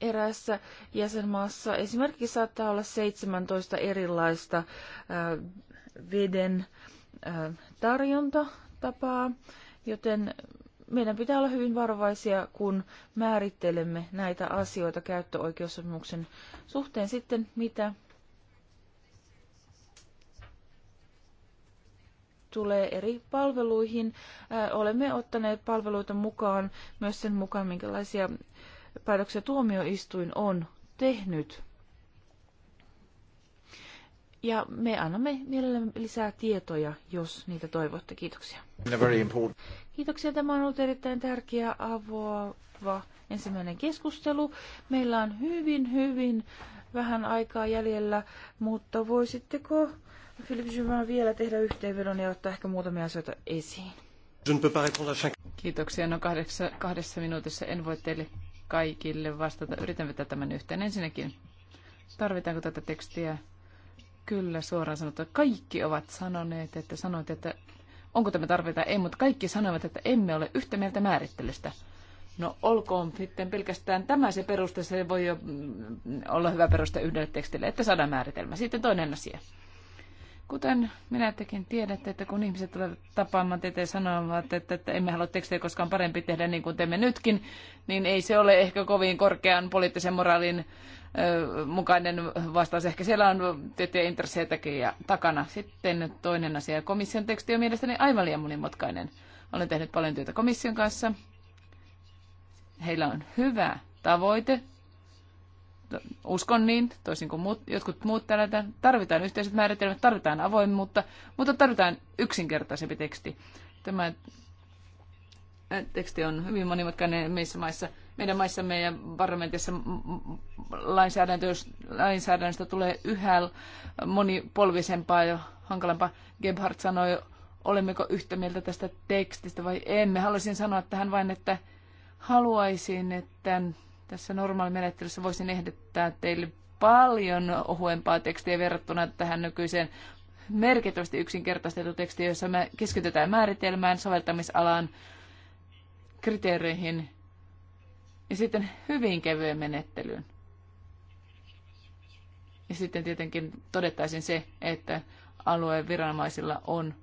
Eräässä jäsenmaassa esimerkiksi saattaa olla 17 erilaista äh, veden äh, tarjontatapaa, joten meidän pitää olla hyvin varovaisia, kun määrittelemme näitä asioita käyttöoikeussopimuksen suhteen sitten, mitä tulee eri palveluihin. Olemme ottaneet palveluita mukaan myös sen mukaan, minkälaisia päätöksiä tuomioistuin on tehnyt. Ja me annamme mielellämme lisää tietoja, jos niitä toivotte. Kiitoksia. Kiitoksia. Tämä on ollut erittäin tärkeä avoava ensimmäinen keskustelu. Meillä on hyvin, hyvin vähän aikaa jäljellä, mutta voisitteko Filip Juvan vielä tehdä yhteenvedon ja ottaa ehkä muutamia asioita esiin? Kiitoksia. No kahdeksa, kahdessa minuutissa en voi teille kaikille vastata. Yritän vetää tämän yhteen. Ensinnäkin, tarvitaanko tätä tekstiä kyllä suoraan sanottu. Kaikki ovat sanoneet, että sanoit, että onko tämä tarvita, ei, mutta kaikki sanovat, että emme ole yhtä mieltä määrittelystä. No olkoon sitten pelkästään tämä se peruste, se voi jo mm, olla hyvä peruste yhdelle tekstille, että saadaan määritelmä. Sitten toinen asia. Kuten minä tekin tiedätte, että kun ihmiset tulevat tapaamaan teitä ja sanovat, että, että emme halua tekstejä, koska on parempi tehdä niin kuin teemme nytkin, niin ei se ole ehkä kovin korkean poliittisen moraalin mukainen vastaus. Ehkä siellä on tiettyjä intressejä takia takana. Sitten toinen asia. Komission teksti on mielestäni aivan liian monimutkainen. Olen tehnyt paljon työtä komission kanssa. Heillä on hyvä tavoite. Uskon niin, toisin kuin muut, jotkut muut täällä. Tarvitaan yhteiset määritelmät, tarvitaan avoimuutta, mutta tarvitaan yksinkertaisempi teksti. Tämä teksti on hyvin monimutkainen meissä maissa meidän maissamme ja parlamentissa lainsäädännöstä tulee yhä monipolvisempaa ja hankalampaa. Gebhardt sanoi, olemmeko yhtä mieltä tästä tekstistä vai emme. Haluaisin sanoa tähän vain, että haluaisin, että tässä normaalimenettelyssä voisin ehdottaa teille paljon ohuempaa tekstiä verrattuna tähän nykyiseen merkittävästi yksinkertaistettu teksti, jossa me keskitytään määritelmään, soveltamisalaan, kriteereihin ja sitten hyvin kevyen menettelyyn. Ja sitten tietenkin todettaisin se, että alueen viranomaisilla on,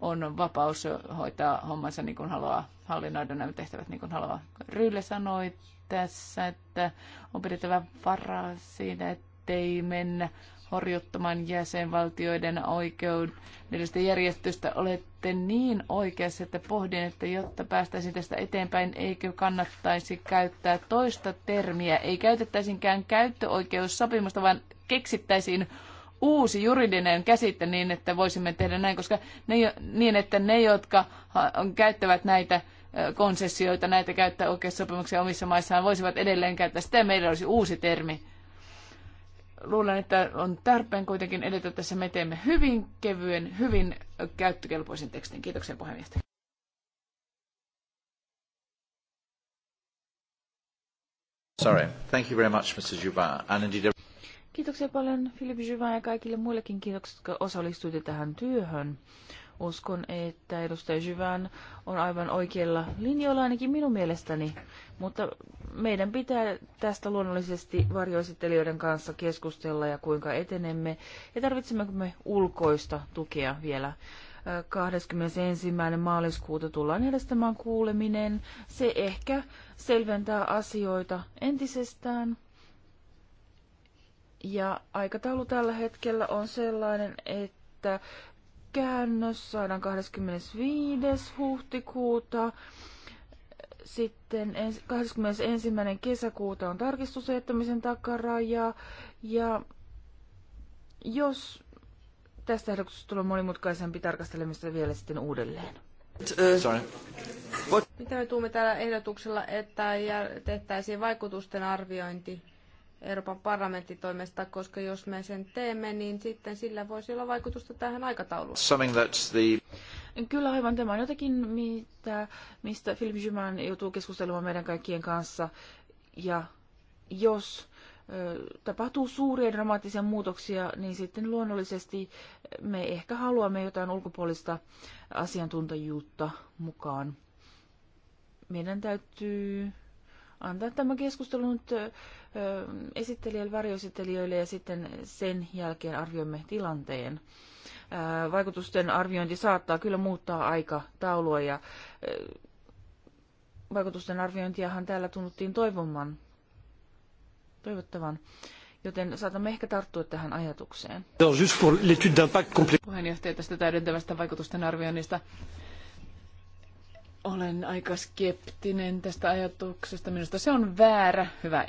on vapaus hoitaa hommansa niin kuin haluaa, hallinnoida nämä tehtävät niin kuin haluaa. Ryyle sanoi tässä, että on pidettävä varaa siinä, ettei mennä horjuttamaan jäsenvaltioiden oikeudellista järjestystä. Olette niin oikeassa, että pohdin, että jotta päästäisiin tästä eteenpäin, eikö kannattaisi käyttää toista termiä. Ei käytettäisinkään käyttöoikeussopimusta, vaan keksittäisiin uusi juridinen käsite niin, että voisimme tehdä näin, koska ne, niin, että ne, jotka käyttävät näitä konsessioita, näitä käyttää omissa maissaan, voisivat edelleen käyttää sitä. Meillä olisi uusi termi luulen, että on tarpeen kuitenkin edetä tässä. Me teemme hyvin kevyen, hyvin käyttökelpoisen tekstin. Kiitoksia puhemies. Sorry. Thank you very much, Mr. Juvin. And indeed... Kiitoksia paljon Philippe Juvin ja kaikille muillekin kiitokset, jotka osallistuitte tähän työhön. Uskon, että edustaja Jyvän on aivan oikeilla linjoilla ainakin minun mielestäni, mutta meidän pitää tästä luonnollisesti varjoesittelijöiden kanssa keskustella ja kuinka etenemme ja tarvitsemmeko me ulkoista tukea vielä. 21. maaliskuuta tullaan järjestämään kuuleminen. Se ehkä selventää asioita entisestään. Ja aikataulu tällä hetkellä on sellainen, että käännös saadaan 25. huhtikuuta. Sitten 21. kesäkuuta on tarkistusjättämisen takaraja. Ja jos tästä ehdotuksesta tulee monimutkaisempi, tarkastelemista vielä sitten uudelleen. Sorry. Mitä me tuumme tällä ehdotuksella, että tehtäisiin vaikutusten arviointi? Euroopan parlamentin toimesta, koska jos me sen teemme, niin sitten sillä voisi olla vaikutusta tähän aikatauluun. The... Kyllä aivan tämä on jotakin, mitä, mistä Philip Juman joutuu keskustelemaan meidän kaikkien kanssa. Ja jos tapahtuu suuria dramaattisia muutoksia, niin sitten luonnollisesti me ehkä haluamme jotain ulkopuolista asiantuntijuutta mukaan. Meidän täytyy antaa tämä keskustelu nyt esittelijöille, varjoesittelijöille ja sitten sen jälkeen arvioimme tilanteen. Vaikutusten arviointi saattaa kyllä muuttaa aikataulua ja vaikutusten arviointiahan täällä tunnuttiin toivomaan, toivottavan, joten saatamme ehkä tarttua tähän ajatukseen. Puheenjohtaja tästä täydentävästä vaikutusten arvioinnista olen aika skeptinen tästä ajatuksesta. Minusta se on väärä hyvä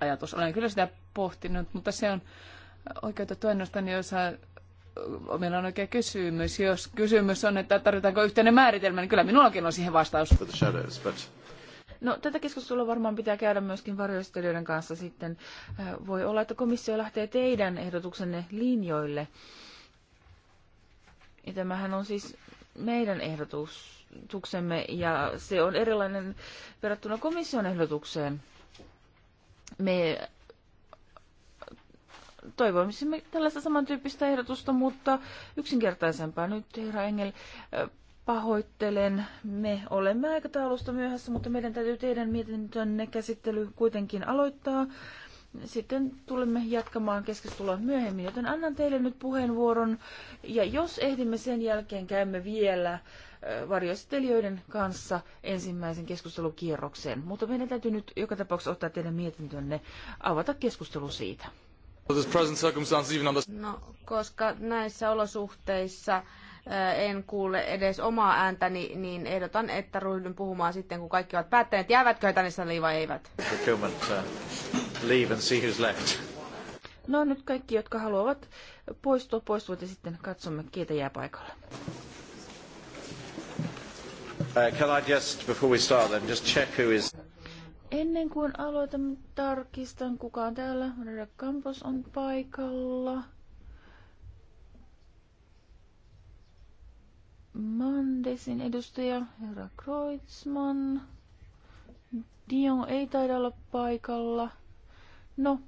ajatus. Olen kyllä sitä pohtinut, mutta se on oikeutettu niin, jos meillä on oikea kysymys. Jos kysymys on, että tarvitaanko yhteinen määritelmä, niin kyllä minullakin on siihen vastaus. No, tätä keskustelua varmaan pitää käydä myöskin varjoistelijoiden kanssa sitten. Äh, voi olla, että komissio lähtee teidän ehdotuksenne linjoille. Ja tämähän on siis meidän ehdotus ehdotuksemme ja se on erilainen verrattuna komission ehdotukseen. Me toivoisimme tällaista samantyyppistä ehdotusta, mutta yksinkertaisempaa. Nyt herra Engel, äh, pahoittelen. Me olemme aikataulusta myöhässä, mutta meidän täytyy teidän mietintönne käsittely kuitenkin aloittaa. Sitten tulemme jatkamaan keskustelua myöhemmin, joten annan teille nyt puheenvuoron. Ja jos ehdimme sen jälkeen, käymme vielä varjoistelijoiden kanssa ensimmäisen keskustelukierroksen. Mutta meidän täytyy nyt joka tapauksessa ottaa teidän mietintönne, avata keskustelu siitä. No, koska näissä olosuhteissa en kuule edes omaa ääntäni, niin ehdotan, että ryhdyn puhumaan sitten, kun kaikki ovat päättäneet, jäävätkö he tänne saliin vai eivät. Uh, no nyt kaikki, jotka haluavat poistua, poistuvat ja sitten katsomme, ketä jää paikalle. Uh, can I just, before we start then, just check who is... Ennen kuin aloitan, tarkistan kuka on täällä. Maria Campos on paikalla. Mandesin edustaja, herra Kreutzmann. Dion ei taida olla paikalla. No,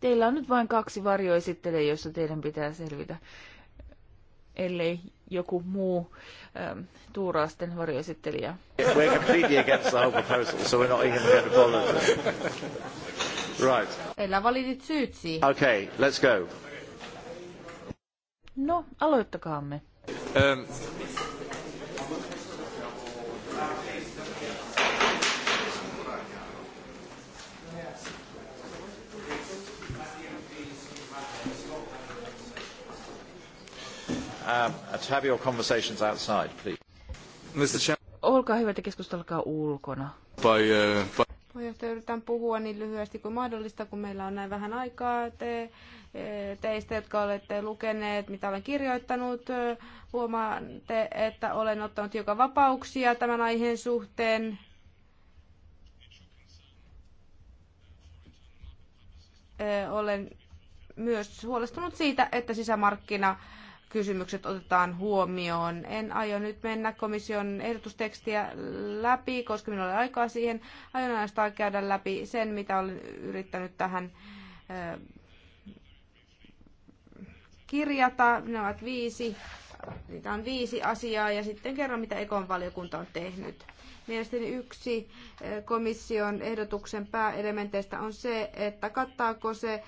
teillä on nyt vain kaksi varjoesittelijää, joissa teidän pitää selvitä. Ellei joku muu ähm, tuuraasten varjoesittelijä. We're completely against the whole proposal, so we're not even going to bother. Right. Teillä on validit syyt siihen. Okay, let's go. No, aloittakaamme. Um, Um, uh, to have your conversations outside, please. Mr. Chairman. Olkaa hyvä, että keskustelkaa ulkona. By, uh, by... Puheenjohtaja, yritän puhua niin lyhyesti kuin mahdollista, kun meillä on näin vähän aikaa. Te, eh, teistä, jotka olette lukeneet, mitä olen kirjoittanut, eh, huomaatte, että olen ottanut joka vapauksia tämän aiheen suhteen. Eh, olen myös huolestunut siitä, että sisämarkkina kysymykset otetaan huomioon. En aio nyt mennä komission ehdotustekstiä läpi, koska minulla ei ole aikaa siihen. Aion ainoastaan käydä läpi sen, mitä olen yrittänyt tähän kirjata. Ne ovat viisi niitä on viisi asiaa ja sitten kerron, mitä Ekon valiokunta on tehnyt. Mielestäni yksi eh, komission ehdotuksen pääelementeistä on se, että kattaako se eh,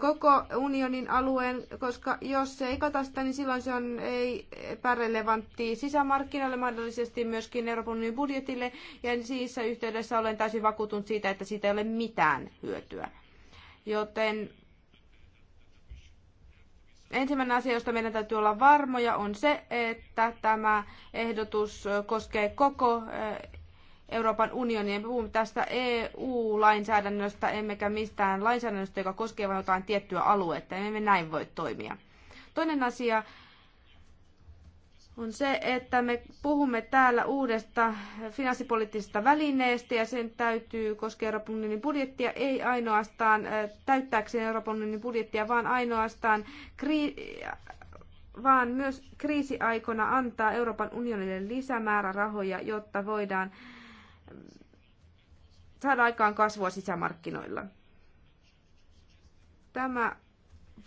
koko unionin alueen, koska jos se ei kata sitä, niin silloin se on ei epärelevantti sisämarkkinoille, mahdollisesti myöskin Euroopan unionin budjetille, ja siissä yhteydessä olen täysin vakuutunut siitä, että siitä ei ole mitään hyötyä. Joten Ensimmäinen asia, josta meidän täytyy olla varmoja, on se, että tämä ehdotus koskee koko eh, Euroopan unionia. Me puhumme tästä EU-lainsäädännöstä, emmekä mistään lainsäädännöstä, joka koskee vain jotain tiettyä aluetta. Emme näin voi toimia. Toinen asia, on se, että me puhumme täällä uudesta finanssipoliittisesta välineestä ja sen täytyy koskea Euroopan unionin budjettia, ei ainoastaan äh, täyttääkseen Euroopan unionin budjettia, vaan ainoastaan vaan myös kriisiaikona antaa Euroopan unionille lisämäärärahoja, jotta voidaan äh, saada aikaan kasvua sisämarkkinoilla. Tämä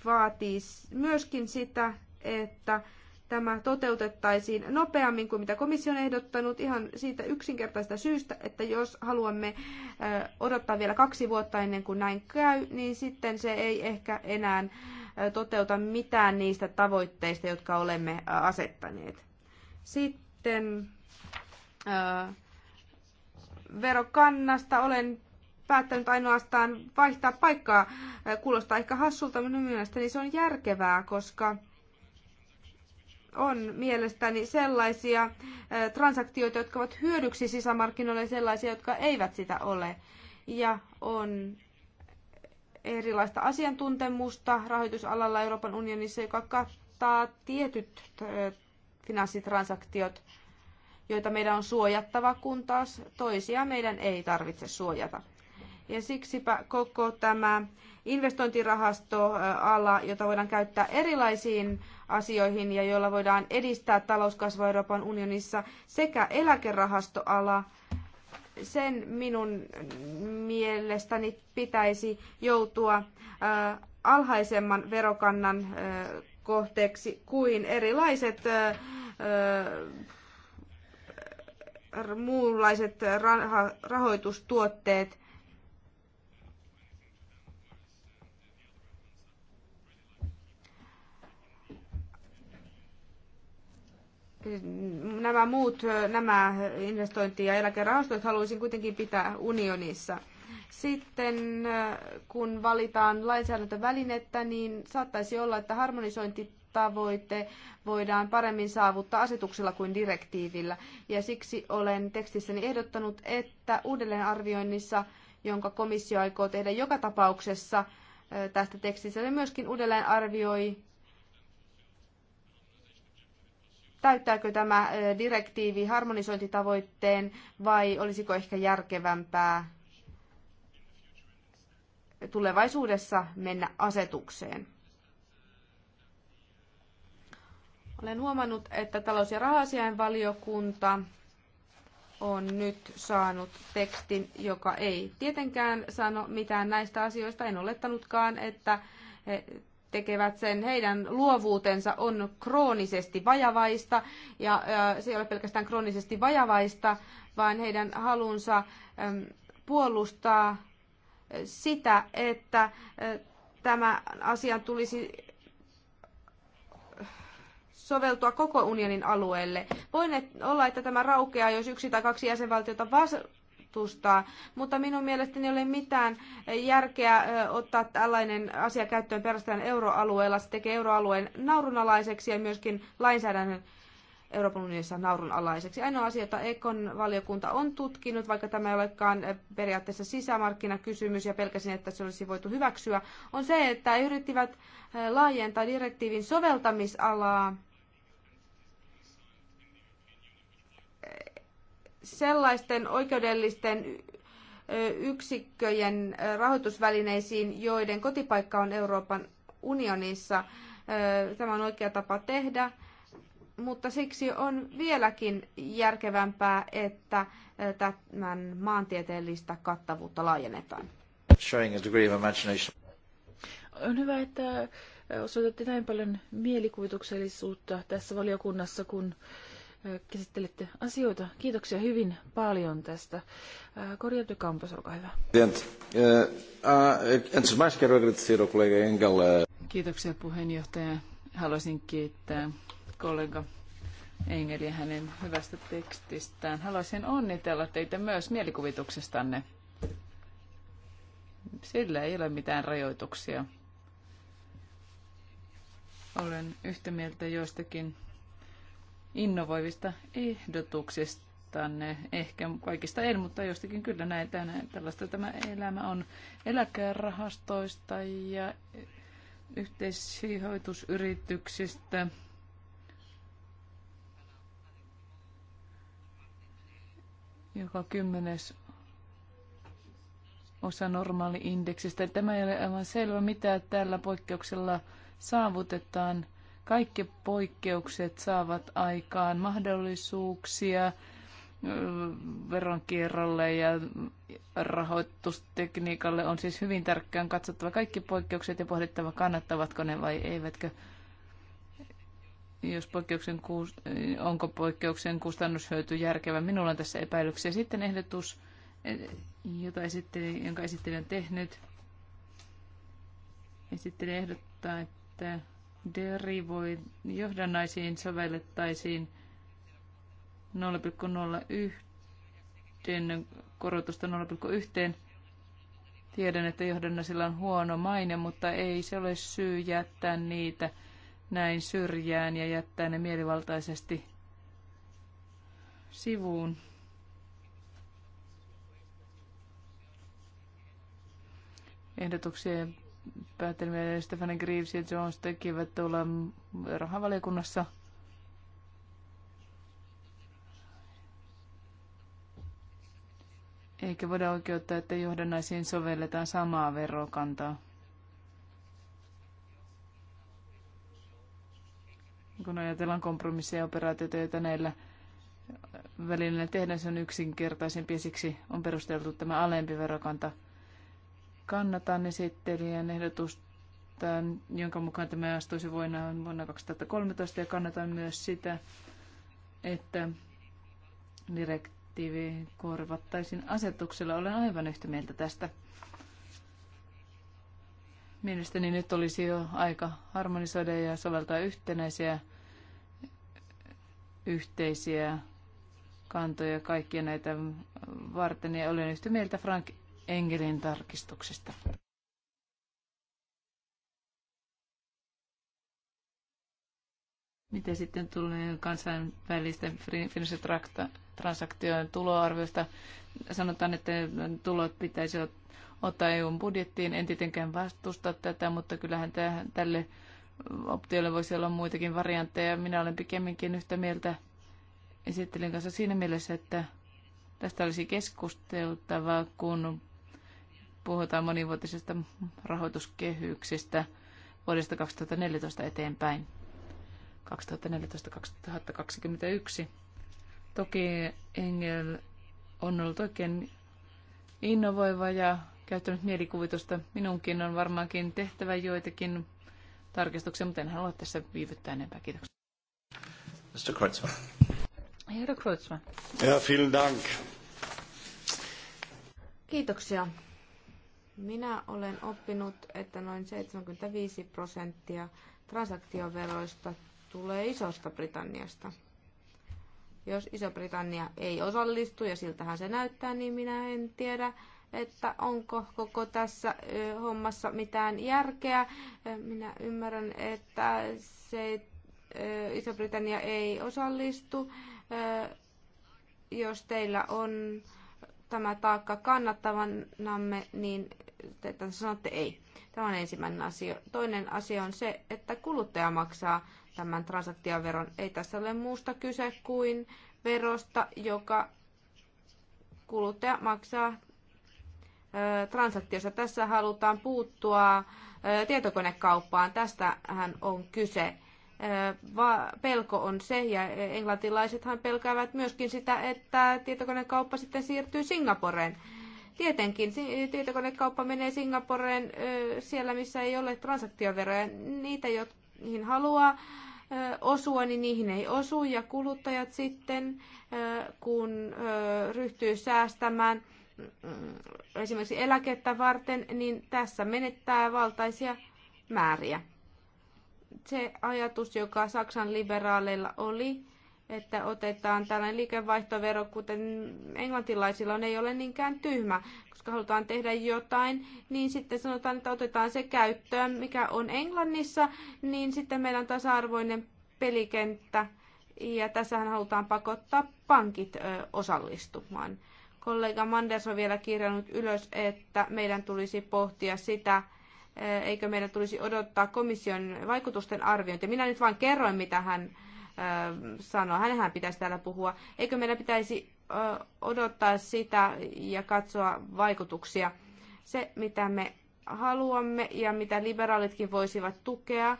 vaatii myöskin sitä, että tämä toteutettaisiin nopeammin kuin mitä komissio on ehdottanut ihan siitä yksinkertaista syystä, että jos haluamme odottaa vielä kaksi vuotta ennen kuin näin käy, niin sitten se ei ehkä enää toteuta mitään niistä tavoitteista, jotka olemme asettaneet. Sitten verokannasta olen päättänyt ainoastaan vaihtaa paikkaa. Kuulostaa ehkä hassulta, mutta minun mielestäni se on järkevää, koska on mielestäni sellaisia transaktioita, jotka ovat hyödyksi sisämarkkinoille ja sellaisia, jotka eivät sitä ole. Ja on erilaista asiantuntemusta rahoitusalalla Euroopan unionissa, joka kattaa tietyt finanssitransaktiot, joita meidän on suojattava, kun taas toisia meidän ei tarvitse suojata. Ja siksipä koko tämä investointirahastoala, jota voidaan käyttää erilaisiin asioihin ja joilla voidaan edistää talouskasvua Euroopan unionissa, sekä eläkerahastoala, sen minun mielestäni pitäisi joutua äh, alhaisemman verokannan äh, kohteeksi kuin erilaiset äh, muunlaiset rahoitustuotteet, nämä muut, nämä investointi- ja eläkerahastot haluaisin kuitenkin pitää unionissa. Sitten kun valitaan lainsäädäntövälinettä, niin saattaisi olla, että harmonisointi tavoite voidaan paremmin saavuttaa asetuksella kuin direktiivillä. Ja siksi olen tekstissäni ehdottanut, että uudelleenarvioinnissa, jonka komissio aikoo tehdä joka tapauksessa tästä tekstistä, se niin myöskin uudelleenarvioi täyttääkö tämä direktiivi harmonisointitavoitteen vai olisiko ehkä järkevämpää tulevaisuudessa mennä asetukseen. Olen huomannut, että talous- ja valiokunta on nyt saanut tekstin, joka ei tietenkään sano mitään näistä asioista. En olettanutkaan, että tekevät sen. Heidän luovuutensa on kroonisesti vajavaista ja se ei ole pelkästään kroonisesti vajavaista, vaan heidän halunsa puolustaa sitä, että tämä asia tulisi soveltua koko unionin alueelle. Voin olla, että tämä raukeaa, jos yksi tai kaksi jäsenvaltiota vastustaa, mutta minun mielestäni ei ole mitään järkeä ottaa tällainen asia käyttöön perustajan euroalueella. Se tekee euroalueen naurunalaiseksi ja myöskin lainsäädännön Euroopan unionissa naurunalaiseksi. Ainoa asia, jota Ekon valiokunta on tutkinut, vaikka tämä ei olekaan periaatteessa sisämarkkinakysymys ja pelkäsin, että se olisi voitu hyväksyä, on se, että yrittivät laajentaa direktiivin soveltamisalaa sellaisten oikeudellisten yksikköjen rahoitusvälineisiin, joiden kotipaikka on Euroopan unionissa. Tämä on oikea tapa tehdä, mutta siksi on vieläkin järkevämpää, että tämän maantieteellistä kattavuutta laajennetaan. On hyvä, että osoitatte näin paljon mielikuvituksellisuutta tässä valiokunnassa, kun käsittelette asioita. Kiitoksia hyvin paljon tästä. Korjautu Kampos, olkaa hyvä. Kiitoksia puheenjohtaja. Haluaisin kiittää kollega Engeliä hänen hyvästä tekstistään. Haluaisin onnitella teitä myös mielikuvituksestanne. Sillä ei ole mitään rajoituksia. Olen yhtä mieltä joistakin innovoivista ehdotuksistanne. Ehkä kaikista en, mutta jostakin kyllä näin Tällaista tämä elämä on eläkerahastoista ja yhteishoitusyrityksistä. Joka kymmenes osa normaali-indeksistä. Tämä ei ole aivan selvä, mitä tällä poikkeuksella saavutetaan – kaikki poikkeukset saavat aikaan mahdollisuuksia veronkierrolle ja rahoitustekniikalle on siis hyvin tärkeää katsottava kaikki poikkeukset ja pohdittava, kannattavatko ne vai eivätkö. Jos poikkeuksen, onko poikkeuksen kustannushyöty järkevä. Minulla on tässä epäilyksiä. Sitten ehdotus, e, jota esitteli, jonka esittelijä on tehnyt. Esittelijä ehdottaa, että derivoi johdannaisiin sovellettaisiin 0,01 korotusta 0,1. Tiedän, että johdannaisilla on huono maine, mutta ei se ole syy jättää niitä näin syrjään ja jättää ne mielivaltaisesti sivuun. Ehdotuksia päätelmiä Stefan Greaves ja Jones tekivät tuolla rahavaliokunnassa. Eikä voida oikeuttaa, että johdannaisiin sovelletaan samaa verokantaa. Kun ajatellaan kompromisseja ja operaatioita, joita näillä välineillä tehdään, se on yksinkertaisempi siksi on perusteltu tämä alempi verokanta – Kannatan esittelijän ehdotusta, jonka mukaan tämä astuisi vuonna 2013 ja kannatan myös sitä, että direktiivi korvattaisiin asetuksella. Olen aivan yhtä mieltä tästä. Mielestäni nyt olisi jo aika harmonisoida ja soveltaa yhtenäisiä yhteisiä kantoja kaikkia näitä varten. Ja olen yhtä mieltä Frank Engelin tarkistuksesta. Mitä sitten tulee kansainvälisten transaktioiden tuloarvioista? Sanotaan, että tulot pitäisi ottaa EUn budjettiin. En tietenkään vastusta tätä, mutta kyllähän tälle optiolle voisi olla muitakin variantteja. Minä olen pikemminkin yhtä mieltä esittelin kanssa siinä mielessä, että tästä olisi keskusteltava, kun puhutaan monivuotisista rahoituskehyksistä vuodesta 2014 eteenpäin. 2014-2021. Toki Engel on ollut oikein innovoiva ja käyttänyt mielikuvitusta. Minunkin on varmaankin tehtävä joitakin tarkistuksia, mutta en halua tässä viivyttää enempää. Kiitoksia. Mr. Kreutzmann. Herra Kreutzmann. Ja, vielen Dank. Kiitoksia. Minä olen oppinut, että noin 75 prosenttia transaktioveroista tulee Isosta Britanniasta. Jos Iso-Britannia ei osallistu, ja siltähän se näyttää, niin minä en tiedä, että onko koko tässä hommassa mitään järkeä. Minä ymmärrän, että se Iso-Britannia ei osallistu. Jos teillä on tämä taakka kannattavanamme, niin te, te sanotte ei. Tämä on ensimmäinen asia. Toinen asia on se, että kuluttaja maksaa tämän transaktioveron. Ei tässä ole muusta kyse kuin verosta, joka kuluttaja maksaa transaktiossa. Tässä halutaan puuttua tietokonekauppaan. Tästähän on kyse. Pelko on se, ja englantilaisethan pelkäävät myöskin sitä, että tietokonekauppa sitten siirtyy Singaporeen. Tietenkin tietokonekauppa menee Singaporeen siellä, missä ei ole transaktioveroja. Niitä, joihin haluaa osua, niin niihin ei osu. Ja kuluttajat sitten, kun ryhtyy säästämään mm, esimerkiksi eläkettä varten, niin tässä menettää valtaisia määriä. Se ajatus, joka Saksan liberaaleilla oli, että otetaan tällainen liikevaihtovero, kuten englantilaisilla on, ei ole niinkään tyhmä, koska halutaan tehdä jotain, niin sitten sanotaan, että otetaan se käyttöön, mikä on Englannissa, niin sitten meillä on tasa-arvoinen pelikenttä. Ja tässähän halutaan pakottaa pankit osallistumaan. Kollega Manders on vielä kirjannut ylös, että meidän tulisi pohtia sitä, eikö meidän tulisi odottaa komission vaikutusten arviointia. Minä nyt vain kerroin, mitä hän sanoa. Hänenhän pitäisi täällä puhua. Eikö meidän pitäisi odottaa sitä ja katsoa vaikutuksia? Se, mitä me haluamme ja mitä liberaalitkin voisivat tukea,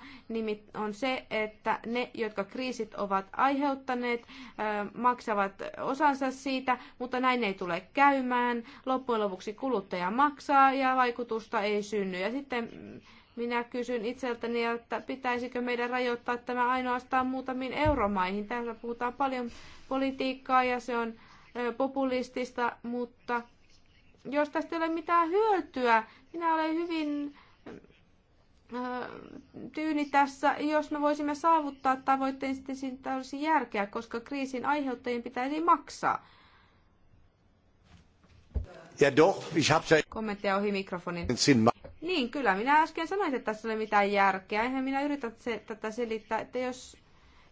on se, että ne, jotka kriisit ovat aiheuttaneet, maksavat osansa siitä, mutta näin ei tule käymään. Loppujen lopuksi kuluttaja maksaa ja vaikutusta ei synny. Ja sitten minä kysyn itseltäni, että pitäisikö meidän rajoittaa tämä ainoastaan muutamiin euromaihin. Täällä puhutaan paljon politiikkaa ja se on populistista, mutta jos tästä ei ole mitään hyötyä, minä olen hyvin tyyni tässä, jos me voisimme saavuttaa tavoitteen, sitten siitä olisi järkeä, koska kriisin aiheuttajien pitäisi maksaa. Ja doch, ich hab's ja... Kommentteja ohi mikrofonin. Niin, kyllä minä äsken sanoin, että tässä ei ole mitään järkeä. Eihän minä yritä se, tätä selittää, että jos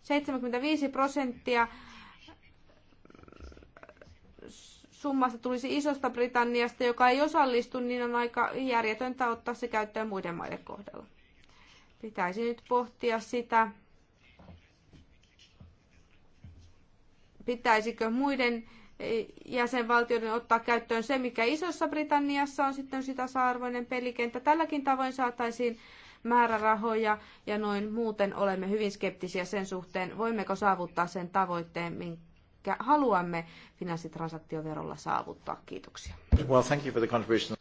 75 prosenttia summasta tulisi isosta Britanniasta, joka ei osallistu, niin on aika järjetöntä ottaa se käyttöön muiden maiden kohdalla. Pitäisi nyt pohtia sitä, pitäisikö muiden jäsenvaltioiden ottaa käyttöön se, mikä Isossa Britanniassa on sitten sitä saarvoinen pelikenttä. Tälläkin tavoin saataisiin määrärahoja ja noin muuten olemme hyvin skeptisiä sen suhteen, voimmeko saavuttaa sen tavoitteen, minkä haluamme finanssitransaktioverolla saavuttaa. Kiitoksia. Well, thank you for the contribution.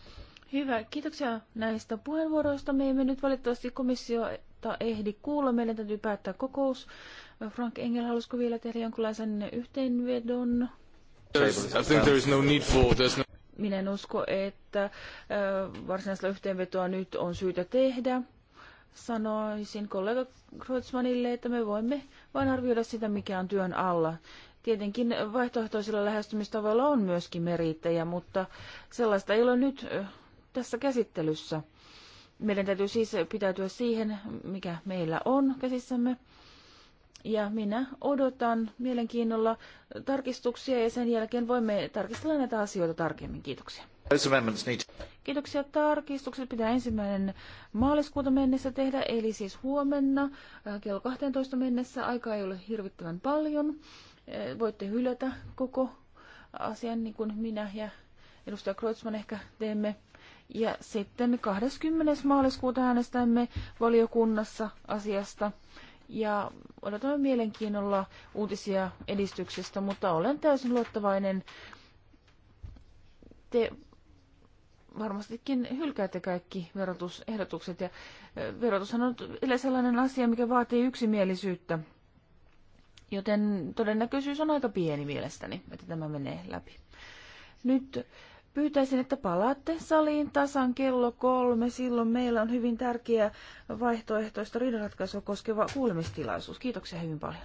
Hyvä, kiitoksia näistä puheenvuoroista. Me emme nyt valitettavasti komissiota ehdi kuulla. Meidän täytyy päättää kokous. Frank Engel, halusiko vielä tehdä jonkinlaisen yhteenvedon? No no- Minä en usko, että varsinaista yhteenvetoa nyt on syytä tehdä. Sanoisin kollega Kreutzmannille, että me voimme vain arvioida sitä, mikä on työn alla. Tietenkin vaihtoehtoisilla lähestymistavoilla on myöskin merittäjä, mutta sellaista ei ole nyt tässä käsittelyssä. Meidän täytyy siis pitäytyä siihen, mikä meillä on käsissämme. Ja minä odotan mielenkiinnolla tarkistuksia ja sen jälkeen voimme tarkistella näitä asioita tarkemmin. Kiitoksia. Kiitoksia. Tarkistukset pitää ensimmäinen maaliskuuta mennessä tehdä, eli siis huomenna äh, kello 12 mennessä. Aika ei ole hirvittävän paljon. Äh, voitte hylätä koko asian, niin kuin minä ja edustaja Kreutzmann ehkä teemme. Ja sitten 20. maaliskuuta äänestämme valiokunnassa asiasta ja odotamme mielenkiinnolla uutisia edistyksestä, mutta olen täysin luottavainen. Te varmastikin hylkäätte kaikki verotusehdotukset ja verotushan on yleensä sellainen asia, mikä vaatii yksimielisyyttä. Joten todennäköisyys on aika pieni mielestäni, että tämä menee läpi. Nyt Pyytäisin, että palaatte saliin tasan kello kolme. Silloin meillä on hyvin tärkeä vaihtoehtoista riidanratkaisua koskeva kuulemistilaisuus. Kiitoksia hyvin paljon.